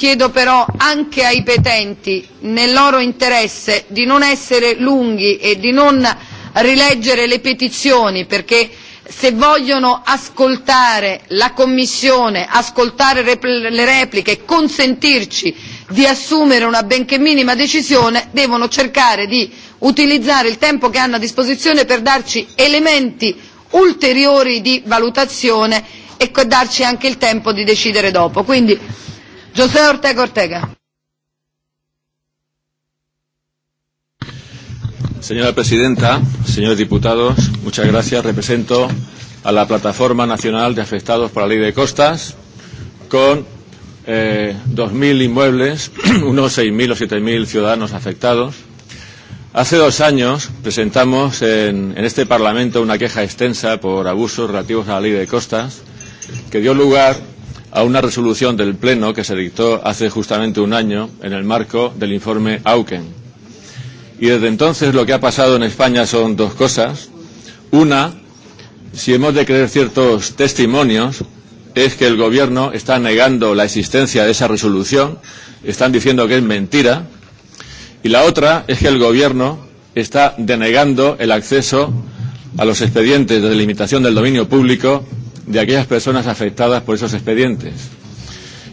Chiedo però anche ai petenti, nel loro interesse, di non essere lunghi e di non rileggere le petizioni, perché se vogliono ascoltare la Commissione, ascoltare le repliche e consentirci di assumere una benché minima decisione, devono cercare di utilizzare il tempo che hanno a disposizione per darci elementi ulteriori di valutazione e darci anche il tempo di decidere dopo. Quindi José Ortega Ortega. Señora presidenta, señores diputados, muchas gracias. Represento a la Plataforma Nacional de Afectados por la Ley de Costas con eh, 2.000 inmuebles, unos 6.000 o 7.000 ciudadanos afectados. Hace dos años presentamos en, en este Parlamento una queja extensa por abusos relativos a la Ley de Costas que dio lugar a una resolución del Pleno que se dictó hace justamente un año en el marco del informe Auken. Y desde entonces lo que ha pasado en España son dos cosas. Una, si hemos de creer ciertos testimonios, es que el Gobierno está negando la existencia de esa resolución, están diciendo que es mentira, y la otra es que el Gobierno está denegando el acceso a los expedientes de delimitación del dominio público de aquellas personas afectadas por esos expedientes.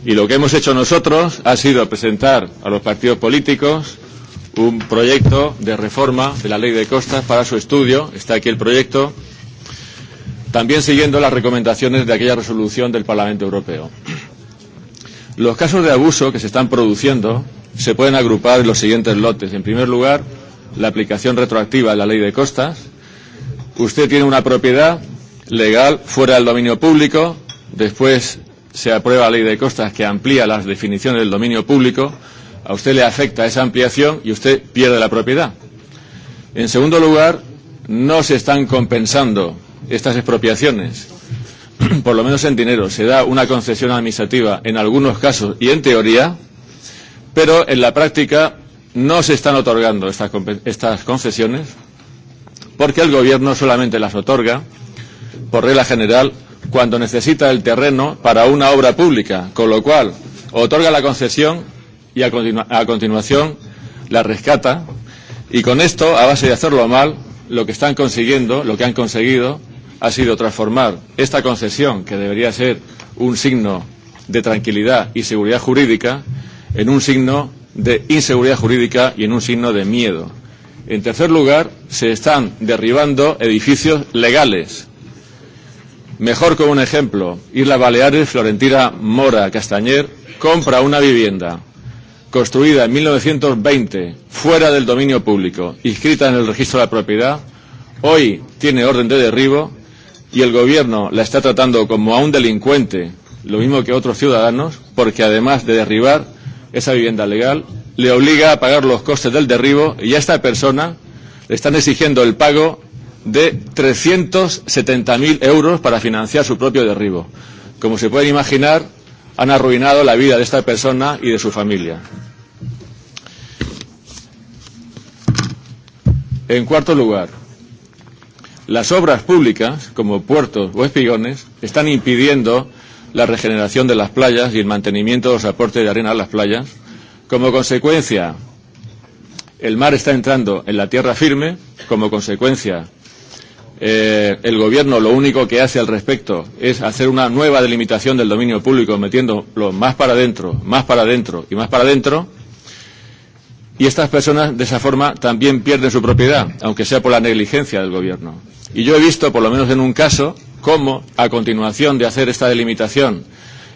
Y lo que hemos hecho nosotros ha sido presentar a los partidos políticos un proyecto de reforma de la ley de costas para su estudio. Está aquí el proyecto. También siguiendo las recomendaciones de aquella resolución del Parlamento Europeo. Los casos de abuso que se están produciendo se pueden agrupar en los siguientes lotes. En primer lugar, la aplicación retroactiva de la ley de costas. Usted tiene una propiedad legal fuera del dominio público, después se aprueba la ley de costas que amplía las definiciones del dominio público, a usted le afecta esa ampliación y usted pierde la propiedad. En segundo lugar, no se están compensando estas expropiaciones, por lo menos en dinero. Se da una concesión administrativa en algunos casos y en teoría, pero en la práctica no se están otorgando estas, estas concesiones porque el Gobierno solamente las otorga por regla general, cuando necesita el terreno para una obra pública, con lo cual otorga la concesión y a, continu a continuación la rescata. Y con esto, a base de hacerlo mal, lo que están consiguiendo, lo que han conseguido, ha sido transformar esta concesión, que debería ser un signo de tranquilidad y seguridad jurídica, en un signo de inseguridad jurídica y en un signo de miedo. En tercer lugar, se están derribando edificios legales, Mejor como un ejemplo, Isla Baleares, Florentina Mora Castañer compra una vivienda construida en 1920 fuera del dominio público, inscrita en el registro de la propiedad, hoy tiene orden de derribo y el gobierno la está tratando como a un delincuente, lo mismo que otros ciudadanos, porque además de derribar esa vivienda legal, le obliga a pagar los costes del derribo y a esta persona le están exigiendo el pago de 370.000 euros para financiar su propio derribo. Como se pueden imaginar, han arruinado la vida de esta persona y de su familia. En cuarto lugar, las obras públicas, como puertos o espigones, están impidiendo la regeneración de las playas y el mantenimiento de los aportes de arena a las playas. Como consecuencia, el mar está entrando en la tierra firme, como consecuencia, eh, el gobierno lo único que hace al respecto es hacer una nueva delimitación del dominio público, metiéndolo más para adentro, más para adentro y más para adentro, y estas personas de esa forma también pierden su propiedad, aunque sea por la negligencia del gobierno. Y yo he visto, por lo menos en un caso, cómo a continuación de hacer esta delimitación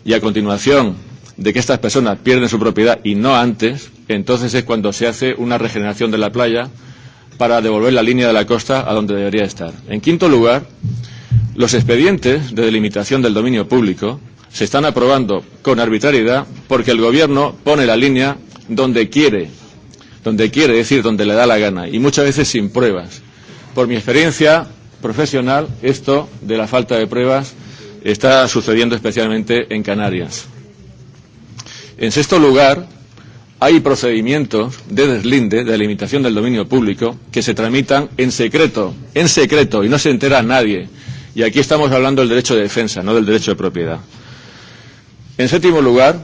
y a continuación de que estas personas pierden su propiedad y no antes, entonces es cuando se hace una regeneración de la playa para devolver la línea de la costa a donde debería estar. En quinto lugar, los expedientes de delimitación del dominio público se están aprobando con arbitrariedad porque el Gobierno pone la línea donde quiere, donde quiere, decir, donde le da la gana, y muchas veces sin pruebas. Por mi experiencia profesional, esto de la falta de pruebas está sucediendo especialmente en Canarias. En sexto lugar, hay procedimientos de deslinde, de limitación del dominio público, que se tramitan en secreto, en secreto, y no se entera nadie. Y aquí estamos hablando del derecho de defensa, no del derecho de propiedad. En séptimo lugar,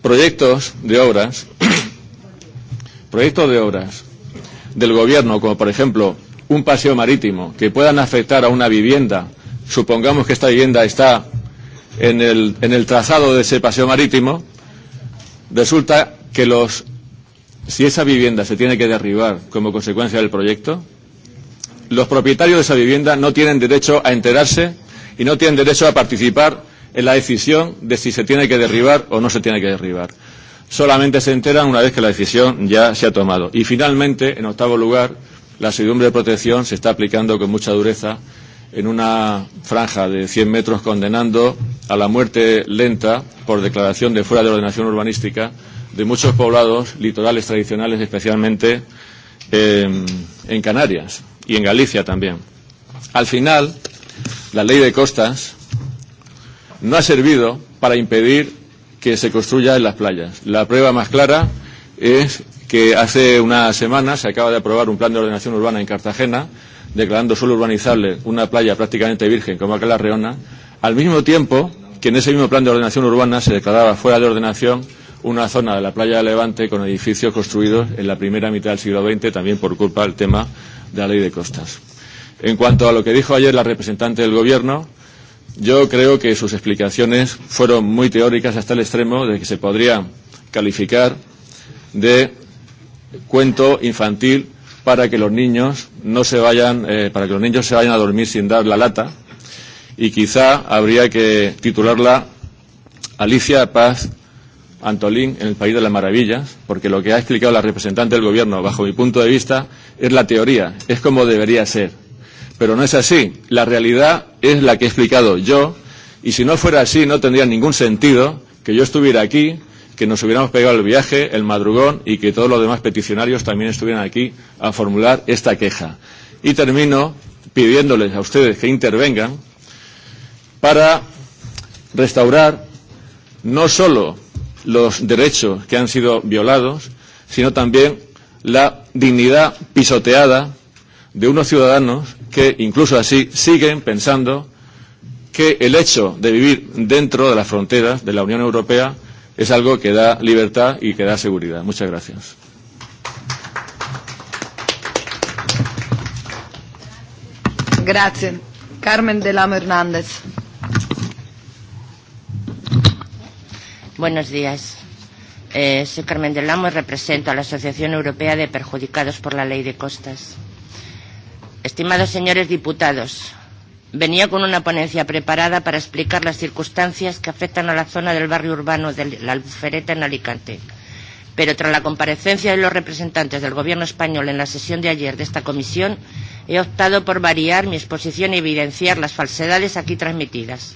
proyectos de obras, proyectos de obras del gobierno, como por ejemplo un paseo marítimo, que puedan afectar a una vivienda, supongamos que esta vivienda está en el, en el trazado de ese paseo marítimo, resulta que los, si esa vivienda se tiene que derribar como consecuencia del proyecto, los propietarios de esa vivienda no tienen derecho a enterarse y no tienen derecho a participar en la decisión de si se tiene que derribar o no se tiene que derribar. Solamente se enteran una vez que la decisión ya se ha tomado. Y finalmente, en octavo lugar, la servidumbre de protección se está aplicando con mucha dureza en una franja de 100 metros condenando a la muerte lenta por declaración de fuera de ordenación urbanística de muchos poblados litorales tradicionales, especialmente eh, en Canarias y en Galicia también. Al final, la ley de costas no ha servido para impedir que se construya en las playas. La prueba más clara es que hace una semana se acaba de aprobar un plan de ordenación urbana en Cartagena, declarando suelo urbanizable una playa prácticamente virgen como aquella Reona, al mismo tiempo que en ese mismo plan de ordenación urbana se declaraba fuera de ordenación una zona de la playa de Levante con edificios construidos en la primera mitad del siglo XX, también por culpa del tema de la ley de costas. En cuanto a lo que dijo ayer la representante del Gobierno, yo creo que sus explicaciones fueron muy teóricas hasta el extremo de que se podría calificar de cuento infantil para que los niños no se vayan, eh, para que los niños se vayan a dormir sin dar la lata, y quizá habría que titularla Alicia Paz Antolín en el País de las Maravillas, porque lo que ha explicado la representante del Gobierno, bajo mi punto de vista, es la teoría, es como debería ser. Pero no es así. La realidad es la que he explicado yo, y si no fuera así, no tendría ningún sentido que yo estuviera aquí, que nos hubiéramos pegado el viaje, el madrugón, y que todos los demás peticionarios también estuvieran aquí a formular esta queja. Y termino pidiéndoles a ustedes que intervengan para restaurar no solo los derechos que han sido violados, sino también la dignidad pisoteada de unos ciudadanos que incluso así siguen pensando que el hecho de vivir dentro de las fronteras de la Unión Europea es algo que da libertad y que da seguridad. Muchas gracias. Gracias. Carmen de Lamo Hernández. Buenos días. Eh, soy Carmen del Amo y represento a la Asociación Europea de Perjudicados por la Ley de Costas. Estimados señores diputados, venía con una ponencia preparada para explicar las circunstancias que afectan a la zona del barrio urbano de la Albufereta en Alicante. Pero tras la comparecencia de los representantes del Gobierno español en la sesión de ayer de esta comisión, he optado por variar mi exposición y evidenciar las falsedades aquí transmitidas.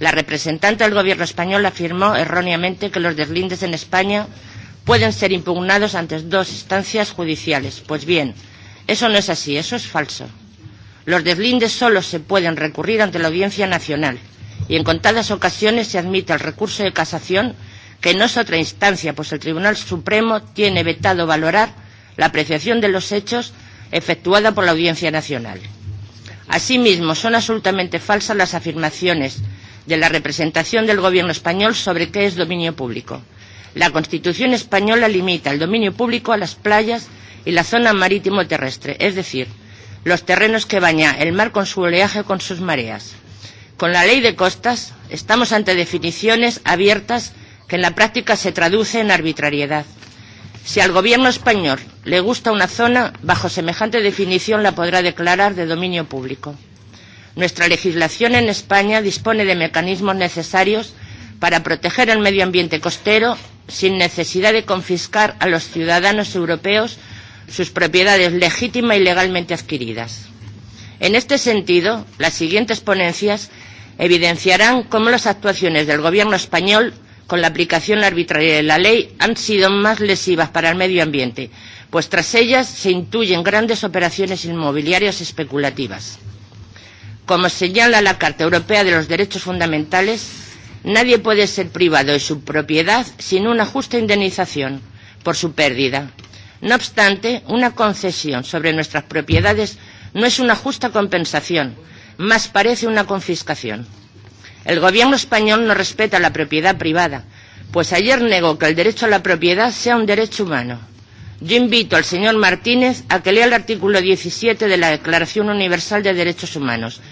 La representante del Gobierno español afirmó erróneamente que los deslindes en España pueden ser impugnados ante dos instancias judiciales. Pues bien, eso no es así, eso es falso. Los deslindes solo se pueden recurrir ante la Audiencia Nacional y en contadas ocasiones se admite el recurso de casación, que no es otra instancia, pues el Tribunal Supremo tiene vetado valorar la apreciación de los hechos efectuada por la Audiencia Nacional. Asimismo, son absolutamente falsas las afirmaciones de la representación del Gobierno español sobre qué es dominio público. La Constitución española limita el dominio público a las playas y la zona marítimo terrestre, es decir, los terrenos que baña el mar con su oleaje o con sus mareas. Con la ley de costas estamos ante definiciones abiertas que en la práctica se traduce en arbitrariedad. Si al gobierno español le gusta una zona, bajo semejante definición la podrá declarar de dominio público. Nuestra legislación en España dispone de mecanismos necesarios para proteger el medio ambiente costero sin necesidad de confiscar a los ciudadanos europeos sus propiedades legítima y legalmente adquiridas. En este sentido, las siguientes ponencias evidenciarán cómo las actuaciones del Gobierno español con la aplicación arbitraria de la ley han sido más lesivas para el medio ambiente, pues tras ellas se intuyen grandes operaciones inmobiliarias especulativas. Como señala la Carta Europea de los Derechos Fundamentales, nadie puede ser privado de su propiedad sin una justa indemnización por su pérdida. No obstante, una concesión sobre nuestras propiedades no es una justa compensación, más parece una confiscación. El Gobierno español no respeta la propiedad privada, pues ayer negó que el derecho a la propiedad sea un derecho humano Yo invito al señor Martínez a que lea el artículo 17 de la Declaración Universal de Derechos Humanos,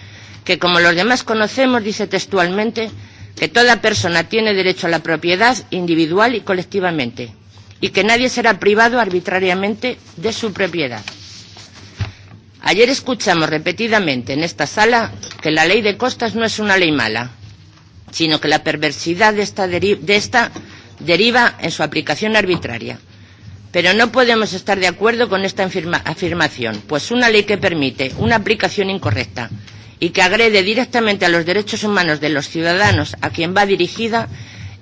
que como los demás conocemos dice textualmente que toda persona tiene derecho a la propiedad individual y colectivamente y que nadie será privado arbitrariamente de su propiedad. Ayer escuchamos repetidamente en esta sala que la ley de costas no es una ley mala, sino que la perversidad de esta, deri de esta deriva en su aplicación arbitraria Pero no podemos estar de acuerdo con esta afirma afirmación, pues una ley que permite una aplicación incorrecta y que agrede directamente a los derechos humanos de los ciudadanos a quien va dirigida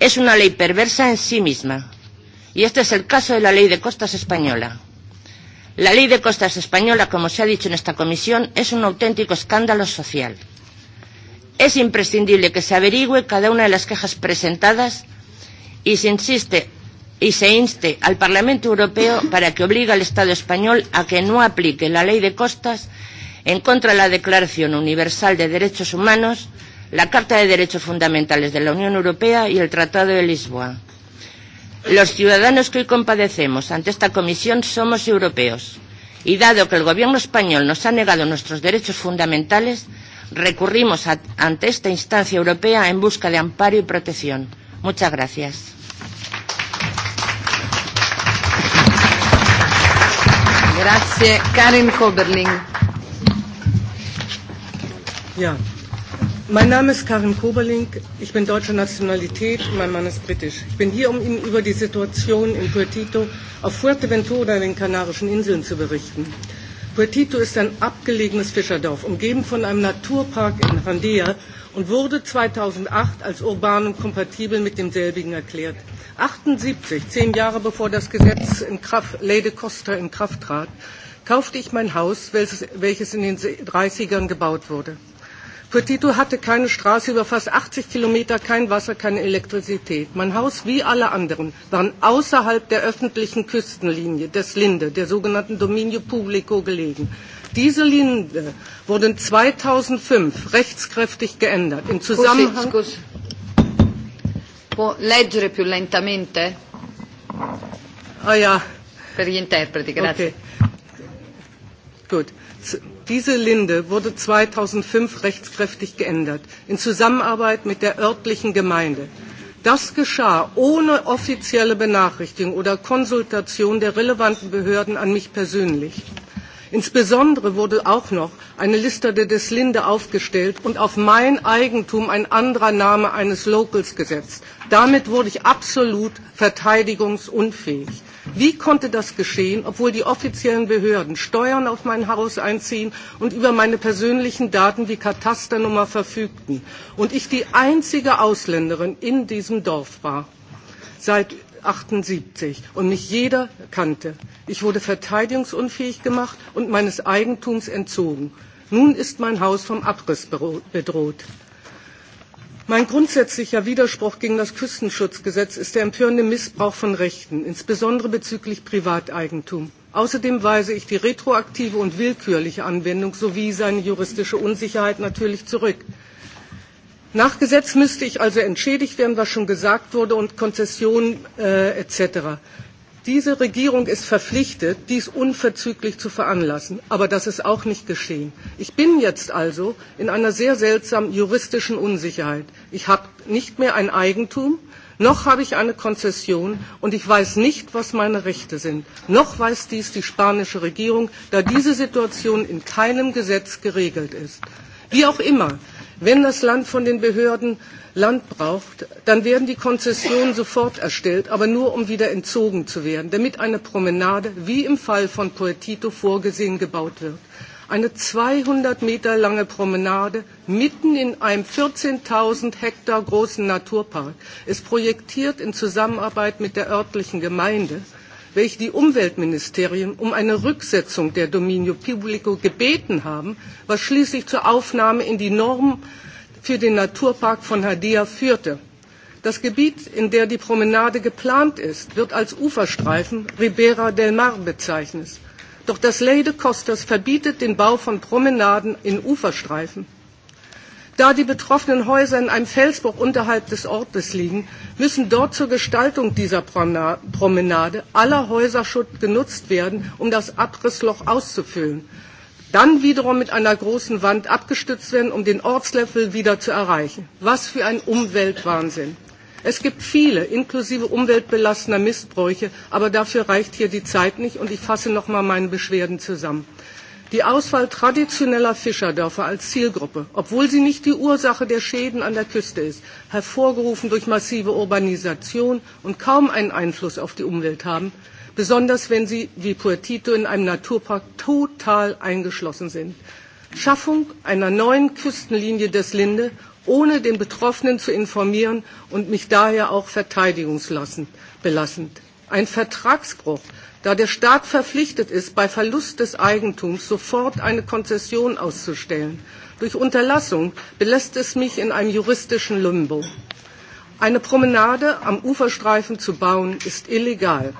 es una ley perversa en sí misma. Y este es el caso de la ley de costas española. La ley de costas española, como se ha dicho en esta comisión, es un auténtico escándalo social. Es imprescindible que se averigüe cada una de las quejas presentadas y se insiste y se inste al Parlamento Europeo para que obligue al Estado español a que no aplique la ley de costas en contra de la Declaración Universal de Derechos Humanos, la Carta de Derechos Fundamentales de la Unión Europea y el Tratado de Lisboa. Los ciudadanos que hoy compadecemos ante esta comisión somos europeos y dado que el gobierno español nos ha negado nuestros derechos fundamentales, recurrimos a, ante esta instancia europea en busca de amparo y protección. Muchas gracias. Grazie. Karin Koberling. Ja. Mein Name ist Karin Koberling. Ich bin deutscher Nationalität. und Mein Mann ist britisch. Ich bin hier, um Ihnen über die Situation in Puertito auf Fuerteventura, den Kanarischen Inseln, zu berichten. Puertito ist ein abgelegenes Fischerdorf, umgeben von einem Naturpark in Randea, und wurde 2008 als urban und kompatibel mit demselbigen erklärt. 1978, zehn Jahre bevor das Gesetz in Kraft, Lede Costa in Kraft trat, kaufte ich mein Haus, welches, welches in den 30ern gebaut wurde. Petito hatte keine Straße über fast 80 Kilometer, kein Wasser, keine Elektrizität. Mein Haus wie alle anderen waren außerhalb der öffentlichen Küstenlinie des Linde, der sogenannten Dominio Publico, gelegen. Diese Linien äh, wurden 2005 rechtskräftig geändert. Im Zusammenhang scusi, scusi. Può leggere più lentamente? Ah ja. Per gli interpreti, grazie. Okay. Gut. Diese Linde wurde 2005 rechtskräftig geändert, in Zusammenarbeit mit der örtlichen Gemeinde. Das geschah ohne offizielle Benachrichtigung oder Konsultation der relevanten Behörden an mich persönlich. Insbesondere wurde auch noch eine Liste der Deslinde aufgestellt und auf mein Eigentum ein anderer Name eines Locals gesetzt. Damit wurde ich absolut verteidigungsunfähig. Wie konnte das geschehen, obwohl die offiziellen Behörden Steuern auf mein Haus einziehen und über meine persönlichen Daten wie Katasternummer verfügten und ich die einzige Ausländerin in diesem Dorf war? Seit 1978 und nicht jeder kannte. Ich wurde verteidigungsunfähig gemacht und meines Eigentums entzogen. Nun ist mein Haus vom Abriss bedroht. Mein grundsätzlicher Widerspruch gegen das Küstenschutzgesetz ist der empörende Missbrauch von Rechten, insbesondere bezüglich Privateigentum. Außerdem weise ich die retroaktive und willkürliche Anwendung sowie seine juristische Unsicherheit natürlich zurück. Nach Gesetz müsste ich also entschädigt werden, was schon gesagt wurde, und Konzessionen äh, etc. Diese Regierung ist verpflichtet, dies unverzüglich zu veranlassen. Aber das ist auch nicht geschehen. Ich bin jetzt also in einer sehr seltsamen juristischen Unsicherheit. Ich habe nicht mehr ein Eigentum, noch habe ich eine Konzession und ich weiß nicht, was meine Rechte sind. Noch weiß dies die spanische Regierung, da diese Situation in keinem Gesetz geregelt ist. Wie auch immer, Wenn das Land von den Behörden Land braucht, dann werden die Konzessionen sofort erstellt, aber nur um wieder entzogen zu werden, damit eine Promenade, wie im Fall von Poetito vorgesehen, gebaut wird. Eine 200 Meter lange Promenade mitten in einem 14.000 Hektar großen Naturpark ist projektiert in Zusammenarbeit mit der örtlichen Gemeinde welche die Umweltministerien um eine Rücksetzung der Dominio Publico gebeten haben, was schließlich zur Aufnahme in die Norm für den Naturpark von Hadia führte. Das Gebiet, in der die Promenade geplant ist, wird als Uferstreifen Ribera del Mar bezeichnet. Doch das Ley de Costas verbietet den Bau von Promenaden in Uferstreifen. Da die betroffenen Häuser in einem Felsbruch unterhalb des Ortes liegen, müssen dort zur Gestaltung dieser Promenade aller Häuserschutt genutzt werden, um das Abrissloch auszufüllen. Dann wiederum mit einer großen Wand abgestützt werden, um den Ortslöffel wieder zu erreichen. Was für ein Umweltwahnsinn! Es gibt viele, inklusive umweltbelastender Missbräuche, aber dafür reicht hier die Zeit nicht und ich fasse noch mal meine Beschwerden zusammen. Die Auswahl traditioneller Fischerdörfer als Zielgruppe, obwohl sie nicht die Ursache der Schäden an der Küste ist, hervorgerufen durch massive Urbanisation und kaum einen Einfluss auf die Umwelt haben, besonders wenn sie wie Puertito in einem Naturpark total eingeschlossen sind. Schaffung einer neuen Küstenlinie des Linde, ohne den Betroffenen zu informieren und mich daher auch verteidigungsbelastend ein Vertragsbruch, da der Staat verpflichtet ist, bei Verlust des Eigentums sofort eine Konzession auszustellen. Durch Unterlassung belässt es mich in einem juristischen Limbo. Eine Promenade am Uferstreifen zu bauen, ist illegal.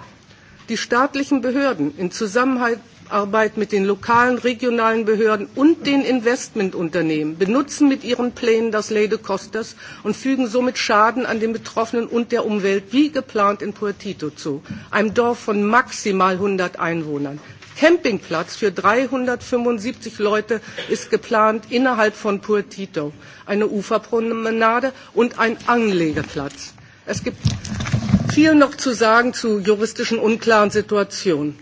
Die staatlichen Behörden in Zusammenhalt Zusammenarbeit mit den lokalen, regionalen Behörden und den Investmentunternehmen, benutzen mit ihren Plänen das Ley de Costas und fügen somit Schaden an den Betroffenen und der Umwelt wie geplant in Puertito zu, einem Dorf von maximal 100 Einwohnern. Campingplatz für 375 Leute ist geplant innerhalb von Puertito, eine Uferpromenade und ein Anlegeplatz. Es gibt viel noch zu sagen zu juristischen unklaren Situationen.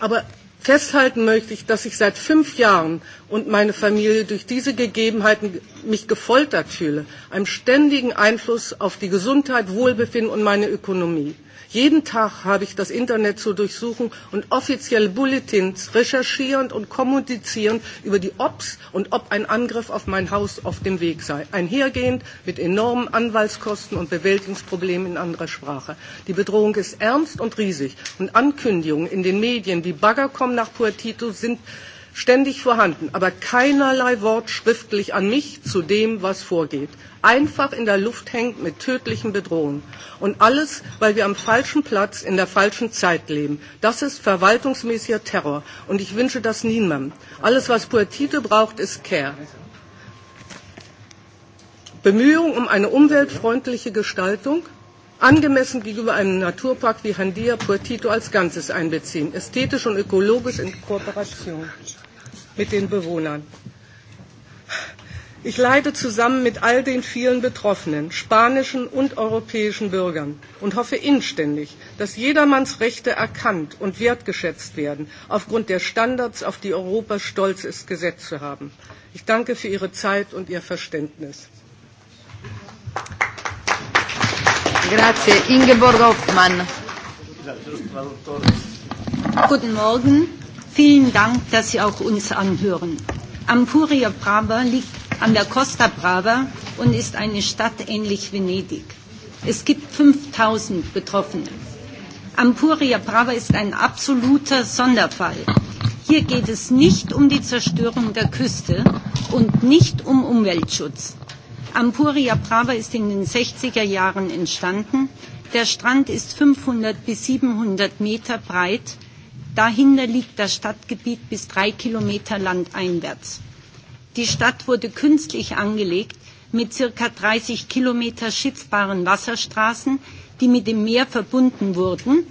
Aber Festhalten möchte ich, dass ich seit fünf Jahren und meine Familie durch diese Gegebenheiten mich gefoltert fühle, einem ständigen Einfluss auf die Gesundheit, Wohlbefinden und meine Ökonomie. Jeden Tag habe ich das Internet zu durchsuchen und offizielle Bulletins recherchierend und kommunizierend über die Ops und ob ein Angriff auf mein Haus auf dem Weg sei. Einhergehend mit enormen Anwaltskosten und Bewältigungsproblemen in anderer Sprache. Die Bedrohung ist ernst und riesig und Ankündigungen in den Medien wie Bagger kommen nach Puertito sind ständig vorhanden, aber keinerlei Wort schriftlich an mich zu dem, was vorgeht einfach in der Luft hängt mit tödlichen Bedrohungen. Und alles, weil wir am falschen Platz in der falschen Zeit leben. Das ist verwaltungsmäßiger Terror. Und ich wünsche das niemandem. Alles, was Puertite braucht, ist Care. Bemühungen um eine umweltfreundliche Gestaltung, angemessen gegenüber einem Naturpark wie Handia Puertito als Ganzes einbeziehen, ästhetisch und ökologisch in Kooperation mit den Bewohnern. Ich leide zusammen mit all den vielen betroffenen spanischen und europäischen Bürgern und hoffe inständig, dass jedermanns Rechte erkannt und wertgeschätzt werden, aufgrund der Standards, auf die Europa stolz ist, gesetzt zu haben. Ich danke für Ihre Zeit und Ihr Verständnis. Grazie. Ingeborg Hoffmann. Guten Morgen. Vielen Dank, dass Sie auch uns anhören. Am Furia Brava liegt an der Costa Brava und ist eine Stadt ähnlich Venedig. Es gibt 5000 Betroffene. Ampuria Brava ist ein absoluter Sonderfall. Hier geht es nicht um die Zerstörung der Küste und nicht um Umweltschutz. Ampuria Brava ist in den 60er Jahren entstanden. Der Strand ist 500 bis 700 Meter breit. Dahinter liegt das Stadtgebiet bis drei Kilometer landeinwärts. Die Stadt wurde künstlich angelegt mit circa 30 Kilometer schiffbaren Wasserstraßen, die mit dem Meer verbunden wurden.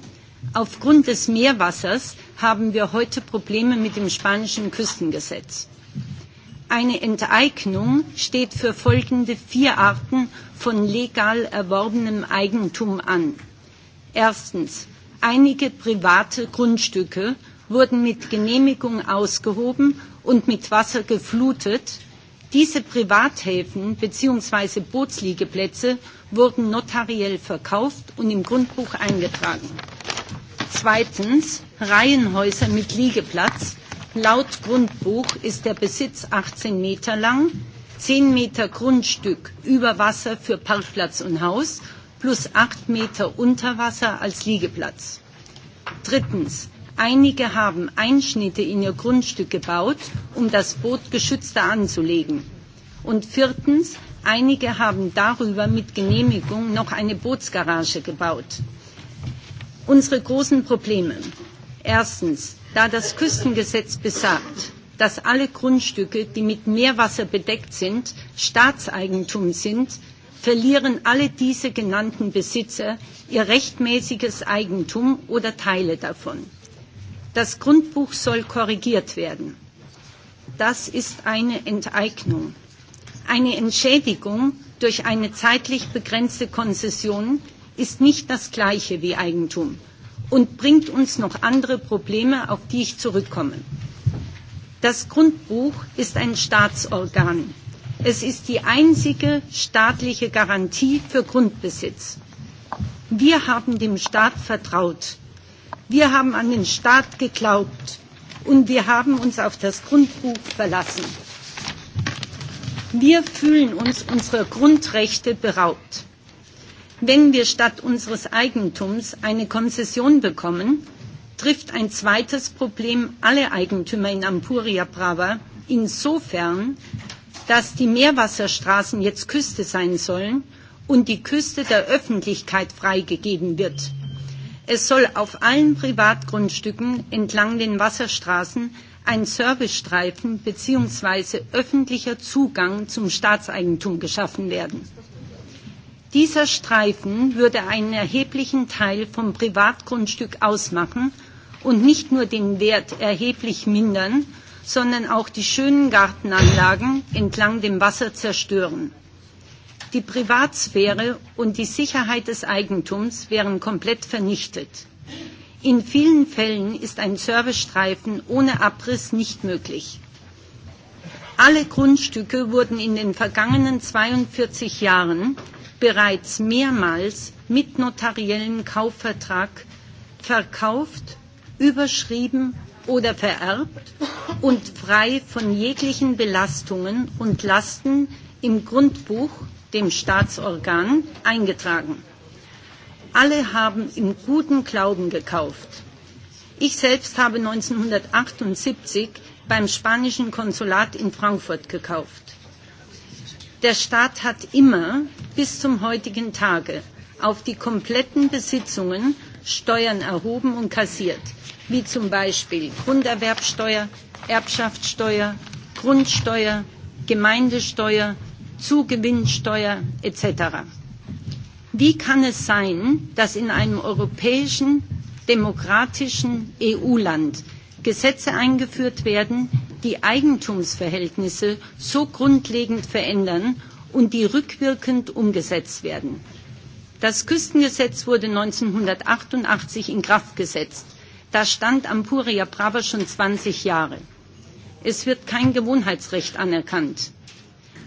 Aufgrund des Meerwassers haben wir heute Probleme mit dem spanischen Küstengesetz. Eine Enteignung steht für folgende vier Arten von legal erworbenem Eigentum an. Erstens. Einige private Grundstücke wurden mit Genehmigung ausgehoben und mit Wasser geflutet. Diese Privathäfen bzw. Bootsliegeplätze wurden notariell verkauft und im Grundbuch eingetragen. Zweitens Reihenhäuser mit Liegeplatz. Laut Grundbuch ist der Besitz 18 Meter lang, 10 Meter Grundstück über Wasser für Parkplatz und Haus plus 8 Meter unter Wasser als Liegeplatz. Drittens Einige haben Einschnitte in ihr Grundstück gebaut, um das Boot geschützter anzulegen. Und viertens, einige haben darüber mit Genehmigung noch eine Bootsgarage gebaut. Unsere großen Probleme. Erstens, da das Küstengesetz besagt, dass alle Grundstücke, die mit Meerwasser bedeckt sind, Staatseigentum sind, verlieren alle diese genannten Besitzer ihr rechtmäßiges Eigentum oder Teile davon. Das Grundbuch soll korrigiert werden. Das ist eine Enteignung. Eine Entschädigung durch eine zeitlich begrenzte Konzession ist nicht das gleiche wie Eigentum und bringt uns noch andere Probleme, auf die ich zurückkomme. Das Grundbuch ist ein Staatsorgan. Es ist die einzige staatliche Garantie für Grundbesitz. Wir haben dem Staat vertraut. Wir haben an den Staat geglaubt und wir haben uns auf das Grundbuch verlassen. Wir fühlen uns unserer Grundrechte beraubt. Wenn wir statt unseres Eigentums eine Konzession bekommen, trifft ein zweites Problem alle Eigentümer in Ampuria Brava insofern, dass die Meerwasserstraßen jetzt Küste sein sollen und die Küste der Öffentlichkeit freigegeben wird. Es soll auf allen Privatgrundstücken entlang den Wasserstraßen ein Servicestreifen bzw. öffentlicher Zugang zum Staatseigentum geschaffen werden. Dieser Streifen würde einen erheblichen Teil vom Privatgrundstück ausmachen und nicht nur den Wert erheblich mindern, sondern auch die schönen Gartenanlagen entlang dem Wasser zerstören. Die Privatsphäre und die Sicherheit des Eigentums wären komplett vernichtet. In vielen Fällen ist ein Servicestreifen ohne Abriss nicht möglich. Alle Grundstücke wurden in den vergangenen 42 Jahren bereits mehrmals mit notariellen Kaufvertrag verkauft, überschrieben oder vererbt und frei von jeglichen Belastungen und Lasten im Grundbuch dem Staatsorgan, eingetragen. Alle haben im guten Glauben gekauft. Ich selbst habe 1978 beim spanischen Konsulat in Frankfurt gekauft. Der Staat hat immer bis zum heutigen Tage auf die kompletten Besitzungen Steuern erhoben und kassiert, wie zum Beispiel Grunderwerbsteuer, Erbschaftssteuer, Grundsteuer, Gemeindesteuer, Zugewinnsteuer etc. Wie kann es sein, dass in einem europäischen, demokratischen EU-Land Gesetze eingeführt werden, die Eigentumsverhältnisse so grundlegend verändern und die rückwirkend umgesetzt werden? Das Küstengesetz wurde 1988 in Kraft gesetzt. Da stand Ampuria Brava schon 20 Jahre. Es wird kein Gewohnheitsrecht anerkannt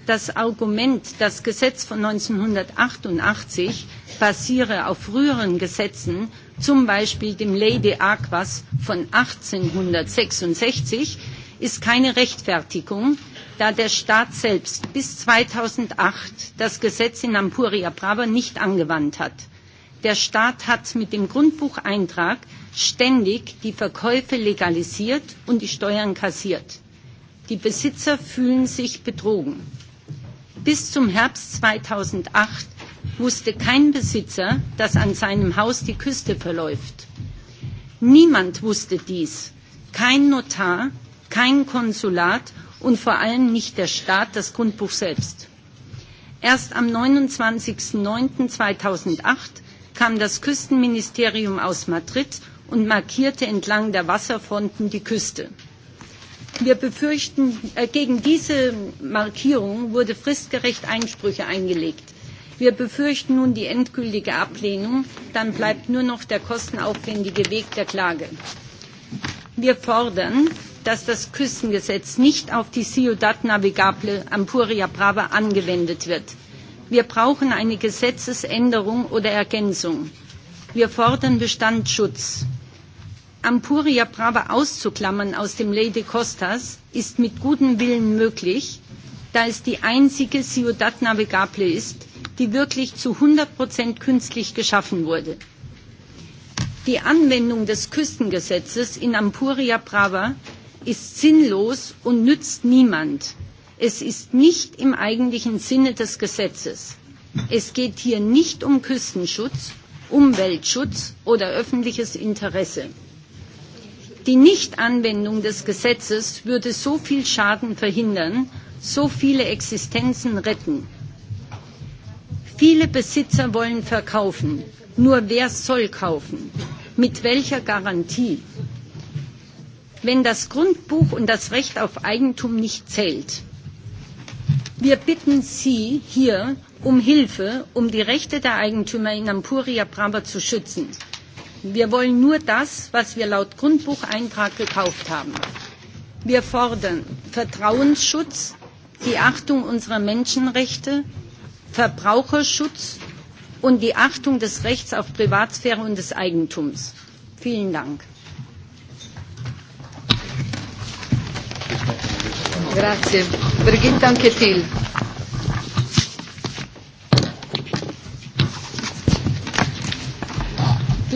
das Argument, das Gesetz von 1988 basiere auf früheren Gesetzen, zum Beispiel dem Lady Aquas von 1866, ist keine Rechtfertigung, da der Staat selbst bis 2008 das Gesetz in Ampuria Brava nicht angewandt hat. Der Staat hat mit dem Grundbucheintrag ständig die Verkäufe legalisiert und die Steuern kassiert. Die Besitzer fühlen sich betrogen. Bis zum Herbst 2008 wusste kein Besitzer, dass an seinem Haus die Küste verläuft. Niemand wusste dies. Kein Notar, kein Konsulat und vor allem nicht der Staat, das Grundbuch selbst. Erst am 29.09.2008 kam das Küstenministerium aus Madrid und markierte entlang der Wasserfronten die Küste. Wir befürchten, äh, gegen diese Markierung wurde fristgerecht Einsprüche eingelegt. Wir befürchten nun die endgültige Ablehnung. Dann bleibt nur noch der kostenaufwendige Weg der Klage. Wir fordern, dass das Küstengesetz nicht auf die Ciudad Navigable Ampuria Brava angewendet wird. Wir brauchen eine Gesetzesänderung oder Ergänzung. Wir fordern Bestandsschutz. Ampuria Brava auszuklammern aus dem Ley de Costas ist mit gutem Willen möglich, da es die einzige Ciudad Navigable ist, die wirklich zu 100% künstlich geschaffen wurde. Die Anwendung des Küstengesetzes in Ampuria Brava ist sinnlos und nützt niemand. Es ist nicht im eigentlichen Sinne des Gesetzes. Es geht hier nicht um Küstenschutz, Umweltschutz oder öffentliches Interesse. Die Nichtanwendung des Gesetzes würde so viel Schaden verhindern, so viele Existenzen retten. Viele Besitzer wollen verkaufen. Nur wer soll kaufen? Mit welcher Garantie? Wenn das Grundbuch und das Recht auf Eigentum nicht zählt. Wir bitten Sie hier um Hilfe, um die Rechte der Eigentümer in Ampuria Brava zu schützen. Wir wollen nur das, was wir laut Grundbucheintrag gekauft haben. Wir fordern Vertrauensschutz, die Achtung unserer Menschenrechte, Verbraucherschutz und die Achtung des Rechts auf Privatsphäre und des Eigentums. Vielen Dank. Grazie. Brigitte Anquetil.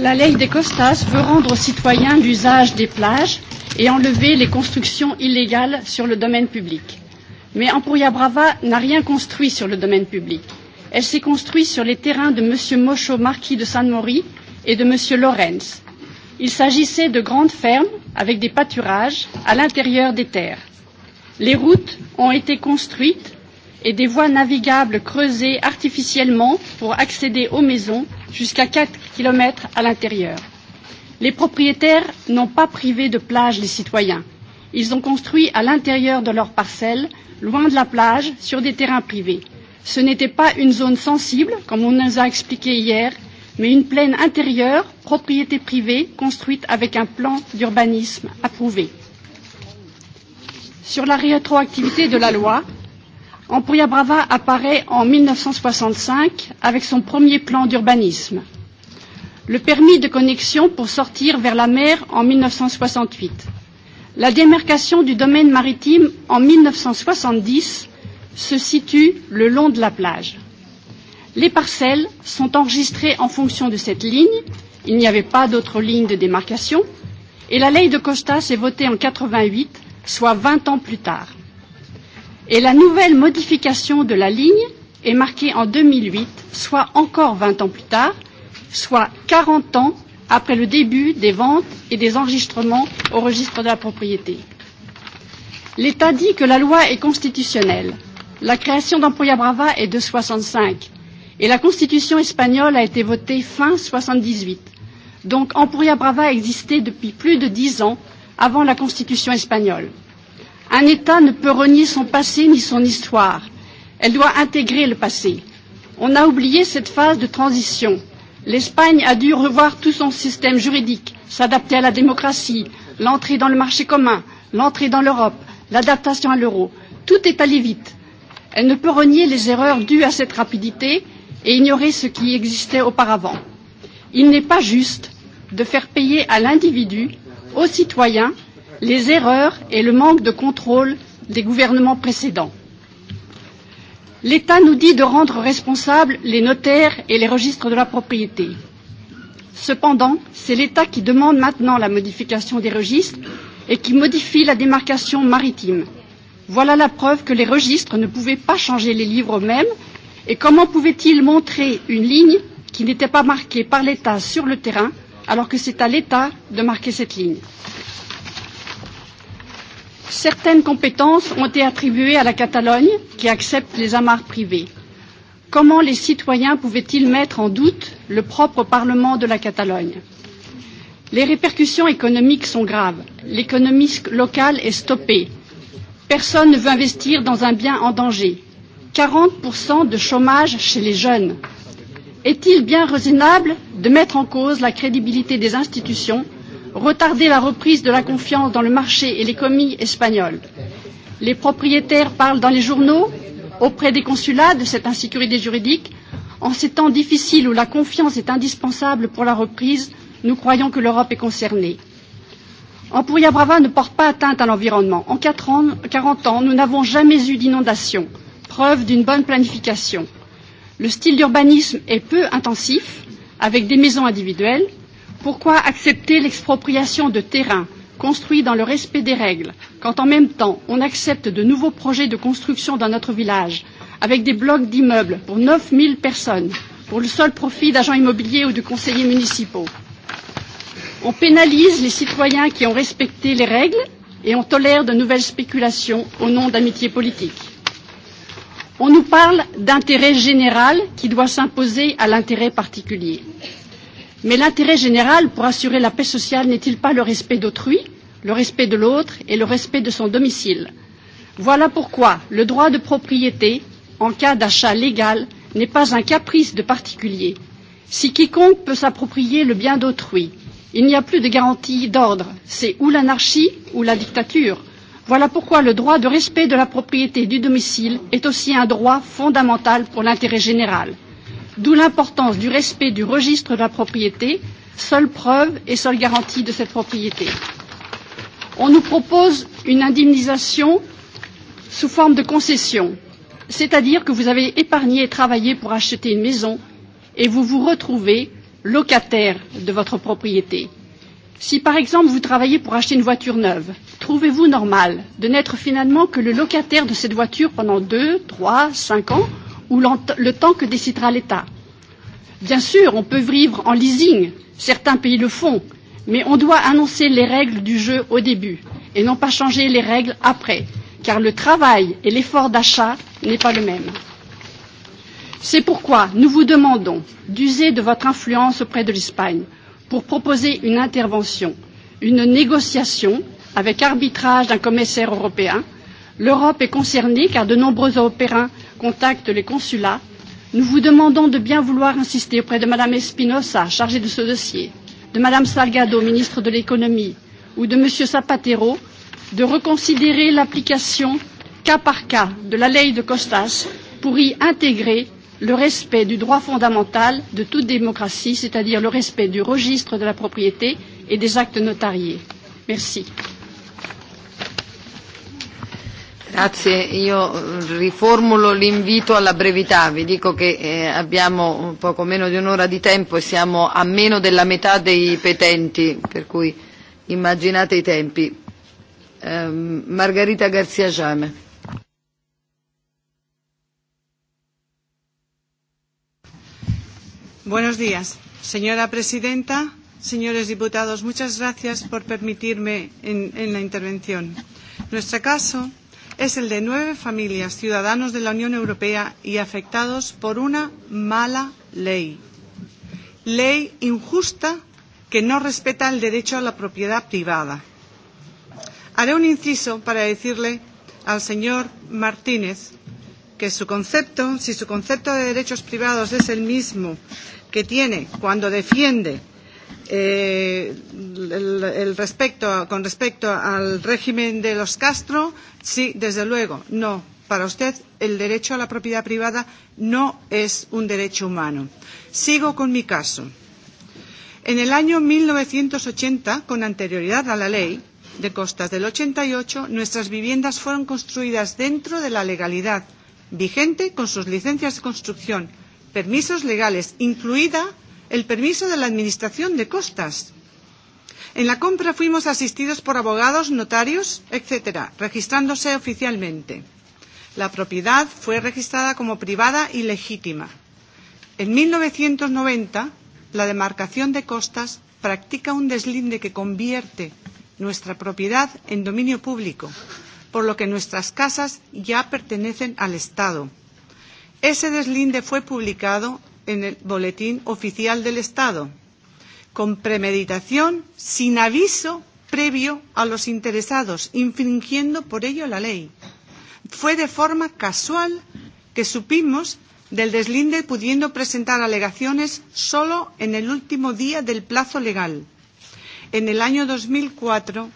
La ley de Costas veut rendre aux citoyens l'usage des plages et enlever les constructions illégales sur le domaine public. Mais Ampuria Brava n'a rien construit sur le domaine public. Elle s'est construite sur les terrains de M. Mocho, marquis de San Mori, et de M. Lorenz. Il s'agissait de grandes fermes avec des pâturages à l'intérieur des terres. Les routes ont été construites et des voies navigables creusées artificiellement pour accéder aux maisons jusqu'à 4 km à l'intérieur. Les propriétaires n'ont pas privé de plage les citoyens. Ils ont construit à l'intérieur de leurs parcelles, loin de la plage, sur des terrains privés. Ce n'était pas une zone sensible, comme on nous a expliqué hier, mais une plaine intérieure, propriété privée, construite avec un plan d'urbanisme approuvé. Sur la rétroactivité de la loi, Ampuria Brava apparaît en 1965 avec son premier plan d'urbanisme. Le permis de connexion pour sortir vers la mer en 1968. La démarcation du domaine maritime en 1970 se situe le long de la plage. Les parcelles sont enregistrées en fonction de cette ligne. Il n'y avait pas d'autre ligne de démarcation. Et la ley de Costa s'est votée en 88, soit 20 ans plus tard et la nouvelle modification de la ligne est marquée en 2008, soit encore 20 ans plus tard, soit 40 ans après le début des ventes et des enregistrements au registre de la propriété. L'État dit que la loi est constitutionnelle. La création d'Employa Brava est de 65 et la Constitution espagnole a été votée fin 78. Donc Employa Brava existait depuis plus de dix ans avant la Constitution espagnole. Un État ne peut renier son passé ni son histoire. Elle doit intégrer le passé. On a oublié cette phase de transition. L'Espagne a dû revoir tout son système juridique, s'adapter à la démocratie, l'entrée dans le marché commun, l'entrée dans l'Europe, l'adaptation à l'euro. Tout est allé vite. Elle ne peut renier les erreurs dues à cette rapidité et ignorer ce qui existait auparavant. Il n'est pas juste de faire payer à l'individu, aux citoyens, les erreurs et le manque de contrôle des gouvernements précédents. L'État nous dit de rendre responsables les notaires et les registres de la propriété. Cependant, c'est l'État qui demande maintenant la modification des registres et qui modifie la démarcation maritime. Voilà la preuve que les registres ne pouvaient pas changer les livres eux-mêmes et comment pouvaient-ils montrer une ligne qui n'était pas marquée par l'État sur le terrain alors que c'est à l'État de marquer cette ligne certaines compétences ont été attribuées à la Catalogne, qui accepte les amarres privées. Comment les citoyens pouvaient-ils mettre en doute le propre Parlement de la Catalogne Les répercussions économiques sont graves. L'économie locale est stoppée. Personne ne veut investir dans un bien en danger. 40% de chômage chez les jeunes. Est-il bien raisonnable de mettre en cause la crédibilité des institutions retarder la reprise de la confiance dans le marché et les commis espagnols. Les propriétaires parlent dans les journaux, auprès des consulats, de cette insécurité juridique. En ces temps difficiles où la confiance est indispensable pour la reprise, nous croyons que l'Europe est concernée. Ampuria Brava ne porte pas atteinte à l'environnement. En 4 ans, 40 ans, nous n'avons jamais eu d'inondation, preuve d'une bonne planification. Le style d'urbanisme est peu intensif, avec des maisons individuelles, Pourquoi accepter l'expropriation de terrains construits dans le respect des règles, quand en même temps on accepte de nouveaux projets de construction dans notre village, avec des blocs d'immeubles pour 9000 personnes, pour le seul profit d'agents immobiliers ou de conseillers municipaux On pénalise les citoyens qui ont respecté les règles et on tolère de nouvelles spéculations au nom d'amitié politique. On nous parle d'intérêt général qui doit s'imposer à l'intérêt particulier. Mais l'intérêt général pour assurer la paix sociale n'est-il pas le respect d'autrui, le respect de l'autre et le respect de son domicile Voilà pourquoi le droit de propriété, en cas d'achat légal, n'est pas un caprice de particulier. Si quiconque peut s'approprier le bien d'autrui, il n'y a plus de garantie d'ordre, c'est ou l'anarchie ou la dictature. Voilà pourquoi le droit de respect de la propriété du domicile est aussi un droit fondamental pour l'intérêt général d'où l'importance du respect du registre de la propriété, seule preuve et seule garantie de cette propriété. On nous propose une indemnisation sous forme de concession, c'est-à-dire que vous avez épargné et travaillé pour acheter une maison et vous vous retrouvez locataire de votre propriété. Si par exemple vous travaillez pour acheter une voiture neuve, trouvez-vous normal de n'être finalement que le locataire de cette voiture pendant deux, trois, cinq ans ou le temps que décidera l'État. Bien sûr, on peut vivre en leasing, certains pays le font, mais on doit annoncer les règles du jeu au début et non pas changer les règles après, car le travail et l'effort d'achat n'est pas le même. C'est pourquoi nous vous demandons d'user de votre influence auprès de l'Espagne pour proposer une intervention, une négociation avec arbitrage d'un commissaire européen. L'Europe est concernée car de nombreux Européens contacte les consulats, nous vous demandons de bien vouloir insister auprès de Mme Espinosa, chargée de ce dossier, de Mme Salgado, ministre de l'économie, ou de M. Zapatero, de reconsidérer l'application cas par cas de la ley de Costas pour y intégrer le respect du droit fondamental de toute démocratie, c'est-à-dire le respect du registre de la propriété et des actes notariés. Merci. Grazie, io riformulo l'invito alla brevità, vi dico che eh, abbiamo poco meno di un'ora di tempo e siamo a meno della metà dei petenti, per cui immaginate i tempi. Eh, Margarita Garzia Giame. Buenos días, señora presidenta, señores diputados. Muchas gracias por permitirme en, en la intervención. Nuestro caso es el de nueve familias ciudadanos de la Unión Europea y afectados por una mala ley. Ley injusta que no respeta el derecho a la propiedad privada. Haré un inciso para decirle al señor Martínez que su concepto, si su concepto de derechos privados es el mismo que tiene cuando defiende el, eh, el respecto, con respecto al régimen de los Castro, sí, desde luego, no. Para usted, el derecho a la propiedad privada no es un derecho humano. Sigo con mi caso. En el año 1980, con anterioridad a la ley de costas del 88, nuestras viviendas fueron construidas dentro de la legalidad vigente con sus licencias de construcción, permisos legales, incluida el permiso de la Administración de Costas. En la compra fuimos asistidos por abogados, notarios, etc., registrándose oficialmente. La propiedad fue registrada como privada y legítima. En 1990, la demarcación de costas practica un deslinde que convierte nuestra propiedad en dominio público, por lo que nuestras casas ya pertenecen al Estado. Ese deslinde fue publicado en el Boletín Oficial del Estado, con premeditación, sin aviso previo a los interesados, infringiendo por ello la ley. Fue de forma casual que supimos del deslinde pudiendo presentar alegaciones solo en el último día del plazo legal. En el año 2004,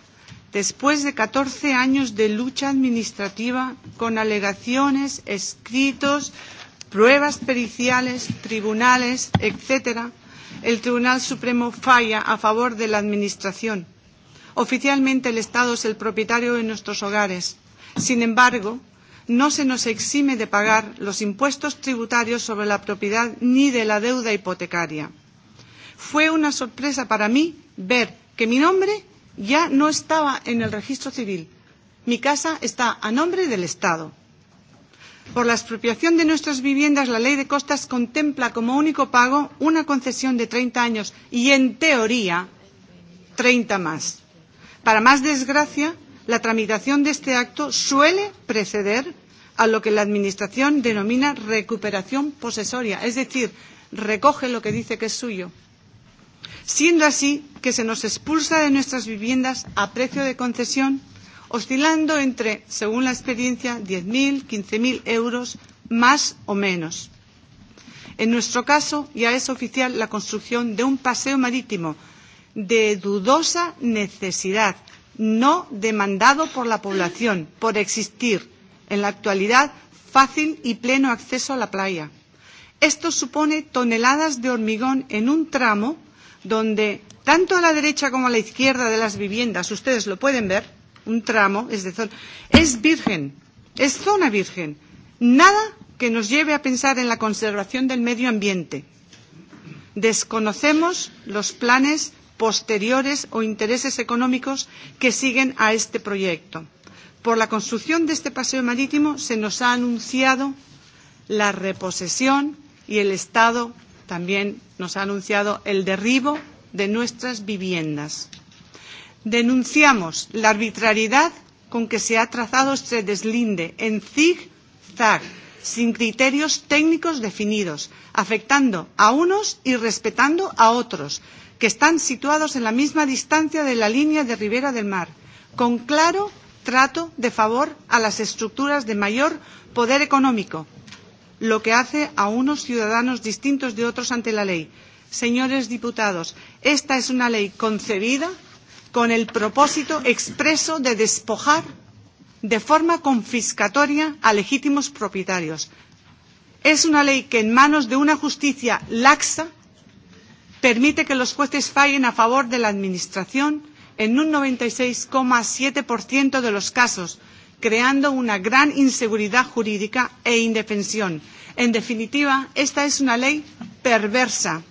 después de 14 años de lucha administrativa con alegaciones, escritos, pruebas periciales, tribunales, etc., el Tribunal Supremo falla a favor de la Administración. Oficialmente el Estado es el propietario de nuestros hogares. Sin embargo, no se nos exime de pagar los impuestos tributarios sobre la propiedad ni de la deuda hipotecaria. Fue una sorpresa para mí ver que mi nombre ya no estaba en el registro civil. Mi casa está a nombre del Estado. Por la expropiación de nuestras viviendas, la ley de costas contempla como único pago una concesión de 30 años y, en teoría, 30 más. Para más desgracia, la tramitación de este acto suele preceder a lo que la Administración denomina recuperación posesoria, es decir, recoge lo que dice que es suyo. Siendo así que se nos expulsa de nuestras viviendas a precio de concesión oscilando entre, según la experiencia, 10.000, 15.000 euros más o menos. En nuestro caso, ya es oficial la construcción de un paseo marítimo de dudosa necesidad, no demandado por la población, por existir en la actualidad fácil y pleno acceso a la playa. Esto supone toneladas de hormigón en un tramo donde, tanto a la derecha como a la izquierda de las viviendas, ustedes lo pueden ver, un tramo es, de zona, es virgen, es zona virgen. Nada que nos lleve a pensar en la conservación del medio ambiente. Desconocemos los planes posteriores o intereses económicos que siguen a este proyecto. Por la construcción de este paseo marítimo se nos ha anunciado la reposesión y el Estado también nos ha anunciado el derribo de nuestras viviendas. Denunciamos la arbitrariedad con que se ha trazado este deslinde en zig-zag, sin criterios técnicos definidos, afectando a unos y respetando a otros, que están situados en la misma distancia de la línea de Ribera del Mar, con claro trato de favor a las estructuras de mayor poder económico, lo que hace a unos ciudadanos distintos de otros ante la ley. Señores diputados, esta es una ley concebida con el propósito expreso de despojar de forma confiscatoria a legítimos propietarios. Es una ley que en manos de una justicia laxa permite que los jueces fallen a favor de la Administración en un 96,7% de los casos, creando una gran inseguridad jurídica e indefensión. En definitiva, esta es una ley perversa.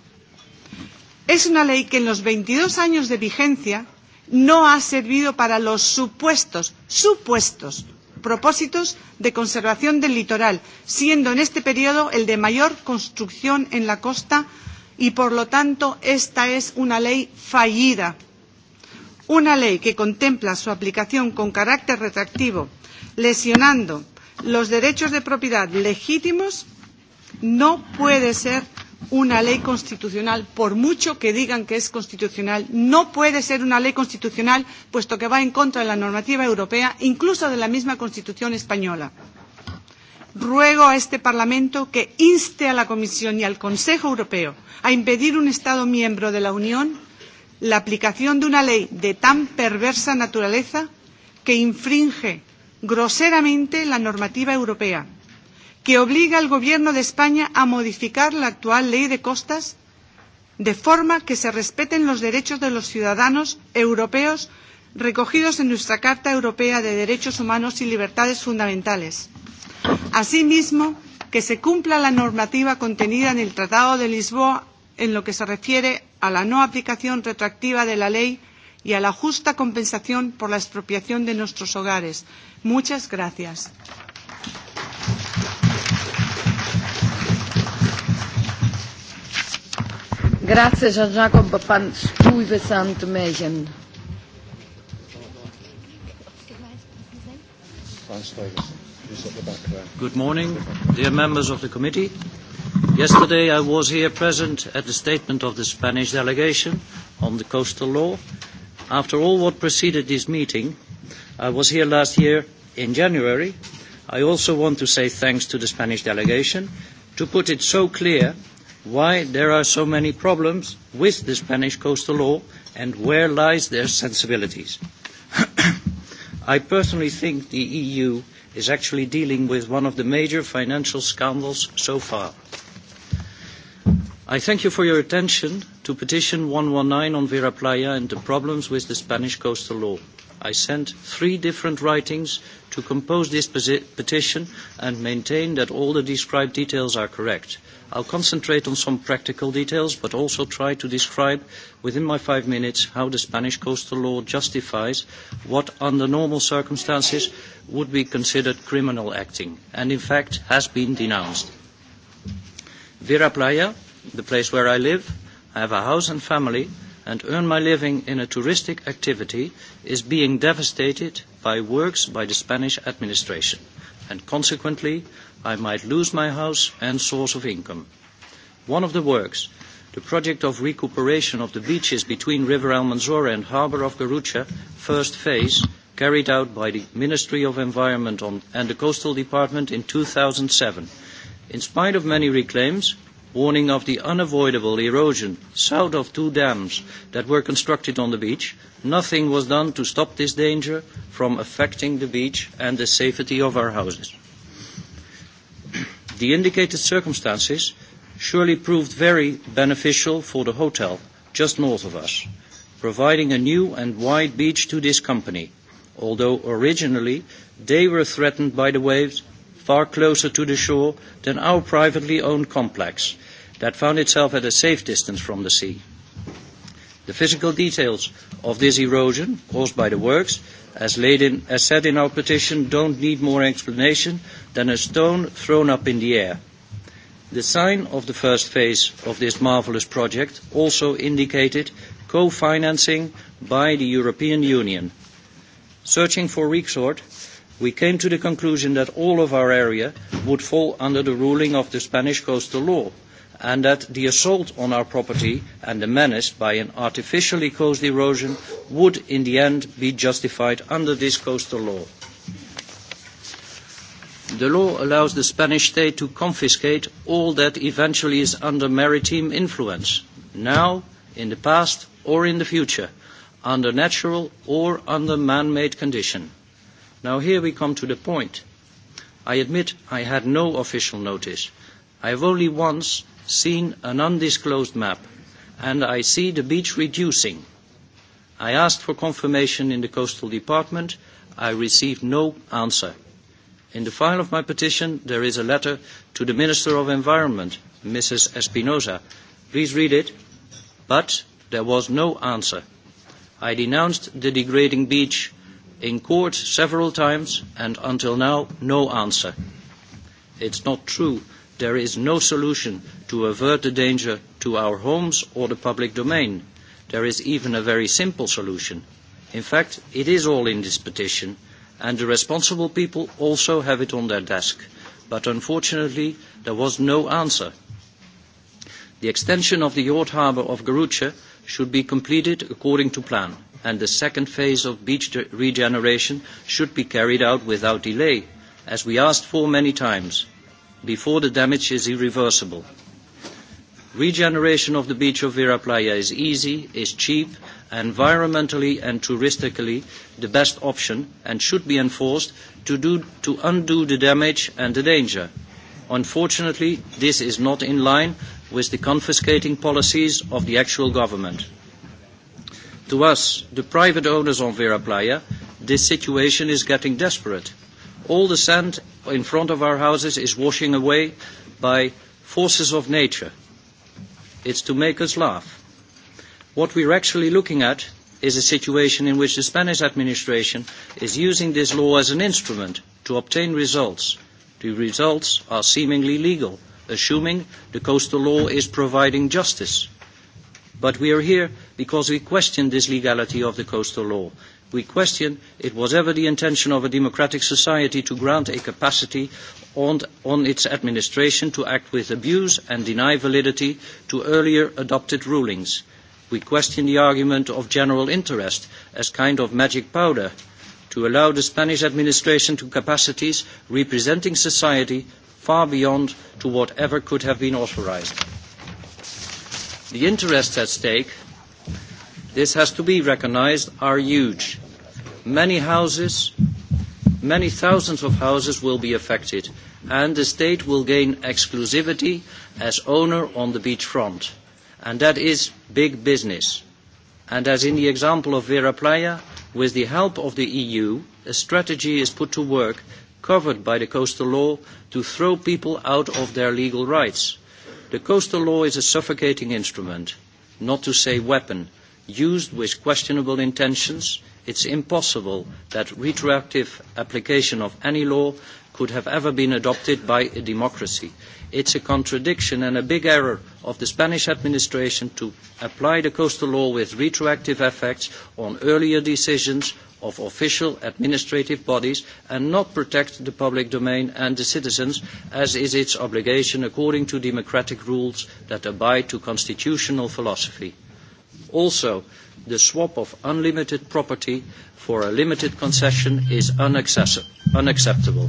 Es una ley que en los 22 años de vigencia no ha servido para los supuestos, supuestos propósitos de conservación del litoral, siendo en este periodo el de mayor construcción en la costa y, por lo tanto, esta es una ley fallida. Una ley que contempla su aplicación con carácter retractivo, lesionando los derechos de propiedad legítimos, no puede ser una ley constitucional, por mucho que digan que es constitucional, no puede ser una ley constitucional, puesto que va en contra de la normativa europea, incluso de la misma Constitución española. Ruego a este Parlamento que inste a la Comisión y al Consejo Europeo a impedir un Estado miembro de la Unión la aplicación de una ley de tan perversa naturaleza que infringe groseramente la normativa europea que obliga al Gobierno de España a modificar la actual ley de costas de forma que se respeten los derechos de los ciudadanos europeos recogidos en nuestra Carta Europea de Derechos Humanos y Libertades Fundamentales. Asimismo, que se cumpla la normativa contenida en el Tratado de Lisboa en lo que se refiere a la no aplicación retroactiva de la ley y a la justa compensación por la expropiación de nuestros hogares. Muchas gracias. Good morning, dear members of the committee. Yesterday I was here present at the statement of the Spanish delegation on the coastal law. After all what preceded this meeting, I was here last year in January. I also want to say thanks to the Spanish delegation to put it so clear why there are so many problems with the Spanish coastal law and where lies their sensibilities. I personally think the EU is actually dealing with one of the major financial scandals so far. I thank you for your attention to petition 119 on Vera Playa and the problems with the Spanish coastal law. I sent three different writings to compose this petition and maintain that all the described details are correct. I'll concentrate on some practical details, but also try to describe within my five minutes how the Spanish coastal law justifies what, under normal circumstances, would be considered criminal acting, and in fact has been denounced. Vera Playa, the place where I live, I have a house and family, and earn my living in a touristic activity is being devastated by works by the Spanish administration, and consequently, I might lose my house and source of income. One of the works, the project of recuperation of the beaches between River Almanzora and harbour of Garucha, first phase, carried out by the Ministry of Environment on, and the Coastal Department in 2007. In spite of many reclaims, warning of the unavoidable erosion south of two dams that were constructed on the beach, nothing was done to stop this danger from affecting the beach and the safety of our houses. the indicated circumstances surely proved very beneficial for the hotel just north of us, providing a new and wide beach to this company, although originally they were threatened by the waves far closer to the shore than our privately owned complex that found itself at a safe distance from the sea. The physical details of this erosion caused by the works, as, laid in, as said in our petition, don't need more explanation than a stone thrown up in the air. The sign of the first phase of this marvelous project also indicated co-financing by the European Union. Searching for resort we came to the conclusion that all of our area would fall under the ruling of the Spanish coastal law and that the assault on our property and the menace by an artificially caused erosion would in the end be justified under this coastal law. The law allows the Spanish state to confiscate all that eventually is under maritime influence, now, in the past or in the future, under natural or under man-made condition. Now here we come to the point. I admit I had no official notice. I have only once seen an undisclosed map, and I see the beach reducing. I asked for confirmation in the Coastal Department. I received no answer. In the file of my petition, there is a letter to the Minister of Environment, Mrs. Espinosa. Please read it. But there was no answer. I denounced the degrading beach in court several times and until now no answer. It's not true. There is no solution to avert the danger to our homes or the public domain. There is even a very simple solution. In fact, it is all in this petition, and the responsible people also have it on their desk. But unfortunately, there was no answer. The extension of the yacht harbour of Garucha should be completed according to plan and the second phase of beach regeneration should be carried out without delay, as we asked for many times, before the damage is irreversible. Regeneration of the beach of Vera Playa is easy, is cheap, environmentally and touristically the best option and should be enforced to, do, to undo the damage and the danger. Unfortunately, this is not in line with the confiscating policies of the actual government. To us, the private owners on Vera Playa, this situation is getting desperate. All the sand in front of our houses is washing away by forces of nature. It's to make us laugh. What we're actually looking at is a situation in which the Spanish administration is using this law as an instrument to obtain results. The results are seemingly legal, assuming the coastal law is providing justice. But we are here because we question this legality of the coastal law. We question it was ever the intention of a democratic society to grant a capacity on, on its administration to act with abuse and deny validity to earlier adopted rulings. We question the argument of general interest as kind of magic powder to allow the Spanish administration to capacities representing society far beyond to whatever could have been authorized. The interests at stake, this has to be recognised, are huge. Many houses, many thousands of houses will be affected, and the state will gain exclusivity as owner on the beachfront. And that is big business. And as in the example of Vera Playa, with the help of the EU, a strategy is put to work covered by the coastal law to throw people out of their legal rights. The coastal law is a suffocating instrument, not to say weapon, used with questionable intentions. It's impossible that retroactive application of any law could have ever been adopted by a democracy it's a contradiction and a big error of the Spanish administration to apply the coastal law with retroactive effects on earlier decisions of official administrative bodies and not protect the public domain and the citizens, as is its obligation according to democratic rules that abide to constitutional philosophy. Also, the swap of unlimited property for a limited concession is unacceptable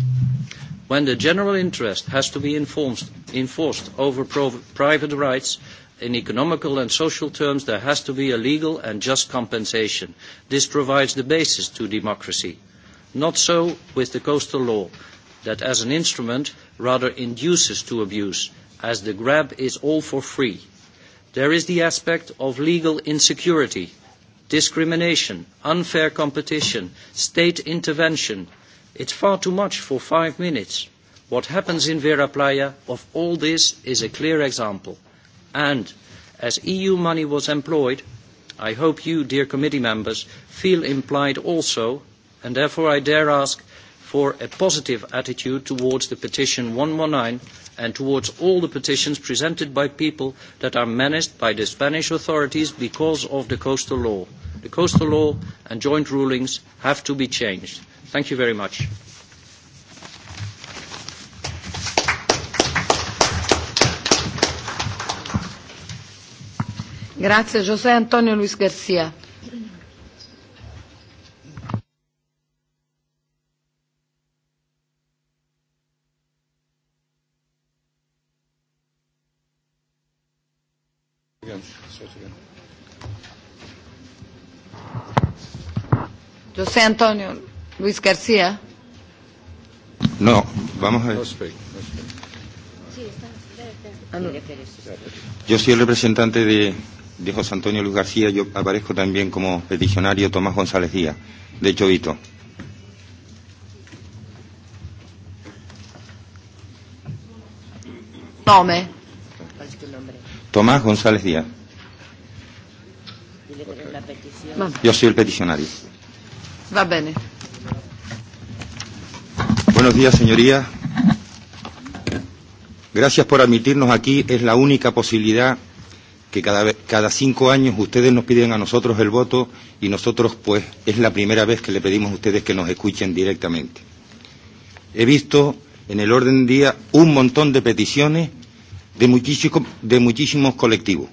when the general interest has to be enforced, enforced over private rights in economical and social terms, there has to be a legal and just compensation. This provides the basis to democracy. Not so with the coastal law, that as an instrument rather induces to abuse, as the grab is all for free. There is the aspect of legal insecurity, discrimination, unfair competition, state intervention, It's far too much for five minutes. What happens in Vera Playa of all this is a clear example. And as EU money was employed, I hope you, dear committee members, feel implied also, and therefore I dare ask for a positive attitude towards the petition 119 and towards all the petitions presented by people that are menaced by the Spanish authorities because of the coastal law. The coastal law and joint rulings have to be changed. Thank you very much. Grazie José Antonio Luis García. José Antonio Luis García. No, vamos a ver. Ah, Yo soy el representante de, de José Antonio Luis García. Yo aparezco también como peticionario Tomás González Díaz, de Chovito. Nome. ¿Cuál es tu nombre? Tomás González Díaz. Dile que la petición. Yo soy el peticionario. Va bene. Buenos días, señoría. Gracias por admitirnos aquí. Es la única posibilidad que cada, cada cinco años ustedes nos piden a nosotros el voto y nosotros, pues, es la primera vez que le pedimos a ustedes que nos escuchen directamente. He visto en el orden del día un montón de peticiones de, muchísimo, de muchísimos colectivos.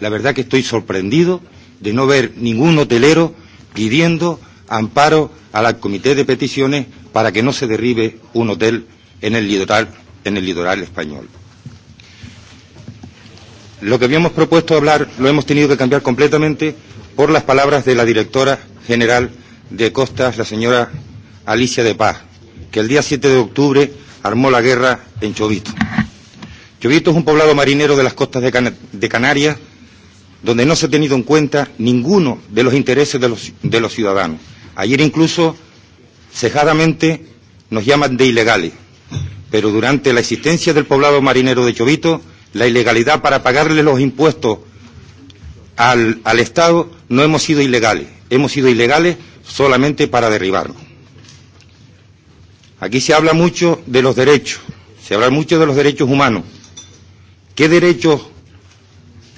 La verdad que estoy sorprendido de no ver ningún hotelero pidiendo amparo al Comité de Peticiones para que no se derribe un hotel en el litoral, en el litoral español. Lo que habíamos propuesto hablar lo hemos tenido que cambiar completamente por las palabras de la directora general de Costas, la señora Alicia de Paz, que el día 7 de octubre armó la guerra en Chovito. Chovito es un poblado marinero de las costas de, Can de Canarias, donde no se ha tenido en cuenta ninguno de los intereses de los, de los ciudadanos. Ayer incluso, cejadamente, nos llaman de ilegales, pero durante la existencia del poblado marinero de Chovito, la ilegalidad para pagarle los impuestos al, al Estado no hemos sido ilegales, hemos sido ilegales solamente para derribarnos. Aquí se habla mucho de los derechos, se habla mucho de los derechos humanos. ¿Qué derechos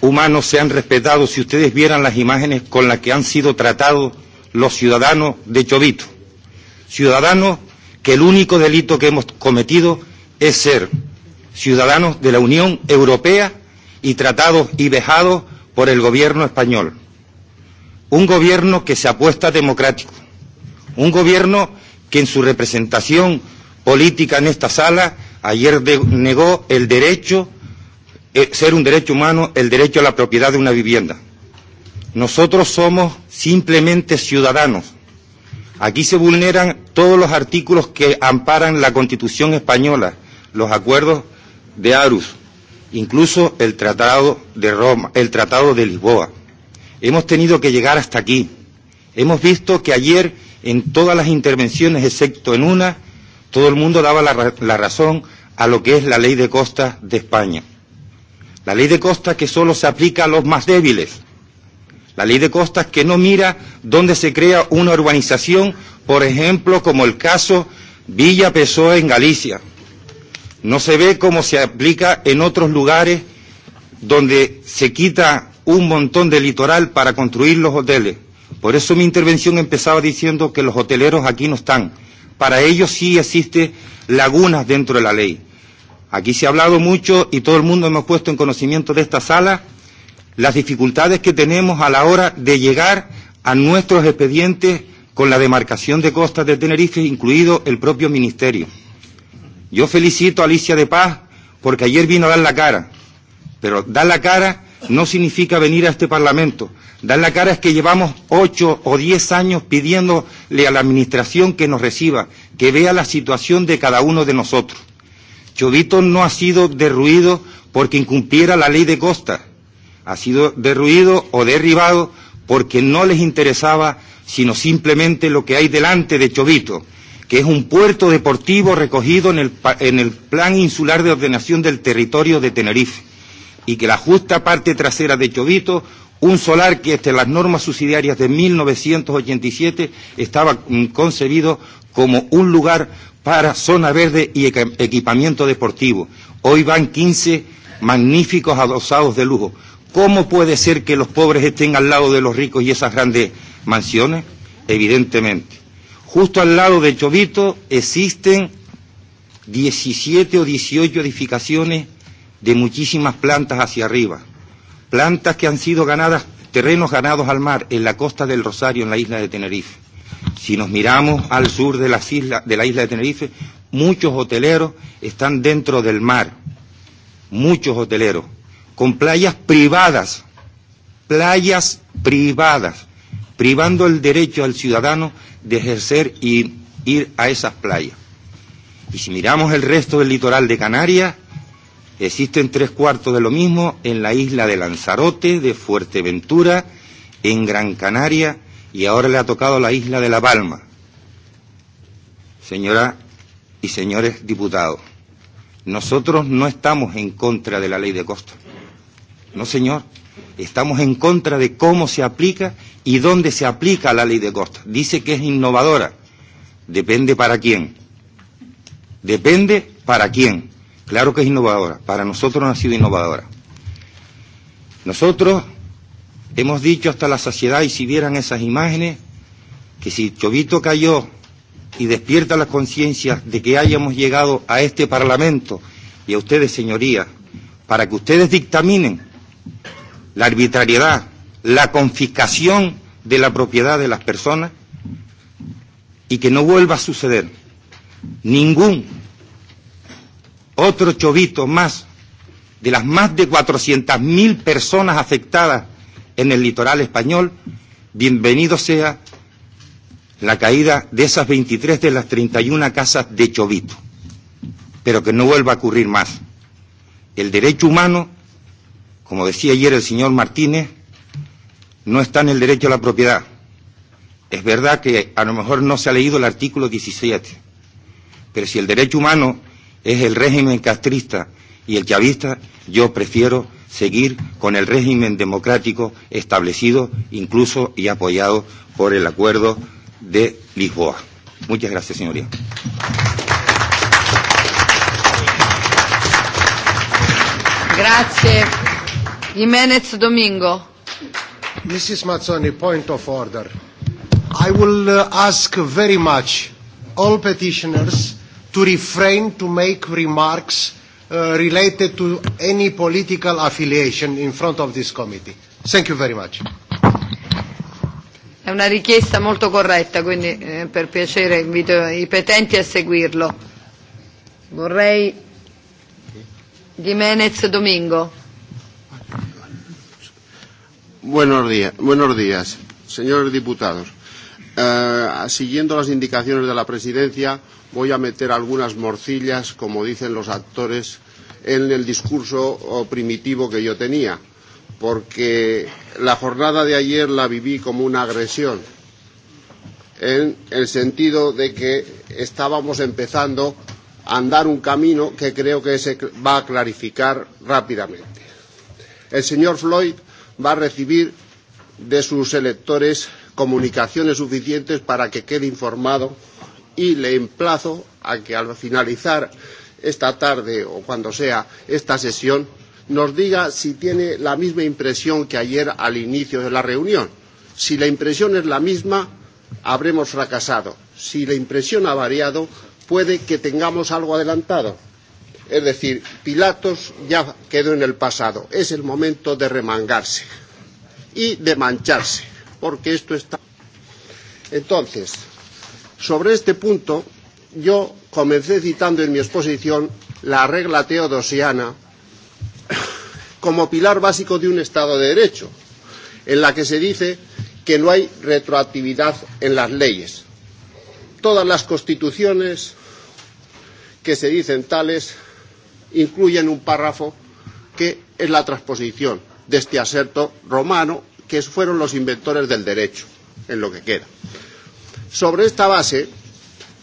humanos se han respetado si ustedes vieran las imágenes con las que han sido tratados los ciudadanos de Chovito, ciudadanos que el único delito que hemos cometido es ser ciudadanos de la Unión Europea y tratados y vejados por el gobierno español. Un gobierno que se apuesta democrático, un gobierno que en su representación política en esta sala ayer de, negó el derecho, eh, ser un derecho humano, el derecho a la propiedad de una vivienda. Nosotros somos simplemente ciudadanos. Aquí se vulneran todos los artículos que amparan la Constitución española, los acuerdos de Arus, incluso el Tratado de Roma, el Tratado de Lisboa. Hemos tenido que llegar hasta aquí. Hemos visto que ayer, en todas las intervenciones, excepto en una, todo el mundo daba la, la razón a lo que es la ley de costas de España. La ley de costas que solo se aplica a los más débiles, La ley de costas que no mira dónde se crea una urbanización, por ejemplo, como el caso Villa Pessoa en Galicia. No se ve cómo se aplica en otros lugares donde se quita un montón de litoral para construir los hoteles. Por eso mi intervención empezaba diciendo que los hoteleros aquí no están. Para ellos sí existen lagunas dentro de la ley. Aquí se ha hablado mucho y todo el mundo hemos puesto en conocimiento de esta sala las dificultades que tenemos a la hora de llegar a nuestros expedientes con la demarcación de costas de Tenerife, incluido el propio Ministerio. Yo felicito a Alicia de Paz porque ayer vino a dar la cara, pero dar la cara no significa venir a este Parlamento. Dar la cara es que llevamos ocho o diez años pidiéndole a la Administración que nos reciba, que vea la situación de cada uno de nosotros. Chovito no ha sido derruido porque incumpliera la ley de costas ha sido derruido o derribado porque no les interesaba sino simplemente lo que hay delante de Chovito, que es un puerto deportivo recogido en el, en el Plan Insular de Ordenación del Territorio de Tenerife, y que la justa parte trasera de Chovito, un solar que desde las normas subsidiarias de 1987 estaba mm, concebido como un lugar para zona verde y equipamiento deportivo. Hoy van 15 magníficos adosados de lujo. ¿Cómo puede ser que los pobres estén al lado de los ricos y esas grandes mansiones? Evidentemente. Justo al lado de Chovito existen 17 o 18 edificaciones de muchísimas plantas hacia arriba. Plantas que han sido ganadas, terrenos ganados al mar en la costa del Rosario, en la isla de Tenerife. Si nos miramos al sur de, las islas, de la isla de Tenerife, muchos hoteleros están dentro del mar. Muchos hoteleros con playas privadas, playas privadas, privando el derecho al ciudadano de ejercer y ir a esas playas. Y si miramos el resto del litoral de Canarias, existen tres cuartos de lo mismo en la isla de Lanzarote, de Fuerteventura, en Gran Canaria y ahora le ha tocado la isla de La Palma. Señora y señores diputados, nosotros no estamos en contra de la ley de costas. No, señor. Estamos en contra de cómo se aplica y dónde se aplica la ley de costas. Dice que es innovadora. Depende para quién. Depende para quién. Claro que es innovadora. Para nosotros no ha sido innovadora. Nosotros hemos dicho hasta la saciedad, y si vieran esas imágenes, que si Chovito cayó y despierta la conciencia de que hayamos llegado a este Parlamento y a ustedes, señorías, para que ustedes dictaminen la arbitrariedad, la confiscación de la propiedad de las personas y que no vuelva a suceder ningún otro chovito más de las más de 400.000 personas afectadas en el litoral español, bienvenido sea la caída de esas 23 de las 31 casas de Chovito, pero que no vuelva a ocurrir más. El derecho humano como decía ayer el señor Martínez, no está en el derecho a la propiedad. Es verdad que a lo mejor no se ha leído el artículo 17, pero si el derecho humano es el régimen castrista y el chavista, yo prefiero seguir con el régimen democrático establecido, incluso y apoyado por el Acuerdo de Lisboa. Muchas gracias, señoría. Gracias. Jimenez Domingo. Mrs. Mazzoni, point of order. I will uh, ask very much all petitioners to refrain to make remarks uh, related to any political affiliation in front of this committee. Thank you very much. È una richiesta molto corretta, quindi eh, per piacere invito i petenti a seguirlo. Vorrei Jimenez Domingo. Buenos días, buenos días, señores diputados. Eh, siguiendo las indicaciones de la presidencia, voy a meter algunas morcillas, como dicen los actores, en el discurso oh, primitivo que yo tenía, porque la jornada de ayer la viví como una agresión, en el sentido de que estábamos empezando a andar un camino que creo que se va a clarificar rápidamente. El señor Floyd va a recibir de sus electores comunicaciones suficientes para que quede informado y le emplazo a que al finalizar esta tarde o cuando sea esta sesión nos diga si tiene la misma impresión que ayer al inicio de la reunión. Si la impresión es la misma, habremos fracasado. Si la impresión ha variado, puede que tengamos algo adelantado. Es decir, Pilatos ya quedó en el pasado. Es el momento de remangarse y de mancharse, porque esto está. Entonces, sobre este punto, yo comencé citando en mi exposición la regla teodosiana como pilar básico de un Estado de Derecho, en la que se dice que no hay retroactividad en las leyes. Todas las constituciones que se dicen tales incluyen un párrafo que es la transposición de este aserto romano que fueron los inventores del derecho, en lo que queda. Sobre esta base,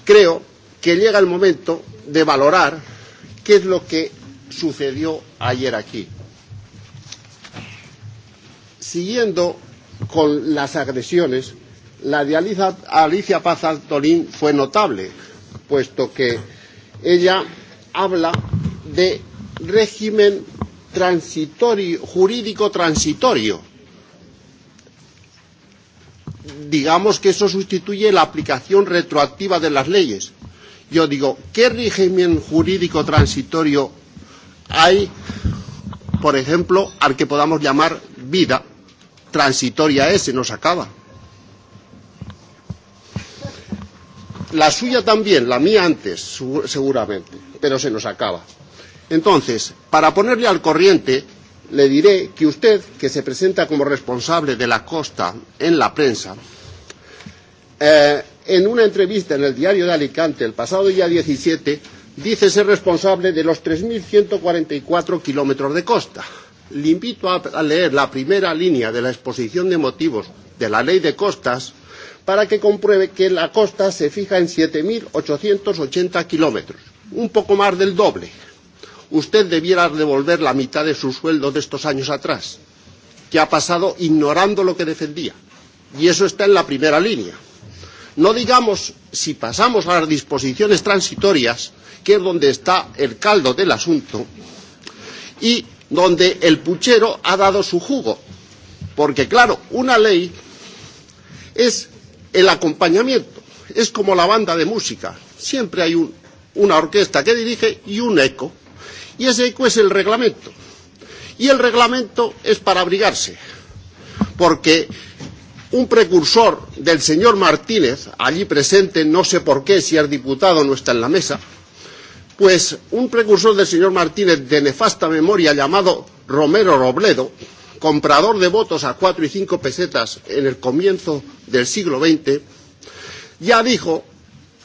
creo que llega el momento de valorar qué es lo que sucedió ayer aquí. Siguiendo con las agresiones, la de Alicia, Alicia Paz Antolín fue notable, puesto que ella habla de régimen transitorio, jurídico transitorio. Digamos que eso sustituye la aplicación retroactiva de las leyes. Yo digo, ¿qué régimen jurídico transitorio hay, por ejemplo, al que podamos llamar vida transitoria es, se nos acaba? La suya también, la mía antes, seguramente, pero se nos acaba. Entonces, para ponerle al corriente, le diré que usted, que se presenta como responsable de la costa en la prensa, eh, en una entrevista en el diario de Alicante el pasado día 17, dice ser responsable de los 3.144 kilómetros de costa. Le invito a, a leer la primera línea de la exposición de motivos de la ley de costas para que compruebe que la costa se fija en 7.880 kilómetros, un poco más del doble usted debiera devolver la mitad de su sueldo de estos años atrás, que ha pasado ignorando lo que defendía. Y eso está en la primera línea. No digamos, si pasamos a las disposiciones transitorias, que es donde está el caldo del asunto, y donde el puchero ha dado su jugo. Porque, claro, una ley es el acompañamiento, es como la banda de música. Siempre hay un, una orquesta que dirige y un eco. Y ese eco es el reglamento. Y el reglamento es para abrigarse, porque un precursor del señor Martínez, allí presente, no sé por qué, si es diputado no está en la mesa, pues un precursor del señor Martínez de nefasta memoria llamado Romero Robledo, comprador de votos a cuatro y cinco pesetas en el comienzo del siglo XX, ya dijo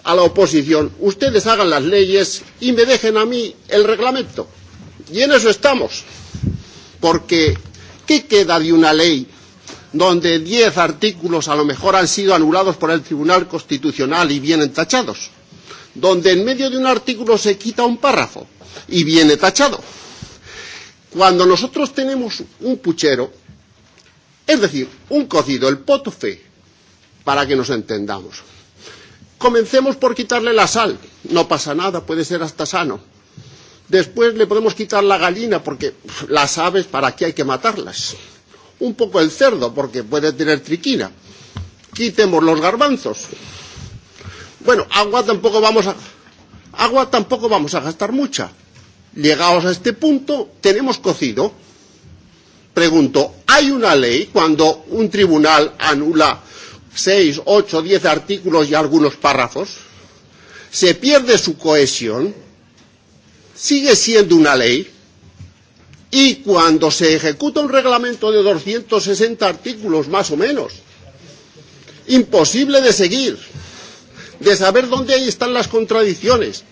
a la oposición, ustedes hagan las leyes y me dejen a mí el reglamento. Y en eso estamos. Porque, ¿qué queda de una ley donde diez artículos a lo mejor han sido anulados por el Tribunal Constitucional y vienen tachados? Donde en medio de un artículo se quita un párrafo y viene tachado. Cuando nosotros tenemos un puchero, es decir, un cocido, el potofe, para que nos entendamos Comencemos por quitarle la sal. No pasa nada, puede ser hasta sano. Después le podemos quitar la gallina porque pff, las aves, ¿para qué hay que matarlas? Un poco el cerdo porque puede tener triquina. Quitemos los garbanzos. Bueno, agua tampoco vamos a agua tampoco vamos a gastar mucha. Llegados a este punto, tenemos cocido. Pregunto, ¿hay una ley cuando un tribunal anula seis, ocho, diez artículos y algunos párrafos, se pierde su cohesión, sigue siendo una ley, y cuando se ejecuta un reglamento de 260 artículos más o menos, imposible de seguir, de saber dónde ahí están las contradicciones.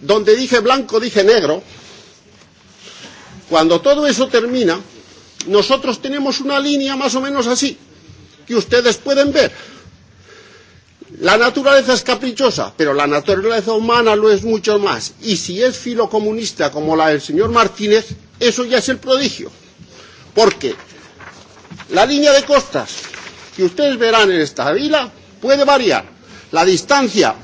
Donde dije blanco, dije negro. Cuando todo eso termina, nosotros tenemos una línea más o menos así que ustedes pueden ver. La naturaleza es caprichosa, pero la naturaleza humana lo es mucho más. Y si es filocomunista como la del señor Martínez, eso ya es el prodigio. Porque la línea de costas que ustedes verán en esta vila puede variar. La distancia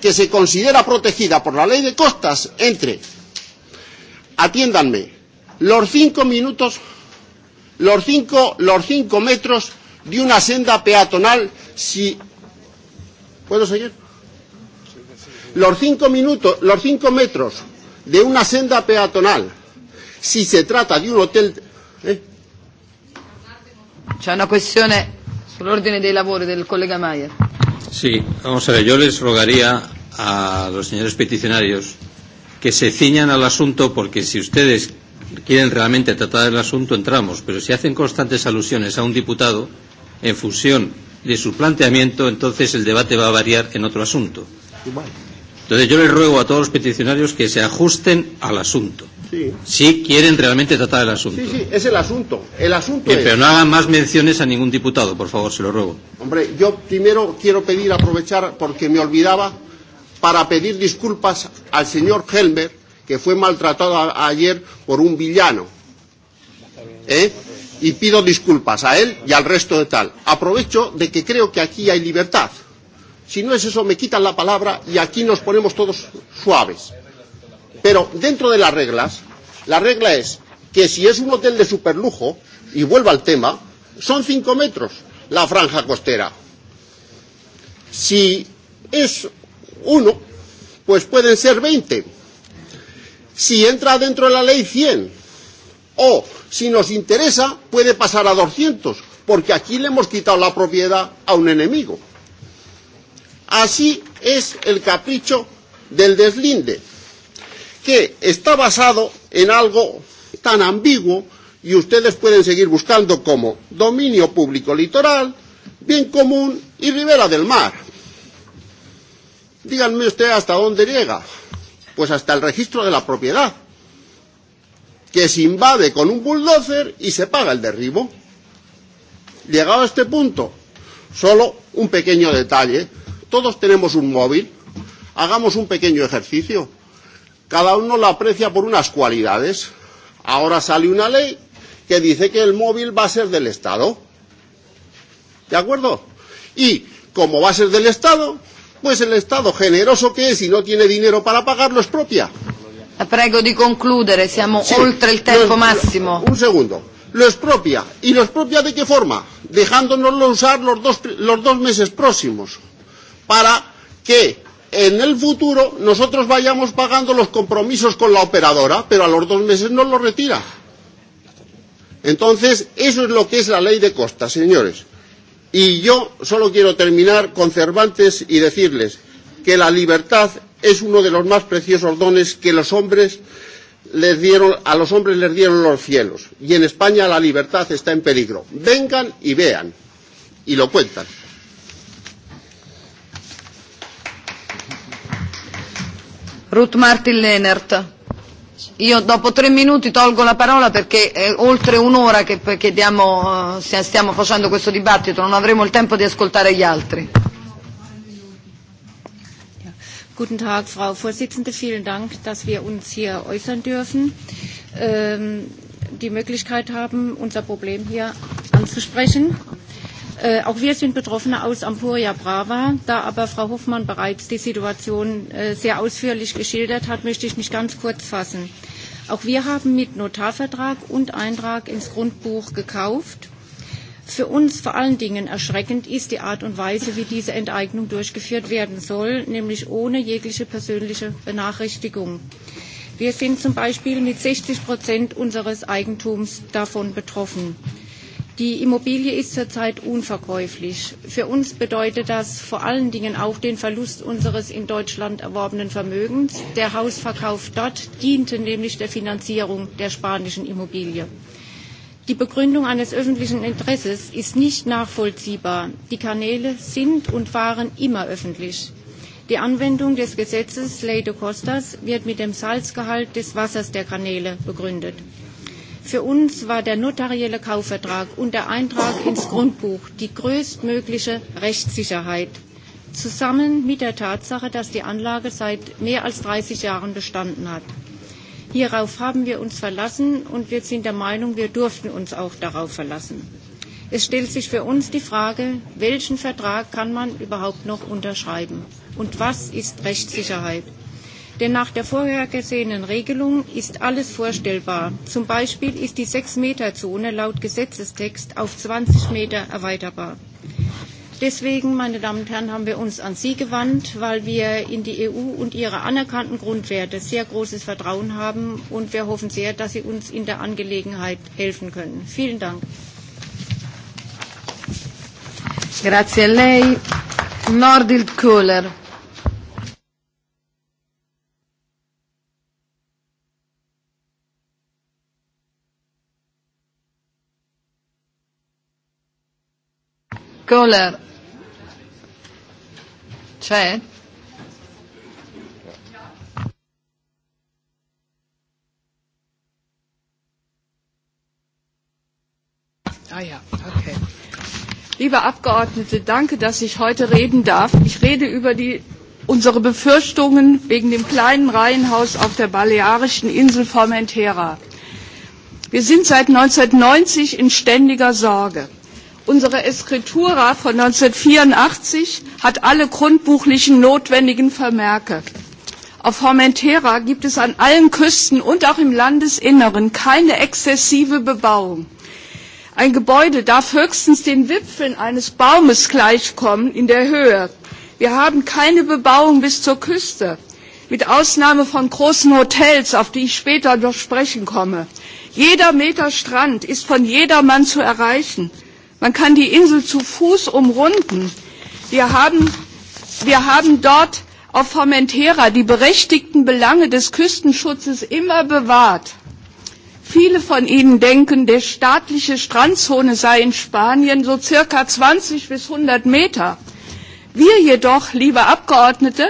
que se considera protegida por la ley de costas entre, atiéndanme, los cinco minutos, los cinco, los cinco metros de una senda peatonal si... ¿Puedo seguir? Los cinco minutos, los cinco metros de una senda peatonal, si se trata de un hotel... Eh? C'è una questione sull'ordine dei lavori del collega Mayer. Sí, vamos a ver, yo les rogaría a los señores peticionarios que se ciñan al asunto porque si ustedes quieren realmente tratar el asunto, entramos. Pero si hacen constantes alusiones a un diputado en función de su planteamiento, entonces el debate va a variar en otro asunto. Entonces yo les ruego a todos los peticionarios que se ajusten al asunto. Sí. Si quieren realmente tratar el asunto. Sí, sí, es el asunto. El asunto Bien, es... Pero no hagan más menciones a ningún diputado, por favor, se lo ruego. Hombre, yo primero quiero pedir, aprovechar, porque me olvidaba, para pedir disculpas al señor Helmer, que fue maltratado a, ayer por un villano. ¿Eh? Y pido disculpas a él y al resto de tal. Aprovecho de que creo que aquí hay libertad. Si no es eso, me quitan la palabra y aquí nos ponemos todos suaves. Pero dentro de las reglas, la regla es que si es un hotel de superlujo, y vuelvo al tema, son cinco metros la franja costera. Si es uno, pues pueden ser veinte si entra dentro de la ley 100 o si nos interesa puede pasar a 200 porque aquí le hemos quitado la propiedad a un enemigo. Así es el capricho del deslinde, que está basado en algo tan ambiguo y ustedes pueden seguir buscando como dominio público litoral, bien común y ribera del mar. Díganme usted hasta dónde llega Pues hasta el registro de la propiedad, que se invade con un bulldozer y se paga el derribo. Llegado a este punto, solo un pequeño detalle. Todos tenemos un móvil. Hagamos un pequeño ejercicio. Cada uno lo aprecia por unas cualidades. Ahora sale una ley que dice que el móvil va a ser del Estado. ¿De acuerdo? Y como va a ser del Estado, Pues el Estado generoso que es y no tiene dinero para pagarlo es propia. La eh, prego di concludere, siamo sí, oltre il tempo los, massimo. Un segundo. Lo expropia. ¿Y lo expropia de qué forma? Dejándonoslo usar los dos, los dos meses próximos para que en el futuro nosotros vayamos pagando los compromisos con la operadora, pero a los dos meses nos lo retira. Entonces, eso es lo que es la ley de costas, señores. Y yo solo quiero terminar con Cervantes y decirles que la libertad es uno de los más preciosos dones que los hombres les dieron, a los hombres les dieron los cielos. Y en España la libertad está en peligro. Vengan y vean. Y lo cuentan. Ruth Martin Lehnert, Io dopo tre minuti tolgo la parola perché è oltre un'ora che, che diamo, eh, stiamo facendo questo dibattito, non avremo il tempo di ascoltare gli altri. Guten Tag, Frau Vorsitzende. Vielen Dank, dass wir uns hier äußern dürfen, ähm, die Möglichkeit haben, unser Problem hier anzusprechen. Äh, Äh, auch wir sind Betroffene aus Ampuria Brava. Da aber Frau Hofmann bereits die Situation äh, sehr ausführlich geschildert hat, möchte ich mich ganz kurz fassen. Auch wir haben mit Notarvertrag und Eintrag ins Grundbuch gekauft. Für uns vor allen Dingen erschreckend ist die Art und Weise, wie diese Enteignung durchgeführt werden soll, nämlich ohne jegliche persönliche Benachrichtigung. Wir sind zum Beispiel mit 60 Prozent unseres Eigentums davon betroffen. Die Immobilie ist zurzeit unverkäuflich. Für uns bedeutet das vor allen Dingen auch den Verlust unseres in Deutschland erworbenen Vermögens. Der Hausverkauf dort diente nämlich der Finanzierung der spanischen Immobilie. Die Begründung eines öffentlichen Interesses ist nicht nachvollziehbar. Die Kanäle sind und waren immer öffentlich. Die Anwendung des Gesetzes Ley de Costas wird mit dem Salzgehalt des Wassers der Kanäle begründet. Für uns war der notarielle Kaufvertrag und der Eintrag ins Grundbuch die größtmögliche Rechtssicherheit, zusammen mit der Tatsache, dass die Anlage seit mehr als 30 Jahren bestanden hat. Hierauf haben wir uns verlassen und wir sind der Meinung, wir durften uns auch darauf verlassen. Es stellt sich für uns die Frage, welchen Vertrag kann man überhaupt noch unterschreiben? Und was ist Rechtssicherheit? Denn nach der vorher gesehenen Regelung ist alles vorstellbar. Zum Beispiel ist die 6-Meter-Zone laut Gesetzestext auf 20 Meter erweiterbar. Deswegen, meine Damen und Herren, haben wir uns an Sie gewandt, weil wir in die EU und ihre anerkannten Grundwerte sehr großes Vertrauen haben und wir hoffen sehr, dass Sie uns in der Angelegenheit helfen können. Vielen Dank. Grazie a lei. Nordil Kohler. Köhler. C'è? Ah ja, okay. Liebe Abgeordnete, danke, dass ich heute reden darf. Ich rede über die, unsere Befürchtungen wegen dem kleinen Reihenhaus auf der balearischen Insel Formentera. Wir sind seit 1990 in ständiger Sorge. Unsere Escritura von 1984 hat alle grundbuchlichen notwendigen Vermerke. Auf Formentera gibt es an allen Küsten und auch im Landesinneren keine exzessive Bebauung. Ein Gebäude darf höchstens den Wipfeln eines Baumes gleichkommen in der Höhe. Wir haben keine Bebauung bis zur Küste, mit Ausnahme von großen Hotels, auf die ich später noch sprechen komme. Jeder Meter Strand ist von jedermann zu erreichen. Man kann die Insel zu Fuß umrunden. Wir haben, wir haben dort auf Formentera die berechtigten Belange des Küstenschutzes immer bewahrt. Viele von Ihnen denken, der staatliche Strandzone sei in Spanien so circa 20 bis 100 Meter. Wir jedoch, liebe Abgeordnete,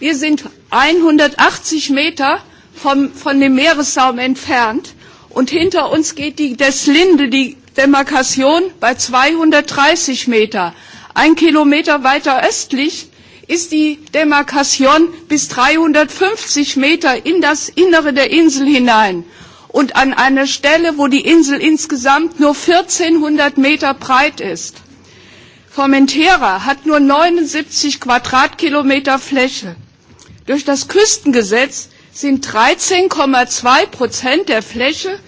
wir sind 180 Meter vom, von dem Meeressaum entfernt und hinter uns geht die Deslinde, die Demarkation bei 230 Meter. Ein Kilometer weiter östlich ist die Demarkation bis 350 Meter in das Innere der Insel hinein und an einer Stelle, wo die Insel insgesamt nur 1400 Meter breit ist. Formentera hat nur 79 Quadratkilometer Fläche. Durch das Küstengesetz sind 13,2 Prozent der Fläche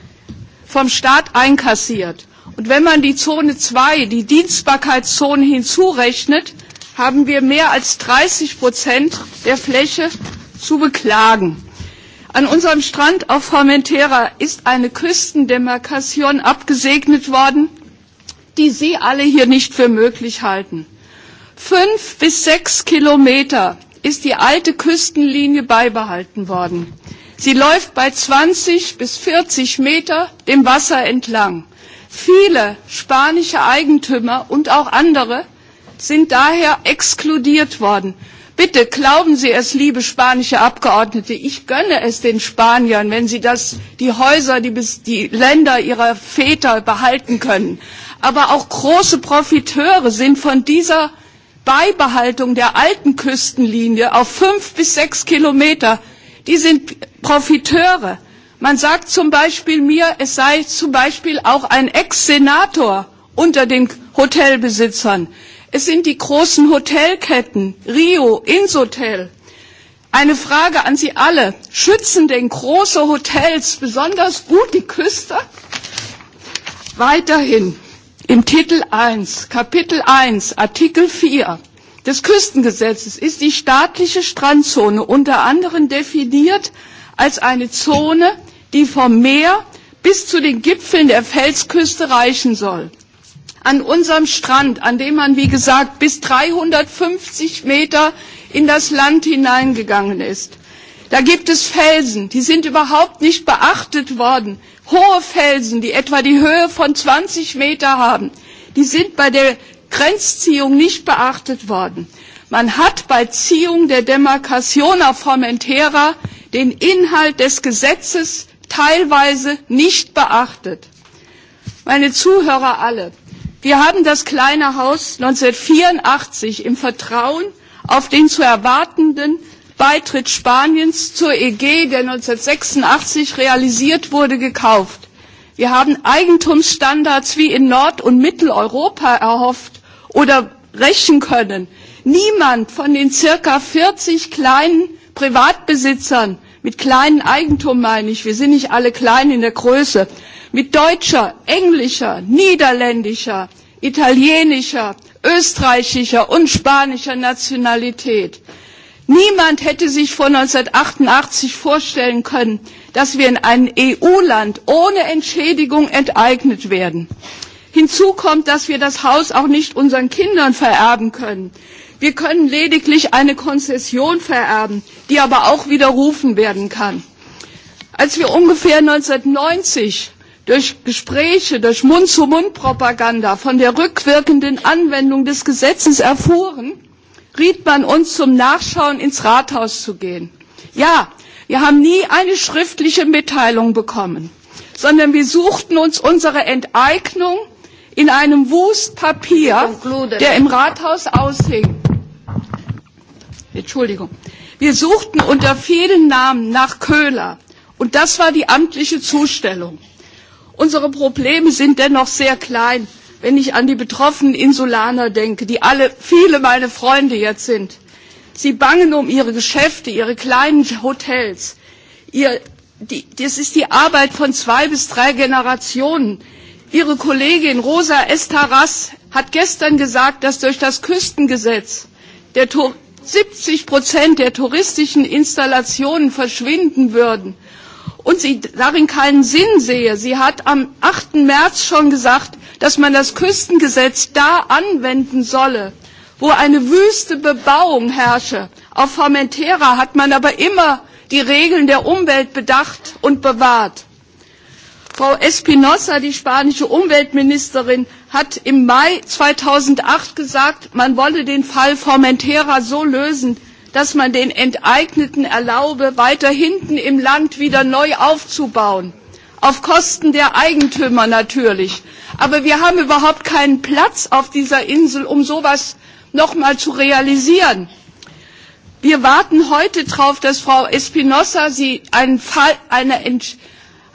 vom Staat einkassiert. Und wenn man die Zone 2, die Dienstbarkeitszone hinzurechnet, haben wir mehr als 30 Prozent der Fläche zu beklagen. An unserem Strand auf Formentera ist eine Küstendemarkation abgesegnet worden, die Sie alle hier nicht für möglich halten. Fünf bis sechs Kilometer ist die alte Küstenlinie beibehalten worden. Sie läuft bei 20 bis 40 Meter dem Wasser entlang. Viele spanische Eigentümer und auch andere sind daher exkludiert worden. Bitte glauben Sie es, liebe spanische Abgeordnete, ich gönne es den Spaniern, wenn sie das, die Häuser, die, die Länder ihrer Väter behalten können. Aber auch große Profiteure sind von dieser Beibehaltung der alten Küstenlinie auf fünf bis sechs Kilometer, die sind Profiteure. Man sagt zum Beispiel mir, es sei zum Beispiel auch ein Ex-Senator unter den Hotelbesitzern. Es sind die großen Hotelketten, Rio, Insotel. Eine Frage an Sie alle. Schützen denn große Hotels besonders gut die Küste? Weiterhin im Titel 1, Kapitel 1, Artikel 4 des Küstengesetzes ist die staatliche Strandzone unter anderem definiert als eine Zone, die vom Meer bis zu den Gipfeln der Felsküste reichen soll. An unserem Strand, an dem man, wie gesagt, bis 350 Meter in das Land hineingegangen ist. Da gibt es Felsen, die sind überhaupt nicht beachtet worden. Hohe Felsen, die etwa die Höhe von 20 Meter haben, die sind bei der Grenzziehung nicht beachtet worden. Man hat bei Ziehung der Demarcación Formentera den Inhalt des Gesetzes teilweise nicht beachtet. Meine Zuhörer alle, wir haben das kleine Haus 1984 im Vertrauen auf den zu erwartenden Beitritt Spaniens zur EG, der 1986 realisiert wurde, gekauft. Wir haben Eigentumsstandards wie in Nord- und Mitteleuropa erhofft oder rächen können. Niemand von den circa 40 kleinen Privatbesitzern Mit kleinem Eigentum meine ich, wir sind nicht alle klein in der Größe. Mit deutscher, englischer, niederländischer, italienischer, österreichischer und spanischer Nationalität. Niemand hätte sich vor 1988 vorstellen können, dass wir in einem EU-Land ohne Entschädigung enteignet werden. Hinzu kommt, dass wir das Haus auch nicht unseren Kindern vererben können. Wir können lediglich eine Konzession vererben, die aber auch widerrufen werden kann. Als wir ungefähr 1990 durch Gespräche, durch Mund-zu-Mund-Propaganda von der rückwirkenden Anwendung des Gesetzes erfuhren, riet man uns zum Nachschauen ins Rathaus zu gehen. Ja, wir haben nie eine schriftliche Mitteilung bekommen, sondern wir suchten uns unsere Enteignung in einem Wust Papier, der im Rathaus aushing. Entschuldigung. Wir suchten unter vielen Namen nach Köhler. Und das war die amtliche Zustellung. Unsere Probleme sind dennoch sehr klein, wenn ich an die betroffenen Insulaner denke, die alle, viele meine Freunde jetzt sind. Sie bangen um ihre Geschäfte, ihre kleinen Hotels. Ihr, die, das ist die Arbeit von zwei bis drei Generationen, Ihre Kollegin Rosa Estaras hat gestern gesagt, dass durch das Küstengesetz der 70 Prozent der touristischen Installationen verschwinden würden und sie darin keinen Sinn sehe. Sie hat am 8. März schon gesagt, dass man das Küstengesetz da anwenden solle, wo eine wüste Bebauung herrsche. Auf Formentera hat man aber immer die Regeln der Umwelt bedacht und bewahrt. Frau Espinosa, die spanische Umweltministerin, hat im Mai 2008 gesagt, man wolle den Fall Formentera so lösen, dass man den Enteigneten erlaube, weiter hinten im Land wieder neu aufzubauen. Auf Kosten der Eigentümer natürlich. Aber wir haben überhaupt keinen Platz auf dieser Insel, um sowas noch mal zu realisieren. Wir warten heute darauf, dass Frau Espinosa sie einen Fall, eine Entscheidung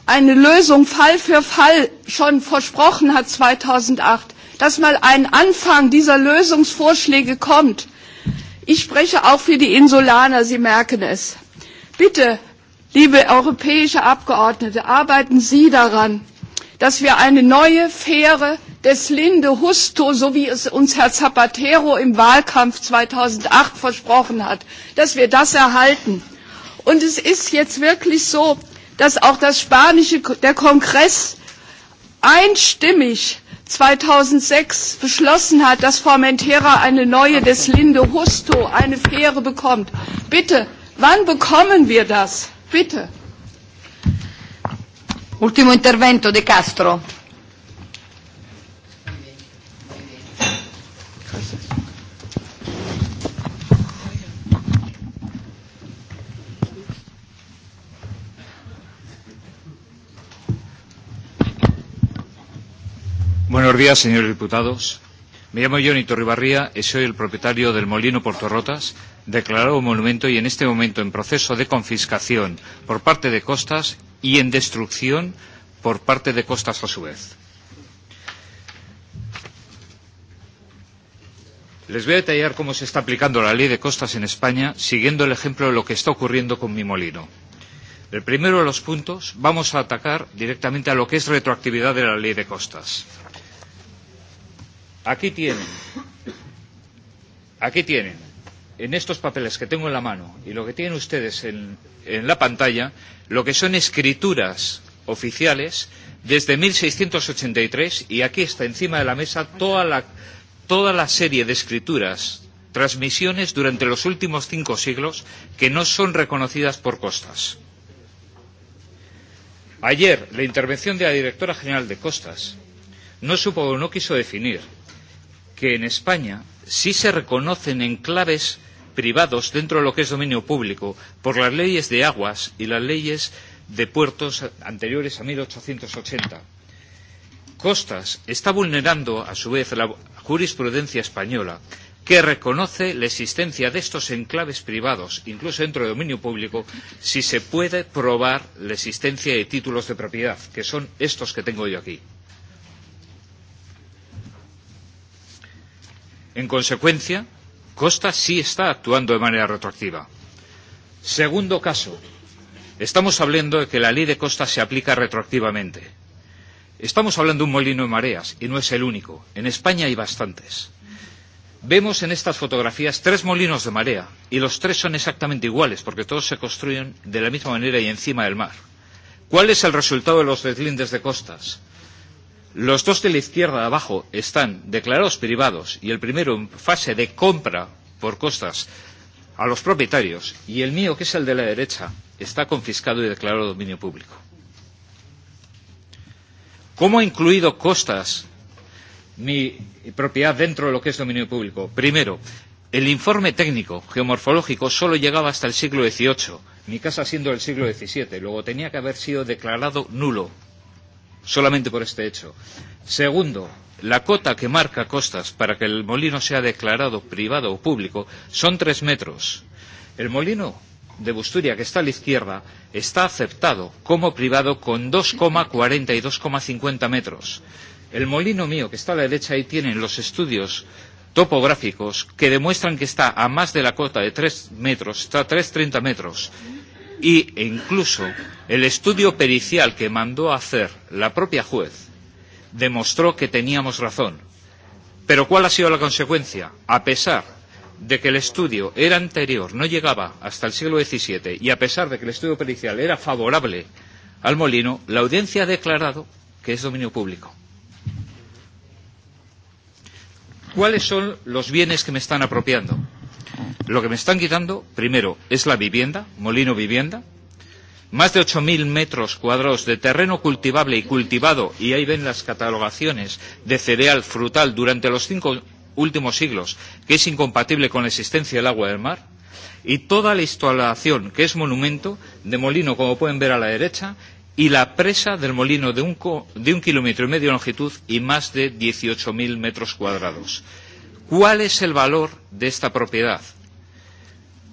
eine Lösung Fall für Fall schon versprochen hat 2008, dass mal ein Anfang dieser Lösungsvorschläge kommt. Ich spreche auch für die Insulaner, Sie merken es. Bitte, liebe europäische Abgeordnete, arbeiten Sie daran, dass wir eine neue, faire, linde Husto, so wie es uns Herr Zapatero im Wahlkampf 2008 versprochen hat, dass wir das erhalten. Und es ist jetzt wirklich so, dass auch das spanische, der Kongress einstimmig 2006 beschlossen hat, dass Formentera eine neue des Linde Justo, eine Fähre bekommt. Bitte, wann bekommen wir das? Bitte. Ultimo intervento De Castro. Buenos días, señores diputados. Me llamo Johnny Torribarría y soy el propietario del Molino Puerto Rotas, declarado monumento y en este momento en proceso de confiscación por parte de Costas y en destrucción por parte de Costas a su vez. Les voy a detallar cómo se está aplicando la ley de costas en España, siguiendo el ejemplo de lo que está ocurriendo con mi molino. El primero de los puntos, vamos a atacar directamente a lo que es retroactividad de la ley de costas. Aquí tienen, aquí tienen, en estos papeles que tengo en la mano y lo que tienen ustedes en, en la pantalla, lo que son escrituras oficiales desde 1683 y aquí está encima de la mesa toda la, toda la serie de escrituras, transmisiones durante los últimos cinco siglos que no son reconocidas por Costas. Ayer, la intervención de la directora general de Costas no supo o no quiso definir que en España sí se reconocen enclaves privados dentro de lo que es dominio público por las leyes de aguas y las leyes de puertos anteriores a 1880. Costas está vulnerando, a su vez, la jurisprudencia española, que reconoce la existencia de estos enclaves privados, incluso dentro de dominio público, si se puede probar la existencia de títulos de propiedad, que son estos que tengo yo aquí. En consecuencia, Costa sí está actuando de manera retroactiva. Segundo caso, estamos hablando de que la ley de Costa se aplica retroactivamente. Estamos hablando de un molino de mareas y no es el único. En España hay bastantes. Vemos en estas fotografías tres molinos de marea y los tres son exactamente iguales porque todos se construyen de la misma manera y encima del mar. ¿Cuál es el resultado de los deslindes de costas? Los dos de la izquierda de abajo están declarados privados y el primero en fase de compra por costas a los propietarios y el mío, que es el de la derecha, está confiscado y declarado dominio público. ¿Cómo ha incluido costas mi propiedad dentro de lo que es dominio público? Primero, el informe técnico geomorfológico solo llegaba hasta el siglo XVIII, mi casa siendo del siglo XVII, luego tenía que haber sido declarado nulo solamente por este hecho. Segundo, la cota que marca costas para que el molino sea declarado privado o público son tres metros. El molino de Busturia, que está a la izquierda, está aceptado como privado con 2,40 y 2,50 metros. El molino mío, que está a la derecha, ahí tienen los estudios topográficos que demuestran que está a más de la cota de 3 metros, está a 3,30 metros y, e incluso el estudio pericial que mandó hacer la propia juez demostró que teníamos razón. Pero ¿cuál ha sido la consecuencia? A pesar de que el estudio era anterior, no llegaba hasta el siglo XVII, y a pesar de que el estudio pericial era favorable al molino, la audiencia ha declarado que es dominio público. ¿Cuáles son los bienes que me están apropiando? Lo que me están quitando, primero, es la vivienda, Molino Vivienda, más de 8.000 metros cuadrados de terreno cultivable y cultivado, y ahí ven las catalogaciones de cereal frutal durante los cinco últimos siglos, que es incompatible con la existencia del agua del mar, y toda la instalación, que es monumento, de molino, como pueden ver a la derecha, y la presa del molino de un, co de un kilómetro y medio de longitud y más de 18.000 metros cuadrados. ¿Cuál es el valor de esta propiedad?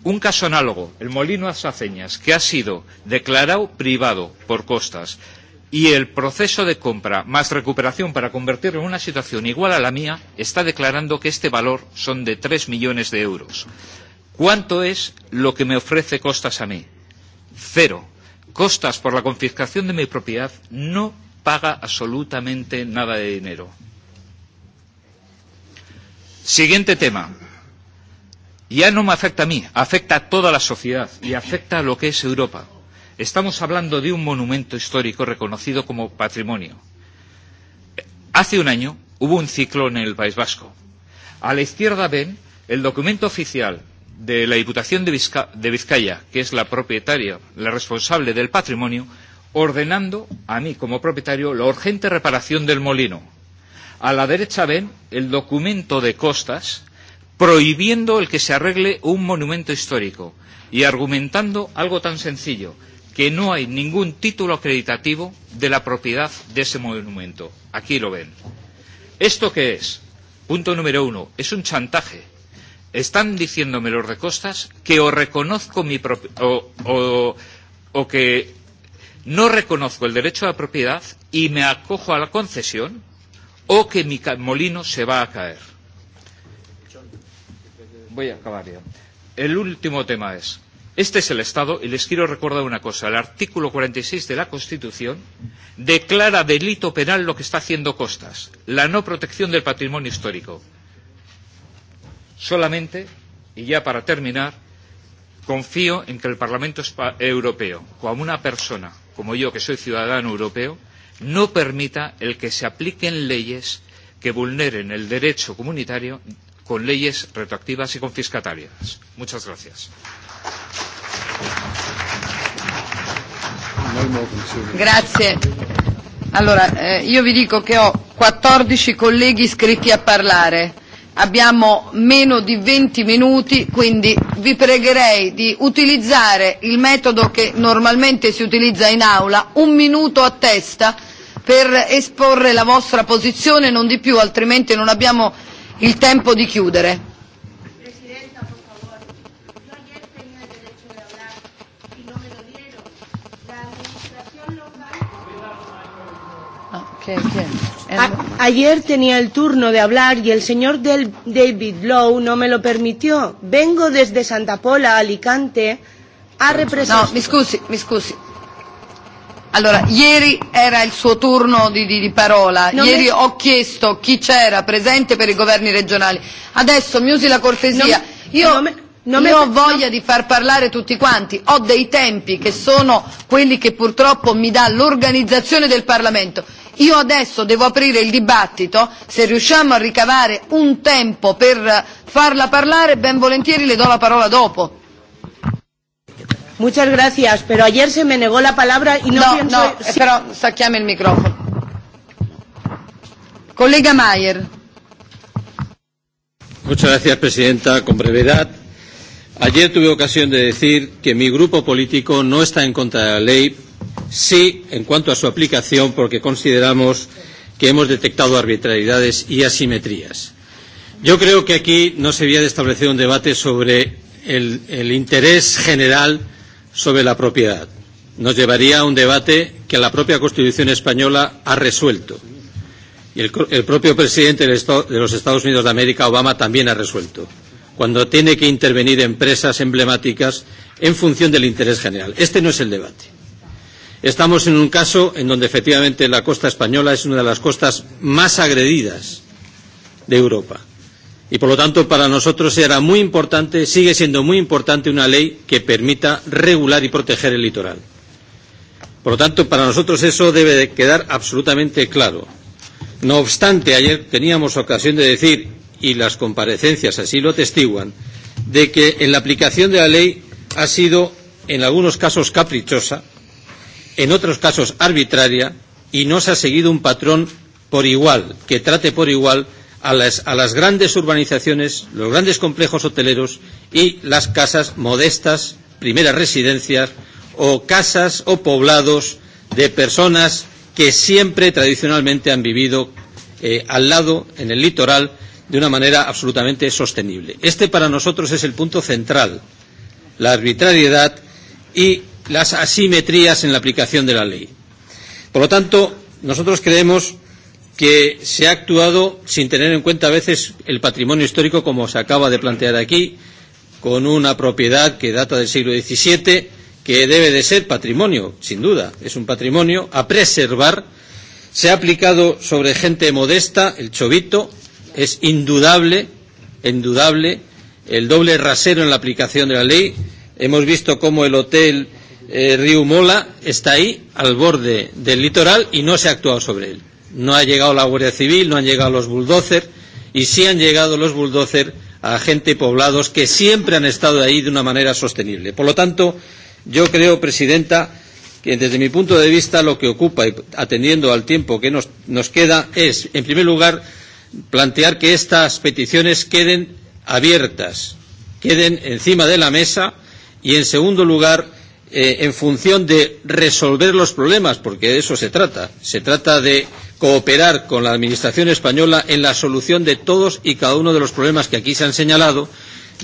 Un caso análogo, el Molino Azaceñas, que ha sido declarado privado por costas y el proceso de compra más recuperación para convertirlo en una situación igual a la mía está declarando que este valor son de 3 millones de euros. ¿Cuánto es lo que me ofrece costas a mí? Cero. Costas por la confiscación de mi propiedad no paga absolutamente nada de dinero. Siguiente tema. Ya no me afecta a mí, afecta a toda la sociedad y afecta a lo que es Europa. Estamos hablando de un monumento histórico reconocido como patrimonio. Hace un año hubo un ciclón en el País Vasco. A la izquierda ven el documento oficial de la Diputación de, Vizca de Vizcaya, que es la propietaria, la responsable del patrimonio, ordenando a mí como propietario la urgente reparación del molino a la derecha ven el documento de costas prohibiendo el que se arregle un monumento histórico y argumentando algo tan sencillo, que no hay ningún título acreditativo de la propiedad de ese monumento. Aquí lo ven. ¿Esto qué es? Punto número uno, es un chantaje. Están diciéndome los de costas que o reconozco mi o, o, o que no reconozco el derecho a la propiedad y me acojo a la concesión o que mi molino se va a caer. Voy a acabar ya. El último tema es, este es el Estado y les quiero recordar una cosa. El artículo 46 de la Constitución declara delito penal lo que está haciendo Costas, la no protección del patrimonio histórico. Solamente, y ya para terminar, confío en que el Parlamento Europeo, como una persona como yo que soy ciudadano europeo, no permita el que se apliquen leyes que vulneren el derecho comunitario con leyes retroactivas y confiscatarias. Muchas gracias. Grazie. Allora, eh, io vi dico che ho 14 colleghi iscritti a parlare. Abbiamo meno di 20 minuti, quindi vi pregherei di utilizzare il metodo che normalmente si utilizza in aula, un minuto a testa per esporre la vostra posizione, non di più, altrimenti non abbiamo il tempo di chiudere. Ah, a ayer tenía el turno de hablar y el señor del David Lowe no me lo permitió. Vengo desde Santa Pola, Alicante, a representar... No, mi scusi, mi scusi. Allora, ieri era il suo turno di, di, di parola, non ieri mi... ho chiesto chi c'era presente per i governi regionali, adesso mi usi la cortesia. Non... Io... Non me... Non Io ho voglia di far parlare tutti quanti, ho dei tempi che sono quelli che purtroppo mi dà l'organizzazione del Parlamento. Io adesso devo aprire il dibattito, se riusciamo a ricavare un tempo per farla parlare ben volentieri le do la parola dopo. Muchas gracias, pero ayer se me negó la palabra y no, no pienso... No, no, però saquéame el micrófono. Colega Mayer. Muchas gracias, Presidenta. Con brevedad, ayer tuve ocasión de decir que mi grupo político no está en contra de la ley, sí en cuanto a su aplicación, porque consideramos que hemos detectado arbitrariedades y asimetrías. Yo creo que aquí no se había de establecer un debate sobre el, el interés general sobre la propiedad nos llevaría a un debate que la propia Constitución española ha resuelto. Y el, el propio presidente del Estado, de los Estados Unidos de América, Obama, también ha resuelto. Cuando tiene que intervenir empresas emblemáticas en función del interés general. Este no es el debate. Estamos en un caso en donde efectivamente la costa española es una de las costas más agredidas de Europa. Y por lo tanto, para nosotros era muy importante, sigue siendo muy importante una ley que permita regular y proteger el litoral. Por lo tanto, para nosotros eso debe de quedar absolutamente claro. No obstante, ayer teníamos ocasión de decir, y las comparecencias así lo atestiguan, de que en la aplicación de la ley ha sido, en algunos casos, caprichosa, en otros casos, arbitraria, y no se ha seguido un patrón por igual, que trate por igual a las, a las grandes urbanizaciones, los grandes complejos hoteleros y las casas modestas, primeras residencias o casas o poblados de personas que siempre tradicionalmente han vivido eh, al lado, en el litoral, de una manera absolutamente sostenible. Este para nosotros es el punto central, la arbitrariedad y las asimetrías en la aplicación de la ley. Por lo tanto, nosotros creemos que se ha actuado sin tener en cuenta a veces el patrimonio histórico, como se acaba de plantear aquí, con una propiedad que data del siglo XVII, que debe de ser patrimonio, sin duda, es un patrimonio a preservar. Se ha aplicado sobre gente modesta el chovito, es indudable, indudable, el doble rasero en la aplicación de la ley. Hemos visto cómo el hotel eh, Río Mola está ahí, al borde del litoral, y no se ha actuado sobre él. No ha llegado la Guardia Civil, no han llegado los bulldozers y sí han llegado los bulldozers a gente y poblados que siempre han estado ahí de una manera sostenible. Por lo tanto, yo creo, Presidenta, que desde mi punto de vista lo que ocupa, y atendiendo al tiempo que nos, nos queda, es, en primer lugar, plantear que estas peticiones queden abiertas, queden encima de la mesa y, en segundo lugar, eh, en función de resolver los problemas, porque de eso se trata. Se trata de cooperar con la Administración española en la solución de todos y cada uno de los problemas que aquí se han señalado.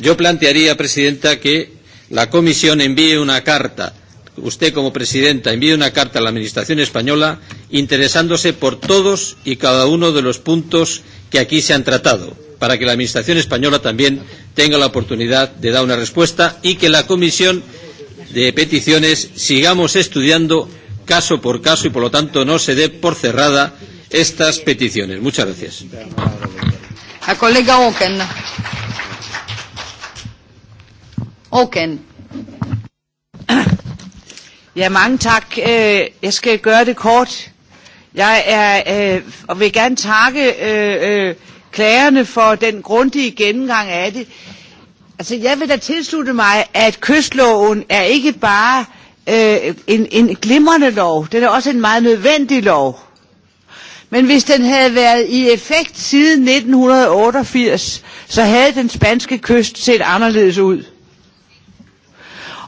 Yo plantearía, Presidenta, que la Comisión envíe una carta usted como presidenta envíe una carta a la Administración española interesándose por todos y cada uno de los puntos que aquí se han tratado, para que la Administración española también tenga la oportunidad de dar una respuesta y que la Comisión de peticiones sigamos estudiando caso por caso y, por lo tanto, no se dé por cerrada estas peticiones. Muchas gracias. A colega Oken. Oken. Ja, mange tak. Øh, jeg skal gøre det kort. Jeg er, øh, og vil gerne takke øh, øh, klagerne for den grundige gennemgang af det. Altså, jeg vil da tilslutte mig, at kystloven er ikke bare øh, en, en glimrende lov. Den er også en meget nødvendig lov. Men hvis den havde været i effekt siden 1988, så havde den spanske kyst set anderledes ud.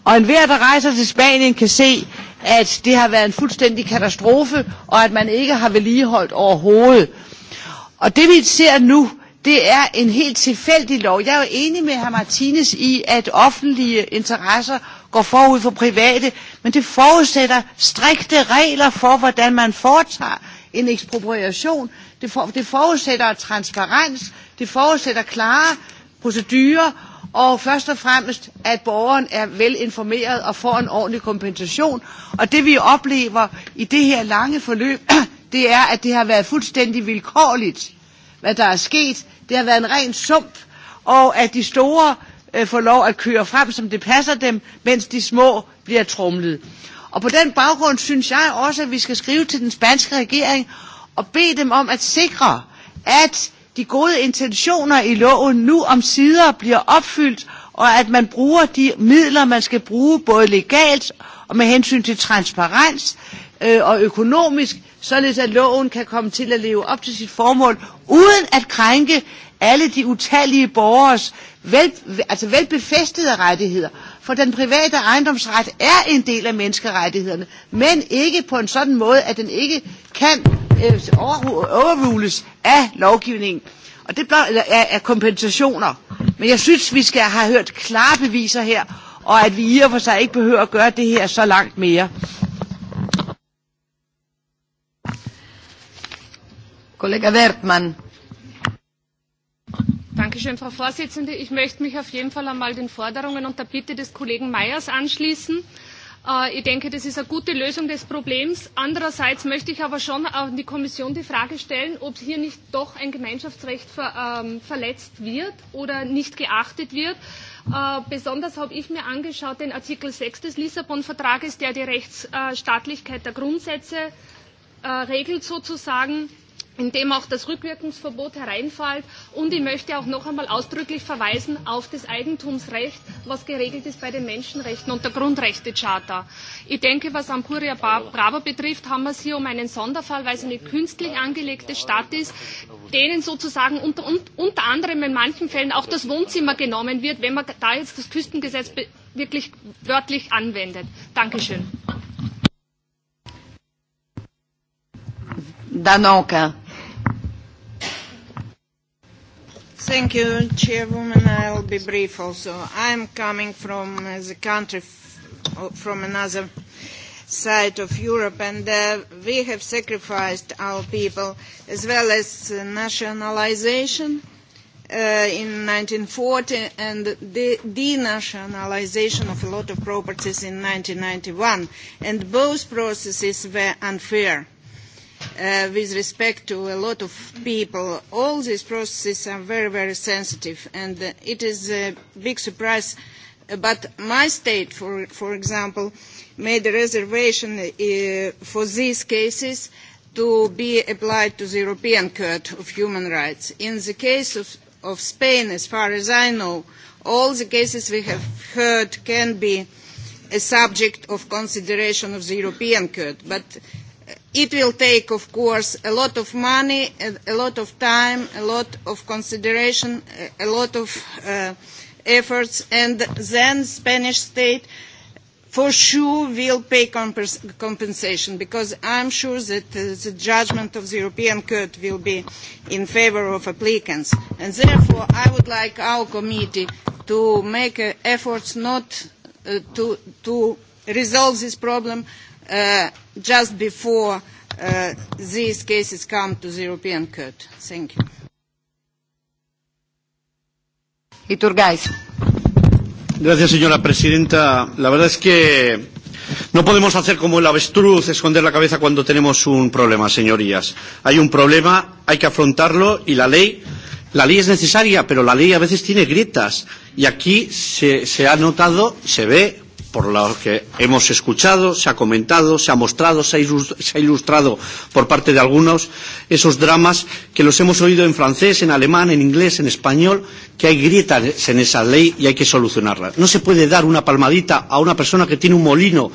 Og enhver, der rejser til Spanien, kan se, at det har været en fuldstændig katastrofe, og at man ikke har vedligeholdt overhovedet. Og det vi ser nu, Det er en helt tilfældig lov. Jeg er jo enig med herr Martinez i, at offentlige interesser går forud for private, men det forudsætter strikte regler for, hvordan man foretager en ekspropriation. Det, for, det forudsætter transparens, det forudsætter klare procedurer, og først og fremmest, at borgeren er velinformeret og får en ordentlig kompensation. Og det vi oplever i det her lange forløb, det er, at det har været fuldstændig vilkårligt, hvad der er sket. Det har været en ren sump, og at de store øh, får lov at køre frem, som det passer dem, mens de små bliver trumlet. Og på den baggrund synes jeg også, at vi skal skrive til den spanske regering og bede dem om at sikre, at de gode intentioner i loven nu om sider bliver opfyldt, og at man bruger de midler, man skal bruge både legalt og med hensyn til transparens øh, og økonomisk således at loven kan komme til at leve op til sit formål, uden at krænke alle de utallige borgers vel, altså velbefæstede rettigheder. For den private ejendomsret er en del af menneskerettighederne, men ikke på en sådan måde, at den ikke kan øh, overrules af lovgivningen. Og det blot, eller, er, af kompensationer. Men jeg synes, vi skal have hørt klare beviser her, og at vi i og for sig ikke behøver at gøre det her så langt mere. Kollege Wertmann. Dankeschön, Frau Vorsitzende. Ich möchte mich auf jeden Fall einmal den Forderungen und der Bitte des Kollegen Mayers anschließen. Äh, ich denke, das ist eine gute Lösung des Problems. Andererseits möchte ich aber schon an die Kommission die Frage stellen, ob hier nicht doch ein Gemeinschaftsrecht ver, ähm, verletzt wird oder nicht geachtet wird. Äh, besonders habe ich mir angeschaut den Artikel 6 des Lissabon-Vertrages, der die Rechtsstaatlichkeit der Grundsätze äh, regelt sozusagen in dem auch das Rückwirkungsverbot hereinfällt. Und ich möchte auch noch einmal ausdrücklich verweisen auf das Eigentumsrecht, was geregelt ist bei den Menschenrechten und der Grundrechtecharta. Ich denke, was Ampuria Bravo betrifft, haben wir es hier um einen Sonderfall, weil es eine künstlich angelegte Stadt ist, denen sozusagen unter, unter anderem in manchen Fällen auch das Wohnzimmer genommen wird, wenn man da jetzt das Küstengesetz wirklich wörtlich anwendet. Dankeschön. Danke. Thank you, Chairwoman. I'll be brief also. I'm coming from the country, oh, from another side of Europe, and uh, we have sacrificed our people as well as nationalization uh, in 1940 and the denationalization of a lot of properties in 1991, and both processes were unfair uh, with respect to a lot of people. All these processes are very, very sensitive, and uh, it is a big surprise. Uh, but my state, for, for example, made a reservation uh, for these cases to be applied to the European Court of Human Rights. In the case of, of Spain, as far as I know, all the cases we have heard can be a subject of consideration of the European Court. But It will take, of course, a lot of money, a lot of time, a lot of consideration, a lot of uh, efforts, and then Spanish state for sure will pay comp compensation because I'm sure that uh, the judgment of the European Court will be in favor of applicants. And therefore, I would like our committee to make uh, efforts not uh, to, to resolve this problem uh, just before uh, these cases come to the European Court. Thank you. Iturgaiz. Gracias, señora presidenta. La verdad es que no podemos hacer como el avestruz, esconder la cabeza cuando tenemos un problema, señorías. Hay un problema, hay que afrontarlo y la ley, la ley es necesaria, pero la ley a veces tiene grietas. Y aquí se, se ha notado, se ve por lo que hemos escuchado, se ha comentado, se ha mostrado, se ha, ilustrado, se ha ilustrado por parte de algunos esos dramas que los hemos oído en francés, en alemán, en inglés, en español, que hay grietas en esa ley y hay que solucionarlas. No se puede dar una palmadita a una persona que tiene un molino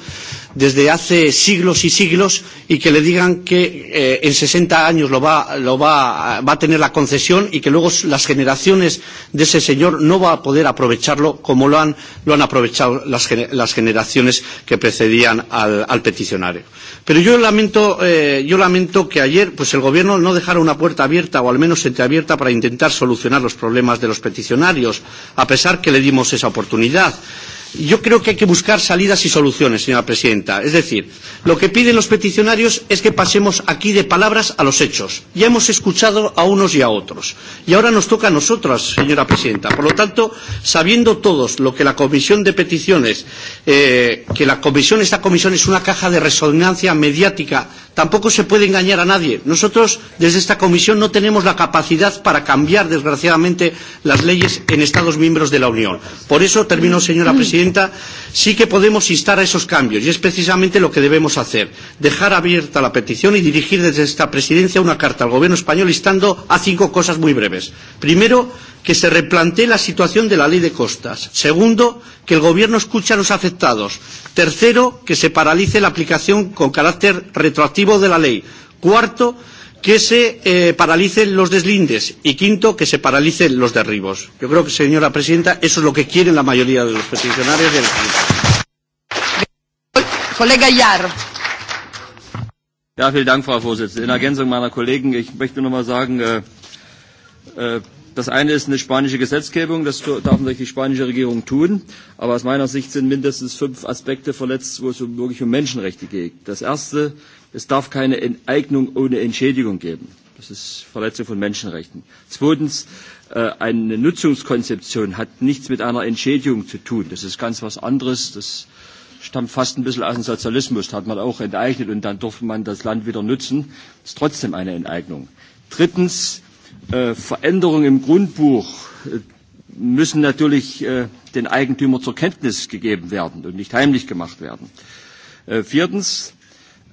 desde hace siglos y siglos y que le digan que eh, en 60 años lo va, lo va, va a tener la concesión y que luego las generaciones de ese señor no va a poder aprovecharlo como lo han, lo han aprovechado las, las generaciones que precedían al, al peticionario. Pero yo lamento, eh, yo lamento que ayer pues el gobierno no dejara una puerta abierta o al menos entreabierta para intentar solucionar los problemas de los peticionarios, a pesar que le dimos esa oportunidad. Yo creo que hay que buscar salidas y soluciones, señora presidenta. Es decir, lo que piden los peticionarios es que pasemos aquí de palabras a los hechos. Ya hemos escuchado a unos y a otros. Y ahora nos toca a nosotras, señora presidenta. Por lo tanto, sabiendo todos lo que la Comisión de Peticiones, eh, que la Comisión, esta Comisión es una caja de resonancia mediática, tampoco se puede engañar a nadie. Nosotros, desde esta Comisión, no tenemos la capacidad para cambiar, desgraciadamente, las leyes en Estados miembros de la Unión. Por eso termino, señora mm. presidenta Presidenta, sí que podemos instar a esos cambios y es precisamente lo que debemos hacer. Dejar abierta la petición y dirigir desde esta Presidencia una carta al Gobierno español instando a cinco cosas muy breves. Primero, que se replantee la situación de la ley de costas. Segundo, que el Gobierno escuche a los afectados. Tercero, que se paralice la aplicación con carácter retroactivo de la ley. Cuarto, que que se eh, paralicen los deslindes y quinto, que se paralicen los derribos. Yo creo que, señora presidenta, eso es lo que quieren la mayoría de los peticionarios del país. Colega Yar. Ja, vielen Dank, Frau Vorsitzende. In Ergänzung meiner Kollegen, ich möchte nur mal sagen, äh, äh, Das eine ist eine spanische Gesetzgebung, das darf natürlich die spanische Regierung tun, aber aus meiner Sicht sind mindestens fünf Aspekte verletzt, wo es um, wirklich um Menschenrechte geht. Das erste, es darf keine Enteignung ohne Entschädigung geben. Das ist Verletzung von Menschenrechten. Zweitens, äh, eine Nutzungskonzeption hat nichts mit einer Entschädigung zu tun. Das ist ganz was anderes. Das stammt fast ein bisschen aus dem Sozialismus. Da hat man auch enteignet und dann durfte man das Land wieder nutzen. Das ist trotzdem eine Enteignung. Drittens, Äh, Veränderungen im Grundbuch äh, müssen natürlich äh, den Eigentümer zur Kenntnis gegeben werden und nicht heimlich gemacht werden. viertens,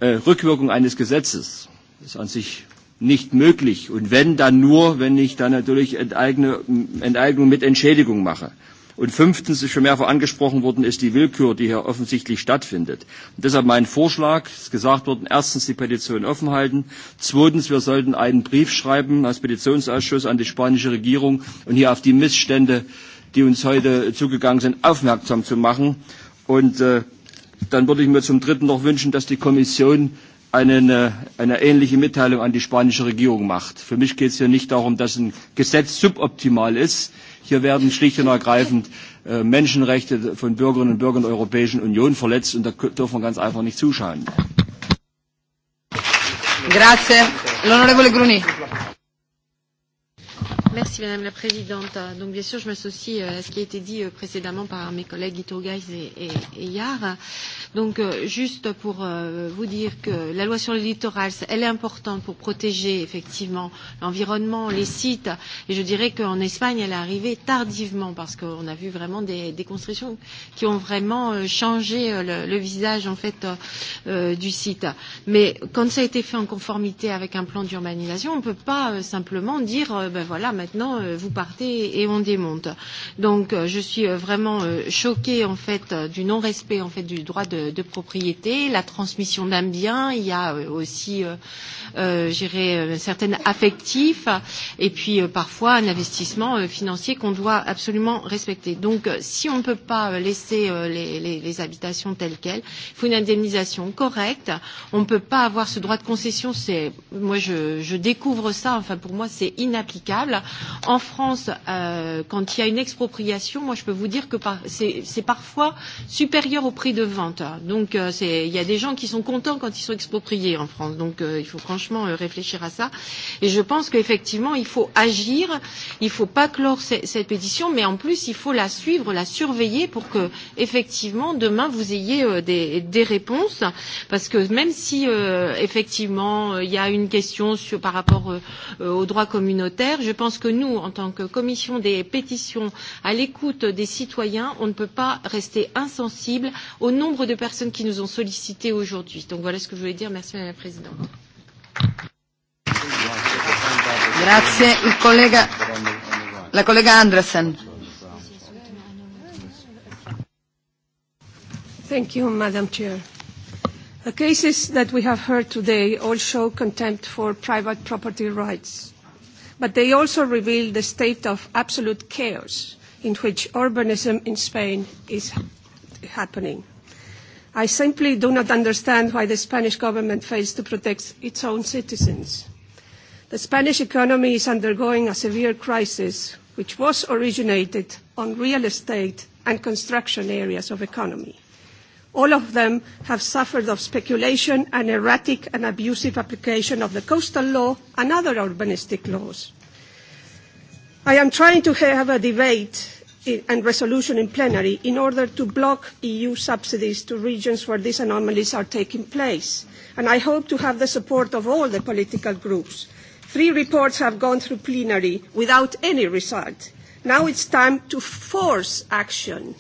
Rückwirkung eines Gesetzes ist an sich nicht möglich. Und wenn, dann nur, wenn ich dann natürlich Enteigne, Enteignung mit Entschädigung mache. Und fünftens, ist schon mehrfach angesprochen worden, ist die Willkür, die hier offensichtlich stattfindet. Und deshalb mein Vorschlag, ist gesagt worden, erstens die Petition offen halten. Zweitens, wir sollten einen Brief schreiben als Petitionsausschuss an die spanische Regierung und um hier auf die Missstände, die uns heute zugegangen sind, aufmerksam zu machen. Und äh, dann würde ich mir zum Dritten noch wünschen, dass die Kommission eine, äh, eine ähnliche Mitteilung an die spanische Regierung macht. Für mich geht es hier nicht darum, dass ein Gesetz suboptimal ist, Hier werden schlicht und ergreifend äh, Menschenrechte von Bürgerinnen und Bürgern der Europäischen Union verletzt und da dürfen wir ganz einfach nicht zuschauen. Grazie. L'onorevole Gruny. Merci Madame la Présidente. Donc bien sûr, je m'associe euh, à ce qui a été dit euh, précédemment par mes collègues Iturgaiz et, et, et Yar. Donc euh, juste pour vous dire que la loi sur le littoral, elle est importante pour protéger effectivement l'environnement, les sites. Et je dirais qu'en Espagne, elle est arrivée tardivement parce qu'on a vu vraiment des, des constructions qui ont vraiment changé le, le visage en fait euh, du site. Mais quand ça a été fait en conformité avec un plan d'urbanisation, on ne peut pas simplement dire ben voilà maintenant maintenant euh, vous partez et on démonte. Donc euh, je suis euh, vraiment euh, choquée en fait euh, du non-respect en fait du droit de, de propriété, la transmission d'un bien. Il y a euh, aussi, euh, euh, j'irai euh, un certain affectif et puis euh, parfois un investissement euh, financier qu'on doit absolument respecter. Donc euh, si on ne peut pas laisser euh, les, les, les habitations telles quelles, il faut une indemnisation correcte. On ne peut pas avoir ce droit de concession. C'est moi je, je découvre ça. Enfin pour moi c'est inapplicable. En France, euh, quand il y a une expropriation, moi je peux vous dire que par, c'est parfois supérieur au prix de vente. Donc euh, il y a des gens qui sont contents quand ils sont expropriés en France. Donc euh, il faut franchement euh, réfléchir à ça. Et je pense qu'effectivement, il faut agir. Il ne faut pas clore cette pétition, mais en plus, il faut la suivre, la surveiller pour que, effectivement, demain, vous ayez euh, des, des réponses. Parce que même si, euh, effectivement, euh, il y a une question sur, par rapport euh, euh, aux droits communautaires, je pense que nous, en tant que commission des pétitions, à l'écoute des citoyens, on ne peut pas rester insensible au nombre de personnes qui nous ont sollicités aujourd'hui. Donc voilà ce que je voulais dire. Merci Madame la Présidente. Grazie. Il collega, la collega Andresen. Thank you, Madam Chair. The cases that we have heard today all show contempt for private property rights but they also reveal the state of absolute chaos in which urbanism in Spain is happening. I simply do not understand why the Spanish government fails to protect its own citizens. The Spanish economy is undergoing a severe crisis, which was originated on real estate and construction areas of economy. All of them have suffered of speculation and erratic and abusive application of the coastal law and other urbanistic laws. I am trying to have a debate and resolution in plenary in order to block EU subsidies to regions where these anomalies are taking place. And I hope to have the support of all the political groups. Three reports have gone through plenary without any result. Now it's time to force action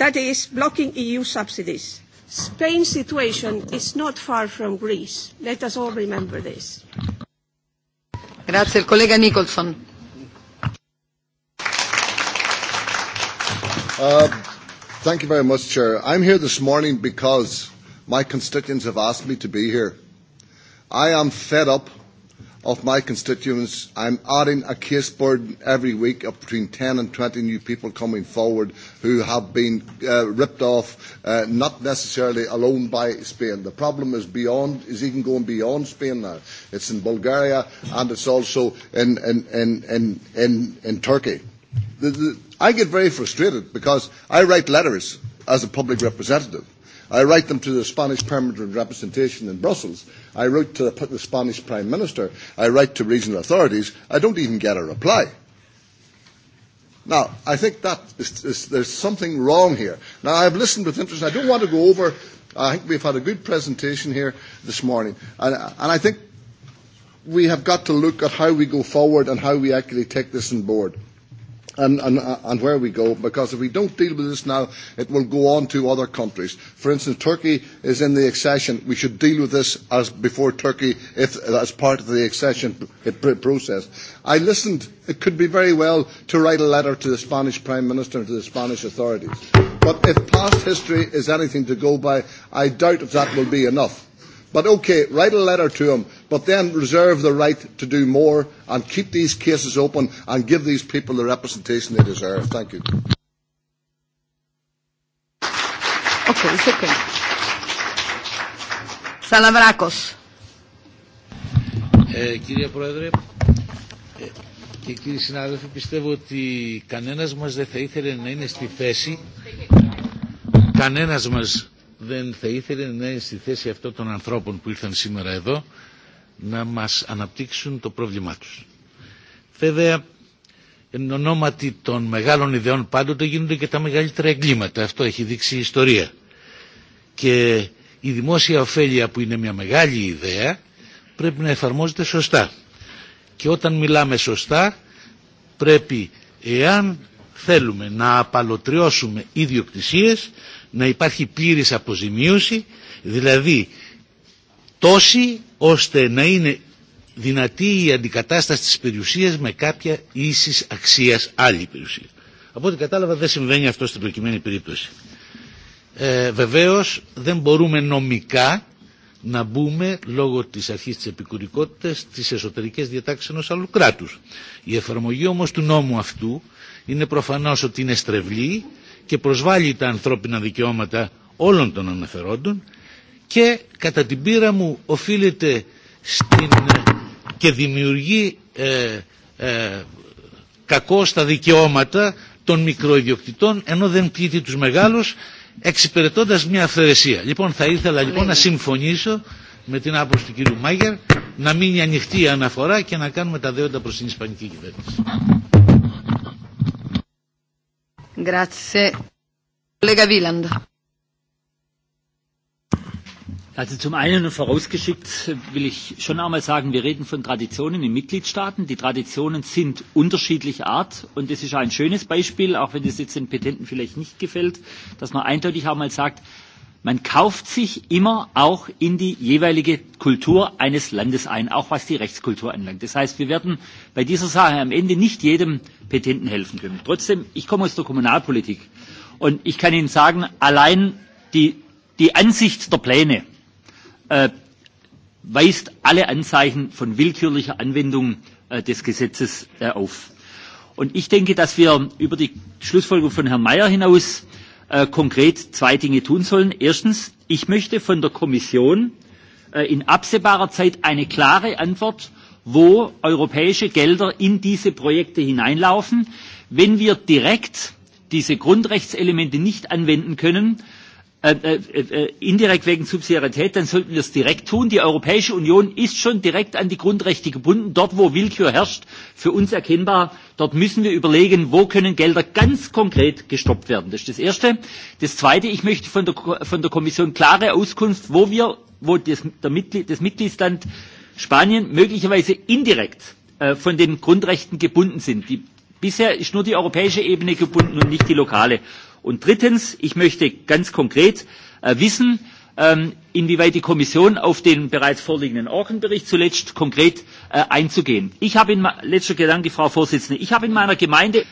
that is blocking EU subsidies. Spain's situation is not far from Greece. Let us all remember this. Grazie, il collega Nicholson. Uh, thank you very much, Chair. I'm here this morning because my constituents have asked me to be here. I am fed up of my constituents, I'm adding a case burden every week of between 10 and 20 new people coming forward who have been uh, ripped off, uh, not necessarily alone by Spain. The problem is beyond, is even going beyond Spain now. It's in Bulgaria and it's also in, in, in, in, in, in Turkey. The, the, I get very frustrated because I write letters as a public representative I write them to the Spanish permanent representation in Brussels. I write to the, the Spanish Prime Minister. I write to regional authorities. I don't even get a reply. Now, I think that is, is, there's something wrong here. Now, I've listened with interest. I don't want to go over. I think we've had a good presentation here this morning. And, and I think we have got to look at how we go forward and how we actually take this on board and, and, and where we go, because if we don't deal with this now, it will go on to other countries. For instance, Turkey is in the accession. We should deal with this as before Turkey, if, as part of the accession process. I listened. It could be very well to write a letter to the Spanish Prime Minister and to the Spanish authorities. But if past history is anything to go by, I doubt if that will be enough But okay, write a letter to them, but then reserve the right to do more and keep these cases open and give these people the representation they deserve. Thank you. Okay, it's okay. Salavrakos. Ε, eh, κύριε Πρόεδρε και κύριοι συνάδελφοι, πιστεύω ότι κανένας μας δεν θα ήθελε να είναι στη θέση, κανένας μας δεν θα ήθελε να είναι στη θέση αυτών των ανθρώπων που ήρθαν σήμερα εδώ να μας αναπτύξουν το πρόβλημά τους. Βέβαια, εν ονόματι των μεγάλων ιδεών πάντοτε γίνονται και τα μεγαλύτερα εγκλήματα. Αυτό έχει δείξει η ιστορία. Και η δημόσια ωφέλεια που είναι μια μεγάλη ιδέα πρέπει να εφαρμόζεται σωστά. Και όταν μιλάμε σωστά πρέπει εάν θέλουμε να απαλωτριώσουμε ιδιοκτησίες να υπάρχει πλήρης αποζημίωση, δηλαδή τόση ώστε να είναι δυνατή η αντικατάσταση της περιουσίας με κάποια ίσης αξίας άλλη περιουσία. Από ό,τι κατάλαβα δεν συμβαίνει αυτό στην προκειμένη περίπτωση. Ε, βεβαίως δεν μπορούμε νομικά να μπούμε λόγω της αρχής της επικουρικότητας στις εσωτερικές διατάξεις ενός άλλου κράτους. Η εφαρμογή όμως του νόμου αυτού είναι προφανώς ότι είναι στρεβλή και προσβάλλει τα ανθρώπινα δικαιώματα όλων των αναφερόντων και κατά την πείρα μου οφείλεται στην, και δημιουργεί ε, ε, κακό στα δικαιώματα των μικροϊδιοκτητών ενώ δεν πλήττει τους μεγάλους εξυπηρετώντας μια αυθαιρεσία. Λοιπόν θα ήθελα λοιπόν να συμφωνήσω με την άποψη του κύριου Μάγερ να μείνει ανοιχτή η αναφορά και να κάνουμε τα δέοντα προς την Ισπανική κυβέρνηση. Grazie. Kollege Wieland. Also zum einen und vorausgeschickt will ich schon einmal sagen, wir reden von Traditionen in Mitgliedstaaten. Die Traditionen sind unterschiedlicher Art und das ist ein schönes Beispiel, auch wenn es jetzt den Petenten vielleicht nicht gefällt, dass man eindeutig einmal sagt, Man kauft sich immer auch in die jeweilige Kultur eines Landes ein, auch was die Rechtskultur anlangt. Das heißt, wir werden bei dieser Sache am Ende nicht jedem Petenten helfen können. Trotzdem, ich komme aus der Kommunalpolitik und ich kann Ihnen sagen, allein die, die Ansicht der Pläne äh, weist alle Anzeichen von willkürlicher Anwendung äh, des Gesetzes äh, auf. Und ich denke, dass wir über die Schlussfolgerung von Herrn Mayer hinaus Äh, konkret zwei Dinge tun sollen. Erstens, ich möchte von der Kommission äh, in absehbarer Zeit eine klare Antwort, wo europäische Gelder in diese Projekte hineinlaufen. Wenn wir direkt diese Grundrechtselemente nicht anwenden können, Äh, äh, äh, indirekt wegen Subsidiarität, dann sollten wir es direkt tun. Die Europäische Union ist schon direkt an die Grundrechte gebunden. Dort, wo Willkür herrscht, für uns erkennbar, dort müssen wir überlegen, wo können Gelder ganz konkret gestoppt werden. Das ist das Erste. Das Zweite, ich möchte von der, von der Kommission klare Auskunft, wo wir, wo das, der Mitglied, das Mitgliedsland Spanien möglicherweise indirekt von den Grundrechten gebunden sind. Die, bisher ist nur die europäische Ebene gebunden und nicht die lokale. Und drittens, ich möchte ganz konkret äh, wissen, ähm, inwieweit die Kommission auf den bereits vorliegenden Orkenbericht zuletzt konkret äh, einzugehen. Ich habe in letzter Gedanke, Frau Vorsitzende, ich habe in meiner Gemeinde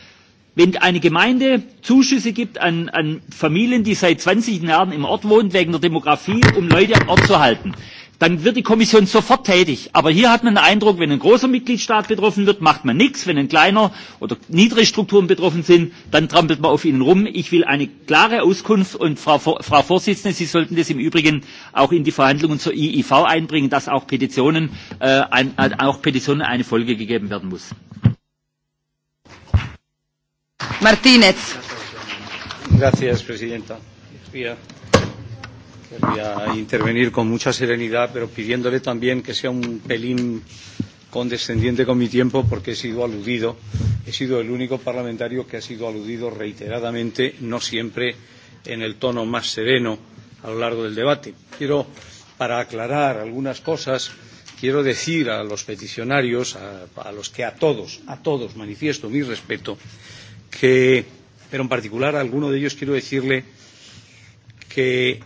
wenn eine Gemeinde Zuschüsse gibt an, an Familien, die seit 20 Jahren im Ort wohnen, wegen der Demografie, um Leute am Ort zu halten, dann wird die Kommission sofort tätig. Aber hier hat man den Eindruck, wenn ein großer Mitgliedstaat betroffen wird, macht man nichts. Wenn ein kleiner oder niedrige Strukturen betroffen sind, dann trampelt man auf ihnen rum. Ich will eine klare Auskunft und Frau, Frau Vorsitzende, Sie sollten das im Übrigen auch in die Verhandlungen zur IIV einbringen, dass auch Petitionen, äh, ein, äh, auch Petitionen eine Folge gegeben werden muss. Martinez. Gracias, Presidenta. Yeah. Querría intervenir con mucha serenidad, pero pidiéndole también que sea un pelín condescendiente con mi tiempo porque he sido aludido. He sido el único parlamentario que ha sido aludido reiteradamente, no siempre en el tono más sereno a lo largo del debate. Quiero, para aclarar algunas cosas, quiero decir a los peticionarios, a, a los que a todos, a todos manifiesto mi respeto, que, pero en particular a alguno de ellos quiero decirle que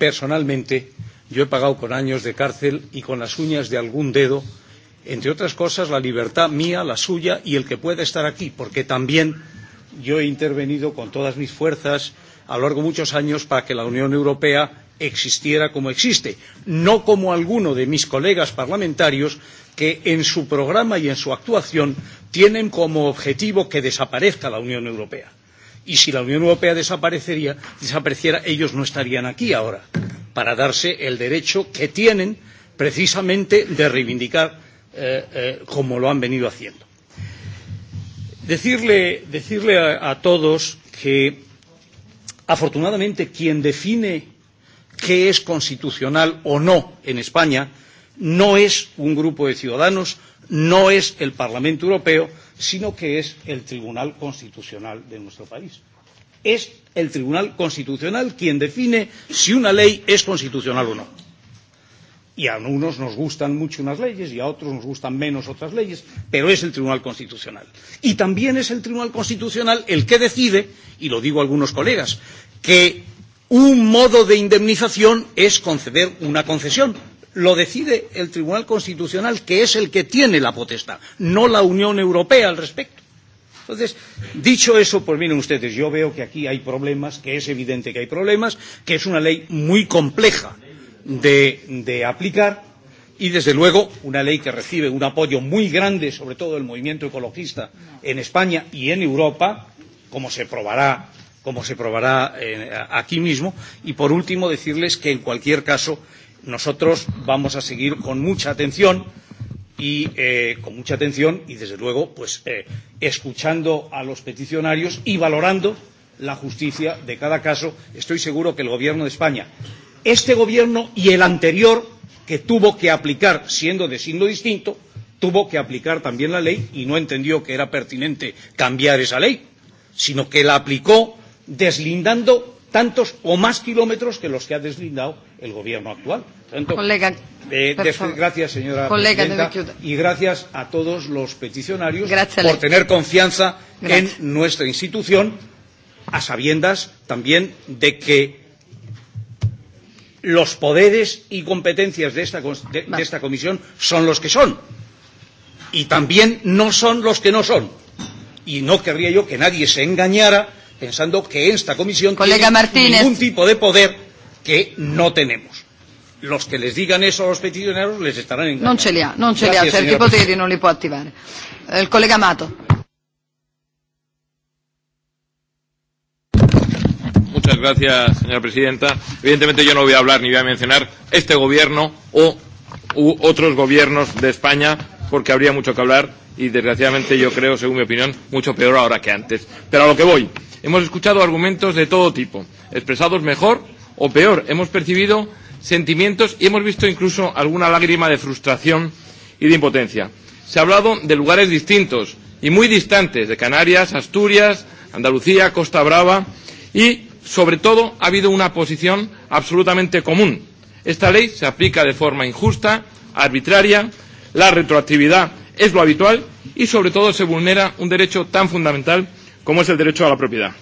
personalmente yo he pagado con años de cárcel y con las uñas de algún dedo, entre otras cosas, la libertad mía, la suya y el que pueda estar aquí, porque también yo he intervenido con todas mis fuerzas a lo largo de muchos años para que la Unión Europea existiera como existe, no como alguno de mis colegas parlamentarios que en su programa y en su actuación tienen como objetivo que desaparezca la Unión Europea. Y si la Unión Europea desaparecería, desapareciera, ellos no estarían aquí ahora para darse el derecho que tienen precisamente de reivindicar eh, eh, como lo han venido haciendo. Decirle, decirle a, a todos que afortunadamente quien define qué es constitucional o no en España no es un grupo de ciudadanos, no es el Parlamento Europeo, sino que es el Tribunal Constitucional de nuestro país. Es el Tribunal Constitucional quien define si una ley es constitucional o no. Y a unos nos gustan mucho unas leyes y a otros nos gustan menos otras leyes, pero es el Tribunal Constitucional. Y también es el Tribunal Constitucional el que decide, y lo digo a algunos colegas, que un modo de indemnización es conceder una concesión lo decide el Tribunal Constitucional, que es el que tiene la potestad, no la Unión Europea al respecto. Entonces, dicho eso, pues miren ustedes, yo veo que aquí hay problemas, que es evidente que hay problemas, que es una ley muy compleja de, de aplicar y, desde luego, una ley que recibe un apoyo muy grande, sobre todo el movimiento ecologista en España y en Europa, como se probará como se probará eh, aquí mismo. Y, por último, decirles que, en cualquier caso, nosotros vamos a seguir con mucha atención y eh, con mucha atención y desde luego pues eh, escuchando a los peticionarios y valorando la justicia de cada caso. Estoy seguro que el gobierno de España, este gobierno y el anterior que tuvo que aplicar siendo de signo distinto, tuvo que aplicar también la ley y no entendió que era pertinente cambiar esa ley, sino que la aplicó deslindando tantos o más kilómetros que los que ha deslindado el gobierno actual. Tanto, Colega, eh, gracias, señora Colega presidenta, y gracias a todos los peticionarios gracias, por tener confianza gracias. en nuestra institución, a sabiendas también de que los poderes y competencias de esta, de, de esta comisión son los que son y también no son los que no son. Y no querría yo que nadie se engañara pensando que esta comisión Colega tiene Martínez. ningún tipo de poder que no tenemos. Los que les digan eso a los peticionarios les estarán engañando. No se le ha, no se le ha, el poteri non li può attivare. El eh, colega Mato. Muchas gracias, señora presidenta. Evidentemente yo no voy a hablar ni voy a mencionar este gobierno o u otros gobiernos de España porque habría mucho que hablar y desgraciadamente yo creo, según mi opinión, mucho peor ahora que antes. Pero a lo que voy Hemos escuchado argumentos de todo tipo, expresados mejor o peor. Hemos percibido sentimientos y hemos visto incluso alguna lágrima de frustración y de impotencia. Se ha hablado de lugares distintos y muy distantes, de Canarias, Asturias, Andalucía, Costa Brava y, sobre todo, ha habido una posición absolutamente común. Esta ley se aplica de forma injusta, arbitraria, la retroactividad es lo habitual y, sobre todo, se vulnera un derecho tan fundamental como es el derecho a la propiedad.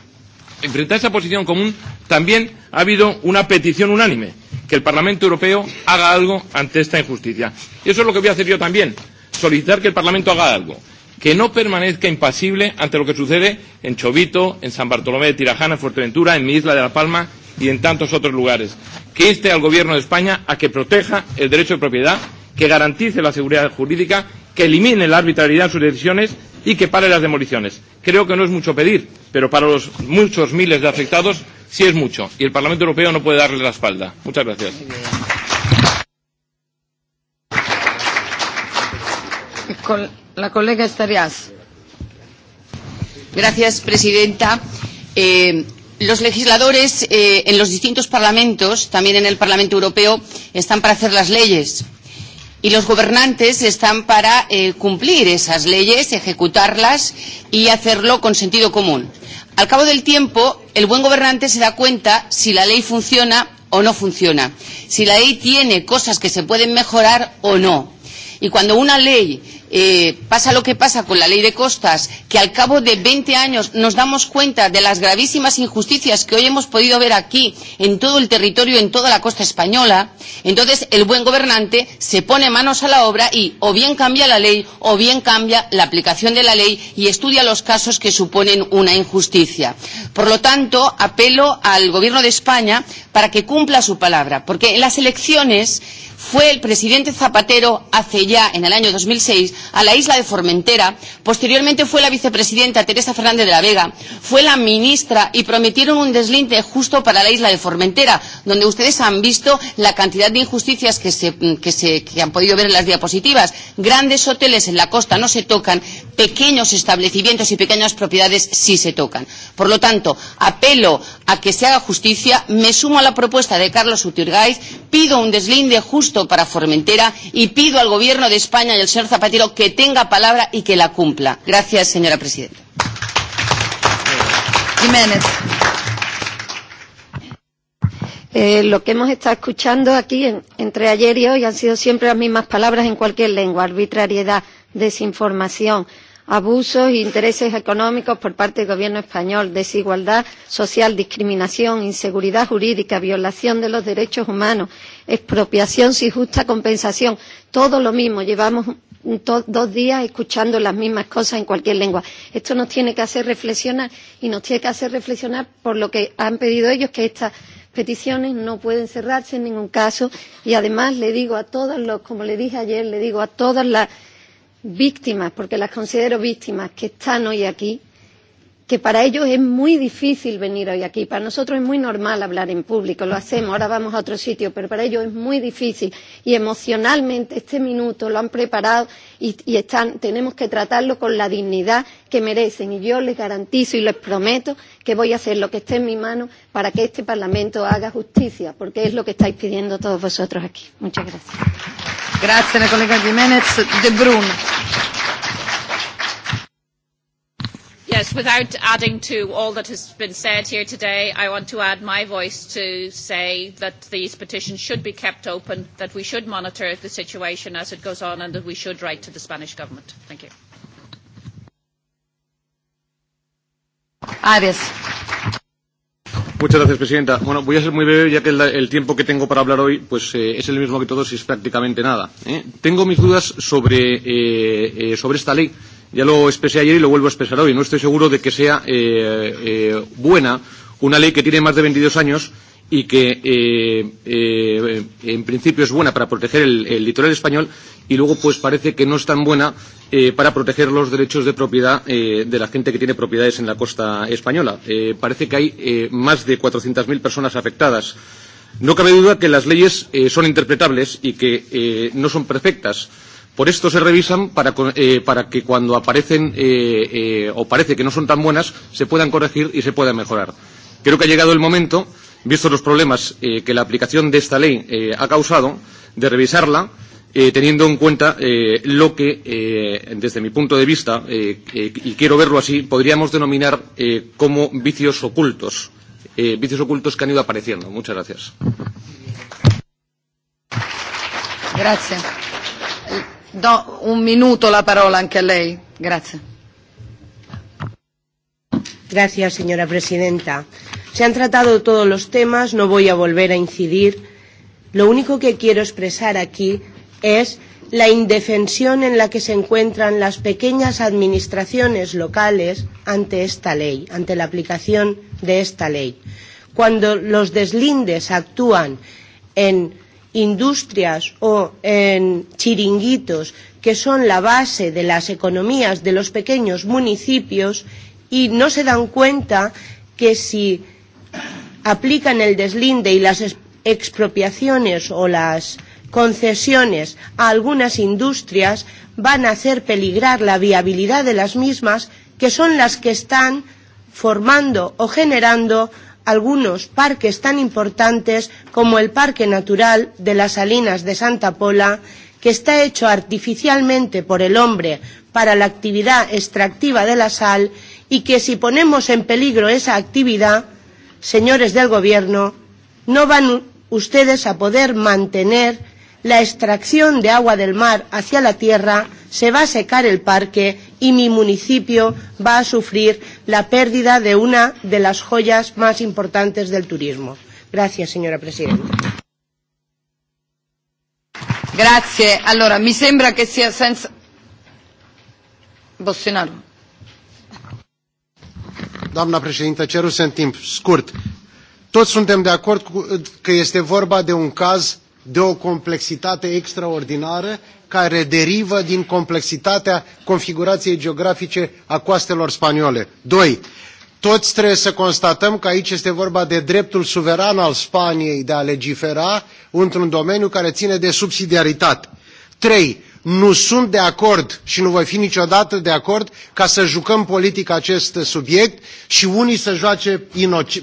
Frente a esa posición común, también ha habido una petición unánime, que el Parlamento Europeo haga algo ante esta injusticia. Y eso es lo que voy a hacer yo también, solicitar que el Parlamento haga algo, que no permanezca impasible ante lo que sucede en Chovito, en San Bartolomé de Tirajana, en Fuerteventura, en mi isla de La Palma y en tantos otros lugares, que inste al Gobierno de España a que proteja el derecho de propiedad, que garantice la seguridad jurídica que elimine la arbitrariedad en sus decisiones y que pare las demoliciones. Creo que no es mucho pedir, pero para los muchos miles de afectados sí es mucho. Y el Parlamento Europeo no puede darle la espalda. Muchas gracias. Con la colega Estarias. Gracias, presidenta. Eh, los legisladores eh, en los distintos parlamentos, también en el Parlamento Europeo, están para hacer las leyes Y los gobernantes están para eh, cumplir esas leyes, ejecutarlas y hacerlo con sentido común. Al cabo del tiempo, el buen gobernante se da cuenta si la ley funciona o no funciona, si la ley tiene cosas que se pueden mejorar o no. Y cuando una ley eh, pasa lo que pasa con la ley de costas, que al cabo de 20 años nos damos cuenta de las gravísimas injusticias que hoy hemos podido ver aquí, en todo el territorio, en toda la costa española, entonces el buen gobernante se pone manos a la obra y o bien cambia la ley o bien cambia la aplicación de la ley y estudia los casos que suponen una injusticia. Por lo tanto, apelo al Gobierno de España para que cumpla su palabra, porque en las elecciones fue el presidente Zapatero hace ya en el año 2006 a la isla de Formentera, posteriormente fue la vicepresidenta Teresa Fernández de la Vega, fue la ministra y prometieron un deslinde justo para la isla de Formentera, donde ustedes han visto la cantidad de injusticias que, se, que, se, que han podido ver en las diapositivas. Grandes hoteles en la costa no se tocan, pequeños establecimientos y pequeñas propiedades sí se tocan. Por lo tanto, apelo a que se haga justicia, me sumo a la propuesta de Carlos Utirgaiz, pido un deslinde justo para Formentera y pido al Gobierno de España y al señor Zapatero que tenga palabra y que la cumpla. Gracias, señora presidenta. Jiménez. Eh, lo que hemos estado escuchando aquí en, entre ayer y hoy han sido siempre las mismas palabras en cualquier lengua arbitrariedad, desinformación, abusos e intereses económicos por parte del gobierno español, desigualdad social, discriminación, inseguridad jurídica, violación de los derechos humanos, expropiación sin justa compensación, todo lo mismo. Llevamos dos días escuchando las mismas cosas en cualquier lengua. Esto nos tiene que hacer reflexionar y nos tiene que hacer reflexionar por lo que han pedido ellos, que estas peticiones no pueden cerrarse en ningún caso. Y además le digo a todos los, como le dije ayer, le digo a todas las víctimas, porque las considero víctimas que están hoy aquí, que para ellos es muy difícil venir hoy aquí. Para nosotros es muy normal hablar en público, lo hacemos, ahora vamos a otro sitio, pero para ellos es muy difícil y emocionalmente este minuto lo han preparado y, y están, tenemos que tratarlo con la dignidad que merecen. Y yo les garantizo y les prometo que voy a hacer lo que esté en mi mano para que este Parlamento haga justicia, porque es lo que estáis pidiendo todos vosotros aquí. Muchas gracias. Gracias, la colega Jiménez de Bruno. Yes, without adding to all that has been said here today, I want to add my voice to say that these petitions should be kept open, that we should monitor the situation as it goes on, and that we should write to the Spanish government. Thank you. Arias. Muchas gracias, presidenta. Bueno, voy a ser muy breve, ya que el, el tiempo que tengo para hablar hoy pues, eh, es el mismo que todos y es prácticamente nada. ¿eh? Tengo mis dudas sobre, eh, eh, sobre esta ley ya lo expresé ayer y lo vuelvo a expresar hoy, no estoy seguro de que sea eh, eh, buena una ley que tiene más de 22 años y que eh, eh, en principio es buena para proteger el, el litoral español y luego pues parece que no es tan buena eh, para proteger los derechos de propiedad eh, de la gente que tiene propiedades en la costa española. Eh, parece que hay eh, más de 400.000 personas afectadas. No cabe duda que las leyes eh, son interpretables y que eh, no son perfectas Por esto se revisan para, eh, para que cuando aparecen eh, eh, o parece que no son tan buenas, se puedan corregir y se puedan mejorar. Creo que ha llegado el momento, visto los problemas eh, que la aplicación de esta ley eh, ha causado, de revisarla eh, teniendo en cuenta eh, lo que, eh, desde mi punto de vista, eh, eh, y quiero verlo así, podríamos denominar eh, como vicios ocultos, eh, vicios ocultos que han ido apareciendo. Muchas gracias. Gracias. Do un minuto la parola anche a lei. Grazie. Gracias, señora presidenta. Se han tratado todos los temas, no voy a volver a incidir. Lo único que quiero expresar aquí es la indefensión en la que se encuentran las pequeñas administraciones locales ante esta ley, ante la aplicación de esta ley. Cuando los deslindes actúan en industrias o en chiringuitos que son la base de las economías de los pequeños municipios y no se dan cuenta que si aplican el deslinde y las expropiaciones o las concesiones a algunas industrias van a hacer peligrar la viabilidad de las mismas, que son las que están formando o generando algunos parques tan importantes como el Parque Natural de las Salinas de Santa Pola, que está hecho artificialmente por el hombre para la actividad extractiva de la sal y que si ponemos en peligro esa actividad, señores del Gobierno, no van ustedes a poder mantener la extracción de agua del mar hacia la tierra, se va a secar el parque y mi municipio va a sufrir la pérdida de una de las joyas más importantes del turismo. Gracias, señora Presidenta. Grazie. Allora, mi sembra che sia senza... Bossinaro. Doamna președintă, cerusem timp scurt. Toți suntem de acord cu, că este vorba de un caz de o complexitate extraordinară care derivă din complexitatea configurației geografice a coastelor spaniole. Doi, toți trebuie să constatăm că aici este vorba de dreptul suveran al Spaniei de a legifera într-un domeniu care ține de subsidiaritate. Trei, nu sunt de acord și nu voi fi niciodată de acord ca să jucăm politic acest subiect și unii să joace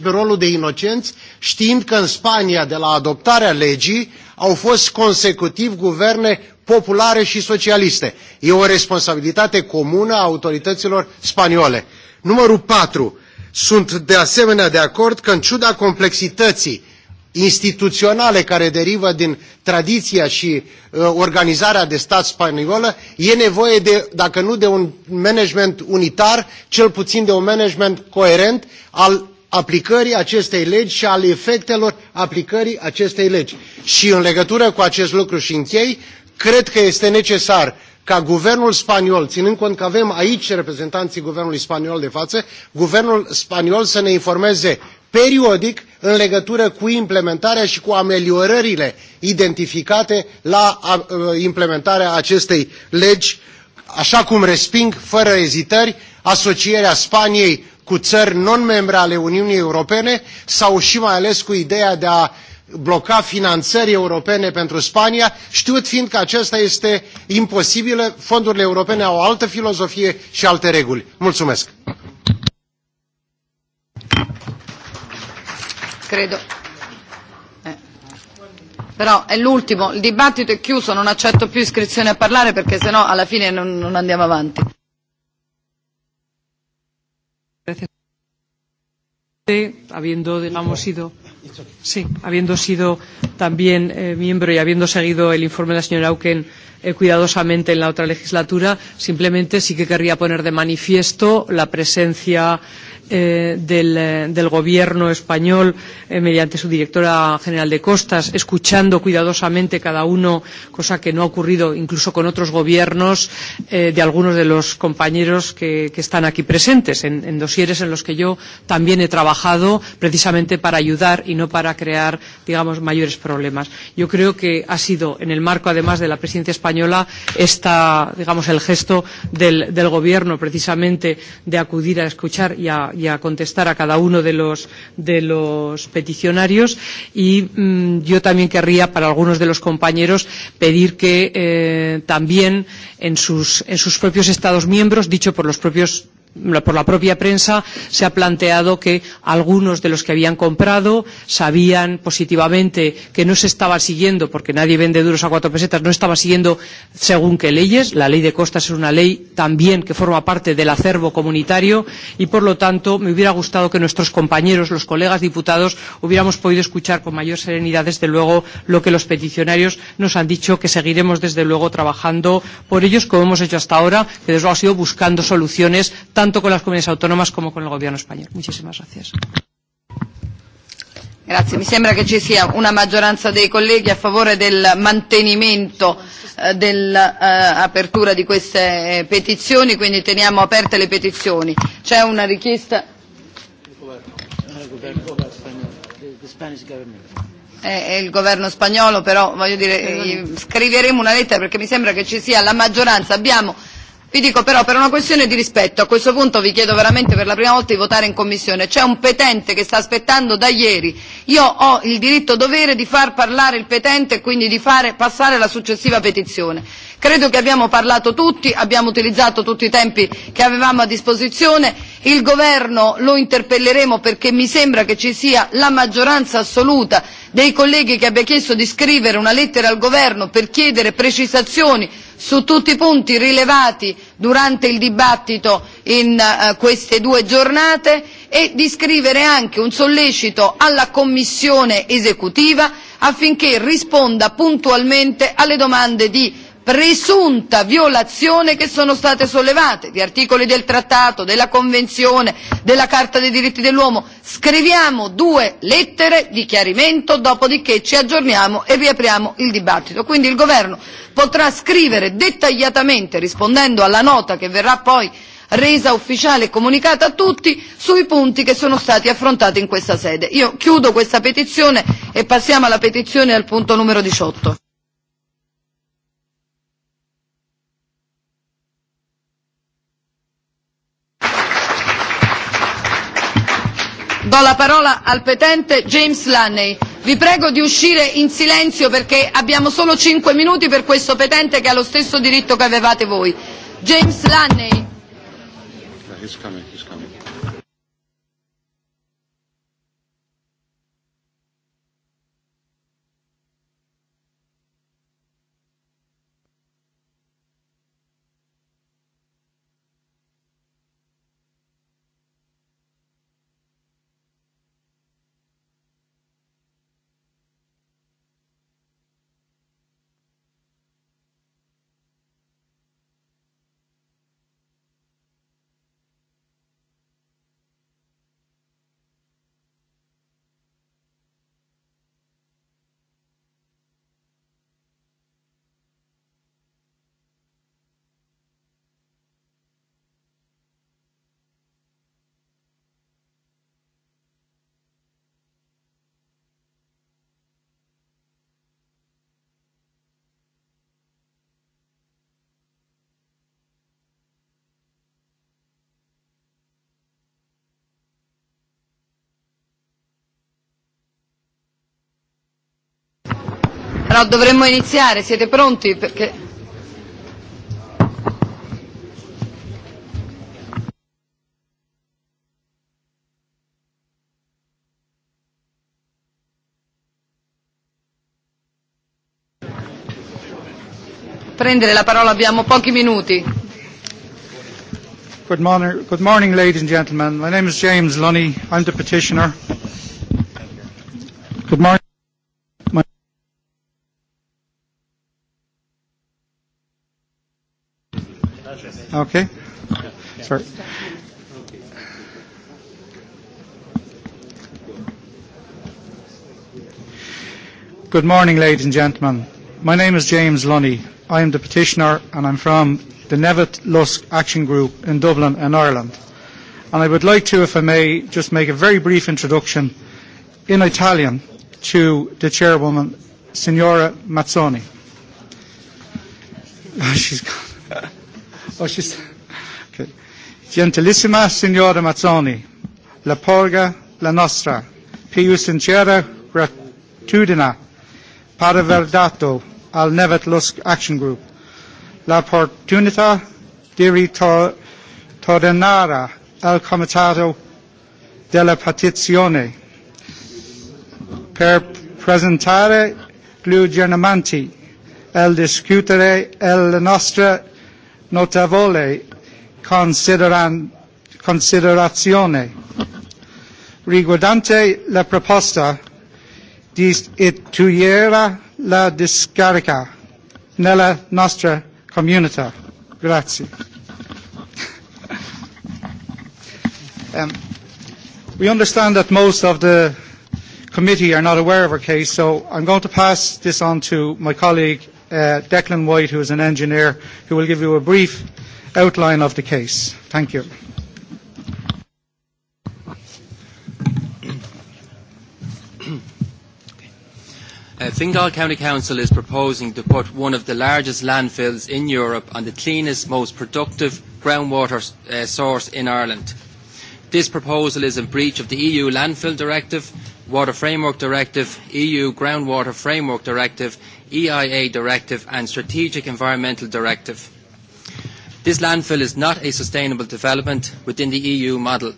rolul de inocenți știind că în Spania de la adoptarea legii au fost consecutiv guverne populare și socialiste. E o responsabilitate comună a autorităților spaniole. Numărul 4. Sunt de asemenea de acord că în ciuda complexității instituționale care derivă din tradiția și uh, organizarea de stat spaniolă, e nevoie de, dacă nu de un management unitar, cel puțin de un management coerent al aplicării acestei legi și al efectelor aplicării acestei legi. Și în legătură cu acest lucru și închei, cred că este necesar ca guvernul spaniol, ținând cont că avem aici reprezentanții guvernului spaniol de față, guvernul spaniol să ne informeze periodic în legătură cu implementarea și cu ameliorările identificate la implementarea acestei legi, așa cum resping fără ezitări asocierea Spaniei cu țări non-membre ale Uniunii Europene sau și mai ales cu ideea de a bloca finanțări europene pentru Spania, știut fiind că aceasta este imposibilă, fondurile europene au o altă filozofie și alte reguli. Mulțumesc! credo. Eh. Però è l'ultimo, il dibattito è chiuso, non accetto più iscrizioni a parlare perché sennò alla fine non, non andiamo avanti. Grazie. Habiendo, digamos, sido, sí, habiendo sido también eh, miembro y habiendo seguido el informe de la señora Auken eh, cuidadosamente en la otra legislatura, simplemente sí que querría poner de manifiesto la presencia eh, del, del Gobierno español eh, mediante su directora general de Costas, escuchando cuidadosamente cada uno, cosa que no ha ocurrido incluso con otros gobiernos eh, de algunos de los compañeros que, que están aquí presentes, en, en dosieres en los que yo también he trabajado precisamente para ayudar y no para crear, digamos, mayores problemas. Yo creo que ha sido, en el marco además de la presidencia española, esta, digamos, el gesto del, del Gobierno precisamente de acudir a escuchar y a, y a contestar a cada uno de los, de los peticionarios. Y mmm, yo también querría, para algunos de los compañeros, pedir que eh, también en sus, en sus propios Estados miembros, dicho por los propios por la propia prensa se ha planteado que algunos de los que habían comprado sabían positivamente que no se estaba siguiendo, porque nadie vende duros a cuatro pesetas, no estaba siguiendo según qué leyes. La ley de costas es una ley también que forma parte del acervo comunitario y, por lo tanto, me hubiera gustado que nuestros compañeros, los colegas diputados, hubiéramos podido escuchar con mayor serenidad, desde luego, lo que los peticionarios nos han dicho, que seguiremos, desde luego, trabajando por ellos, como hemos hecho hasta ahora, que, desde luego, ha sido buscando soluciones tanto tanto con las comunidades autónomas como con el Gobierno español. Muchísimas gracias. Grazie, mi sembra che ci sia una maggioranza dei colleghi a favore del mantenimento eh, dell'apertura eh, di queste eh, petizioni, quindi teniamo aperte le petizioni. C'è una richiesta? È il governo spagnolo, però voglio dire, eh, scriveremo una lettera perché mi sembra che ci sia la maggioranza. Abbiamo Vi dico però per una questione di rispetto, a questo punto vi chiedo veramente per la prima volta di votare in commissione. C'è un petente che sta aspettando da ieri. Io ho il diritto e dovere di far parlare il petente e quindi di fare passare la successiva petizione. Credo che abbiamo parlato tutti, abbiamo utilizzato tutti i tempi che avevamo a disposizione il governo lo interpelleremo perché mi sembra che ci sia la maggioranza assoluta dei colleghi che abbia chiesto di scrivere una lettera al governo per chiedere precisazioni su tutti i punti rilevati durante il dibattito in uh, queste due giornate e di scrivere anche un sollecito alla commissione esecutiva affinché risponda puntualmente alle domande di presunta violazione che sono state sollevate di articoli del trattato, della convenzione, della carta dei diritti dell'uomo. Scriviamo due lettere di chiarimento, dopodiché ci aggiorniamo e riapriamo il dibattito. Quindi il governo potrà scrivere dettagliatamente, rispondendo alla nota che verrà poi resa ufficiale e comunicata a tutti sui punti che sono stati affrontati in questa sede. Io chiudo questa petizione e passiamo alla petizione al punto numero 18. do la parola al petente James Lanney. Vi prego di uscire in silenzio perché abbiamo solo 5 minuti per questo petente che ha lo stesso diritto che avevate voi. James Lanney. He's coming, he's coming. Però dovremmo iniziare, siete pronti? Perché... prendere la parola, abbiamo pochi minuti. Good morning, good morning ladies and gentlemen. My name is James Lunny. I'm the petitioner. Good morning. Okay. Sorry. Good morning, ladies and gentlemen. My name is James Lunny. I am the petitioner and I'm from the Nevitt Lusk Action Group in Dublin and Ireland. And I would like to, if I may, just make a very brief introduction in Italian to the chairwoman, Signora Mazzoni. She's gone. Oh, Okay. Gentilissima Signora Mazzoni, la porga la nostra, più sincera gratitudine per aver dato al Nevet Lusk Action Group l'opportunità di ritornare al Comitato della Petizione per presentare gli aggiornamenti e discutere la nostra notevole considerazione riguardante la proposta di istituire la discarica nella nostra comunità. Grazie. Um, we understand that most of the committee are not aware of our case, so I'm going to pass this on to my colleague uh, Declan White, who is an engineer, who will give you a brief outline of the case. Thank you. Uh, Fingal County Council is proposing to put one of the largest landfills in Europe on the cleanest, most productive groundwater uh, source in Ireland. This proposal is in breach of the EU Landfill Directive, Water Framework Directive, EU Groundwater Framework Directive EIA Directive and Strategic Environmental Directive. This landfill is not a sustainable development within the EU model.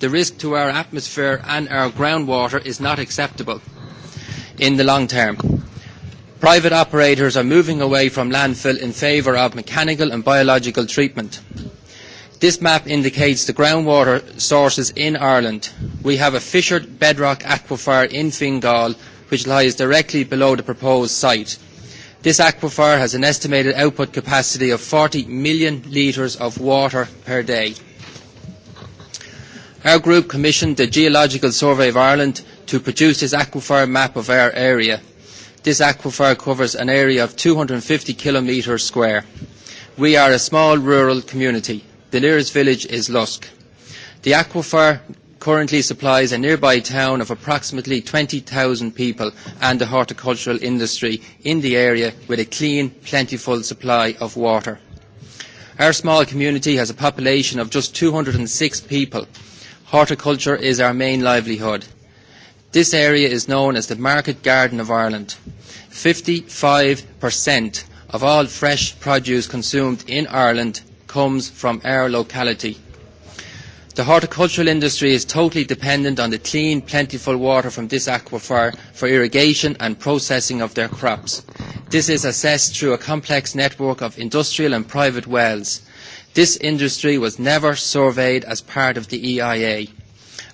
The risk to our atmosphere and our groundwater is not acceptable in the long term. Private operators are moving away from landfill in favour of mechanical and biological treatment. This map indicates the groundwater sources in Ireland. We have a fissured bedrock aquifer in Fingal which lies directly below the proposed site. This aquifer has an estimated output capacity of 40 million litres of water per day. Our group commissioned the Geological Survey of Ireland to produce this aquifer map of our area. This aquifer covers an area of 250 kilometres square. We are a small rural community. The nearest village is Lusk. The aquifer currently supplies a nearby town of approximately 20,000 people and the horticultural industry in the area with a clean, plentiful supply of water. Our small community has a population of just 206 people. Horticulture is our main livelihood. This area is known as the Market Garden of Ireland. 55% of all fresh produce consumed in Ireland comes from our locality. The horticultural industry is totally dependent on the clean, plentiful water from this aquifer for irrigation and processing of their crops. This is assessed through a complex network of industrial and private wells. This industry was never surveyed as part of the EIA.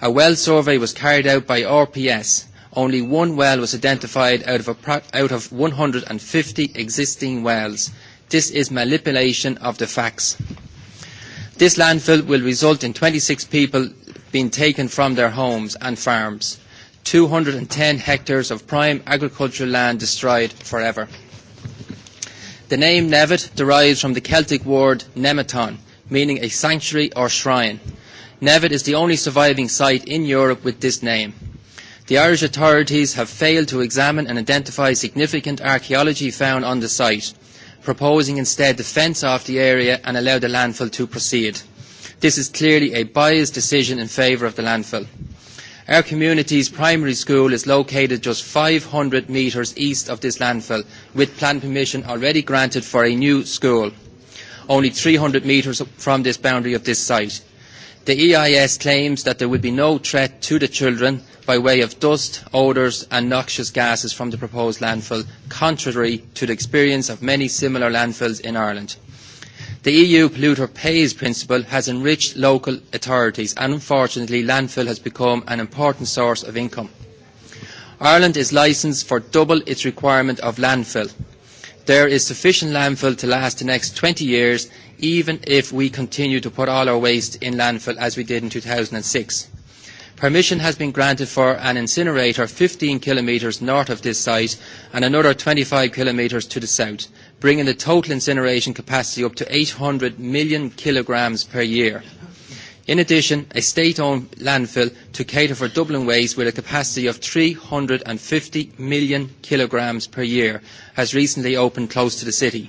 A well survey was carried out by RPS. Only one well was identified out of, a, pro- out of 150 existing wells. This is manipulation of the facts. This landfill will result in 26 people being taken from their homes and farms, 210 hectares of prime agricultural land destroyed forever. The name Nevet derives from the Celtic word nemeton, meaning a sanctuary or shrine. Nevet is the only surviving site in Europe with this name. The Irish authorities have failed to examine and identify significant archaeology found on the site, proposing instead to fence off the area and allow the landfill to proceed. This is clearly a biased decision in favour of the landfill. Our community's primary school is located just 500 metres east of this landfill, with plan permission already granted for a new school, only 300 metres from this boundary of this site. The EIS claims that there will be no threat to the children by way of dust, odours and noxious gases from the proposed landfill, contrary to the experience of many similar landfills in Ireland. The EU polluter pays principle has enriched local authorities and unfortunately landfill has become an important source of income. Ireland is licensed for double its requirement of landfill. There is sufficient landfill to last the next 20 years even if we continue to put all our waste in landfill as we did in 2006. Permission has been granted for an incinerator 15 kilometres north of this site and another 25 kilometres to the south, bringing the total incineration capacity up to 800 million kilograms per year. In addition, a state-owned landfill to cater for Dublin waste with a capacity of 350 million kilograms per year has recently opened close to the city.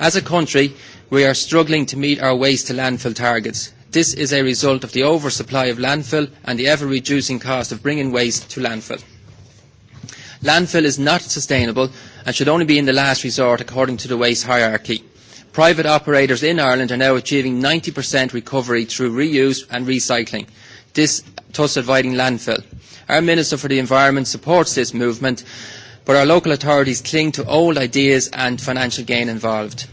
As a country, we are struggling to meet our waste to landfill targets. This is a result of the oversupply of landfill and the ever-reducing cost of bringing waste to landfill. Landfill is not sustainable and should only be in the last resort according to the waste hierarchy. Private operators in Ireland are now achieving 90% recovery through reuse and recycling, this, thus avoiding landfill. Our Minister for the Environment supports this movement, but our local authorities cling to old ideas and financial gain involved.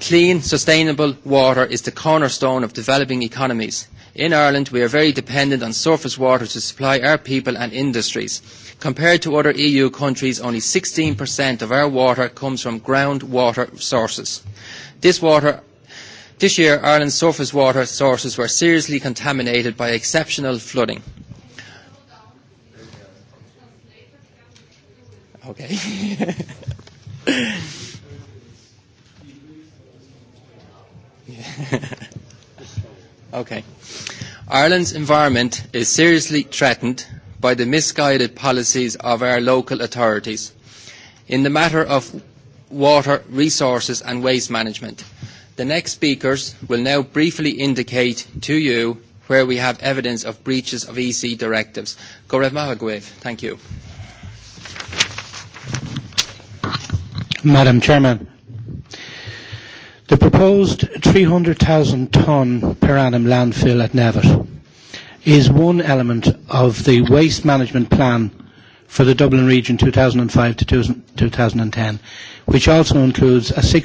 Clean, sustainable water is the cornerstone of developing economies. In Ireland, we are very dependent on surface water to supply our people and industries. Compared to other EU countries, only 16% of our water comes from groundwater sources. This water This year, Ireland's surface water sources were seriously contaminated by exceptional flooding. Okay. okay. Ireland's environment is seriously threatened by the misguided policies of our local authorities in the matter of water resources and waste management. The next speakers will now briefly indicate to you where we have evidence of breaches of EC directives. Gorev Mahagwev. Thank you. Madam Chairman, The proposed 300,000 ton per annum landfill at Nevis is one element of the waste management plan for the Dublin region 2005 to 2010, which also includes a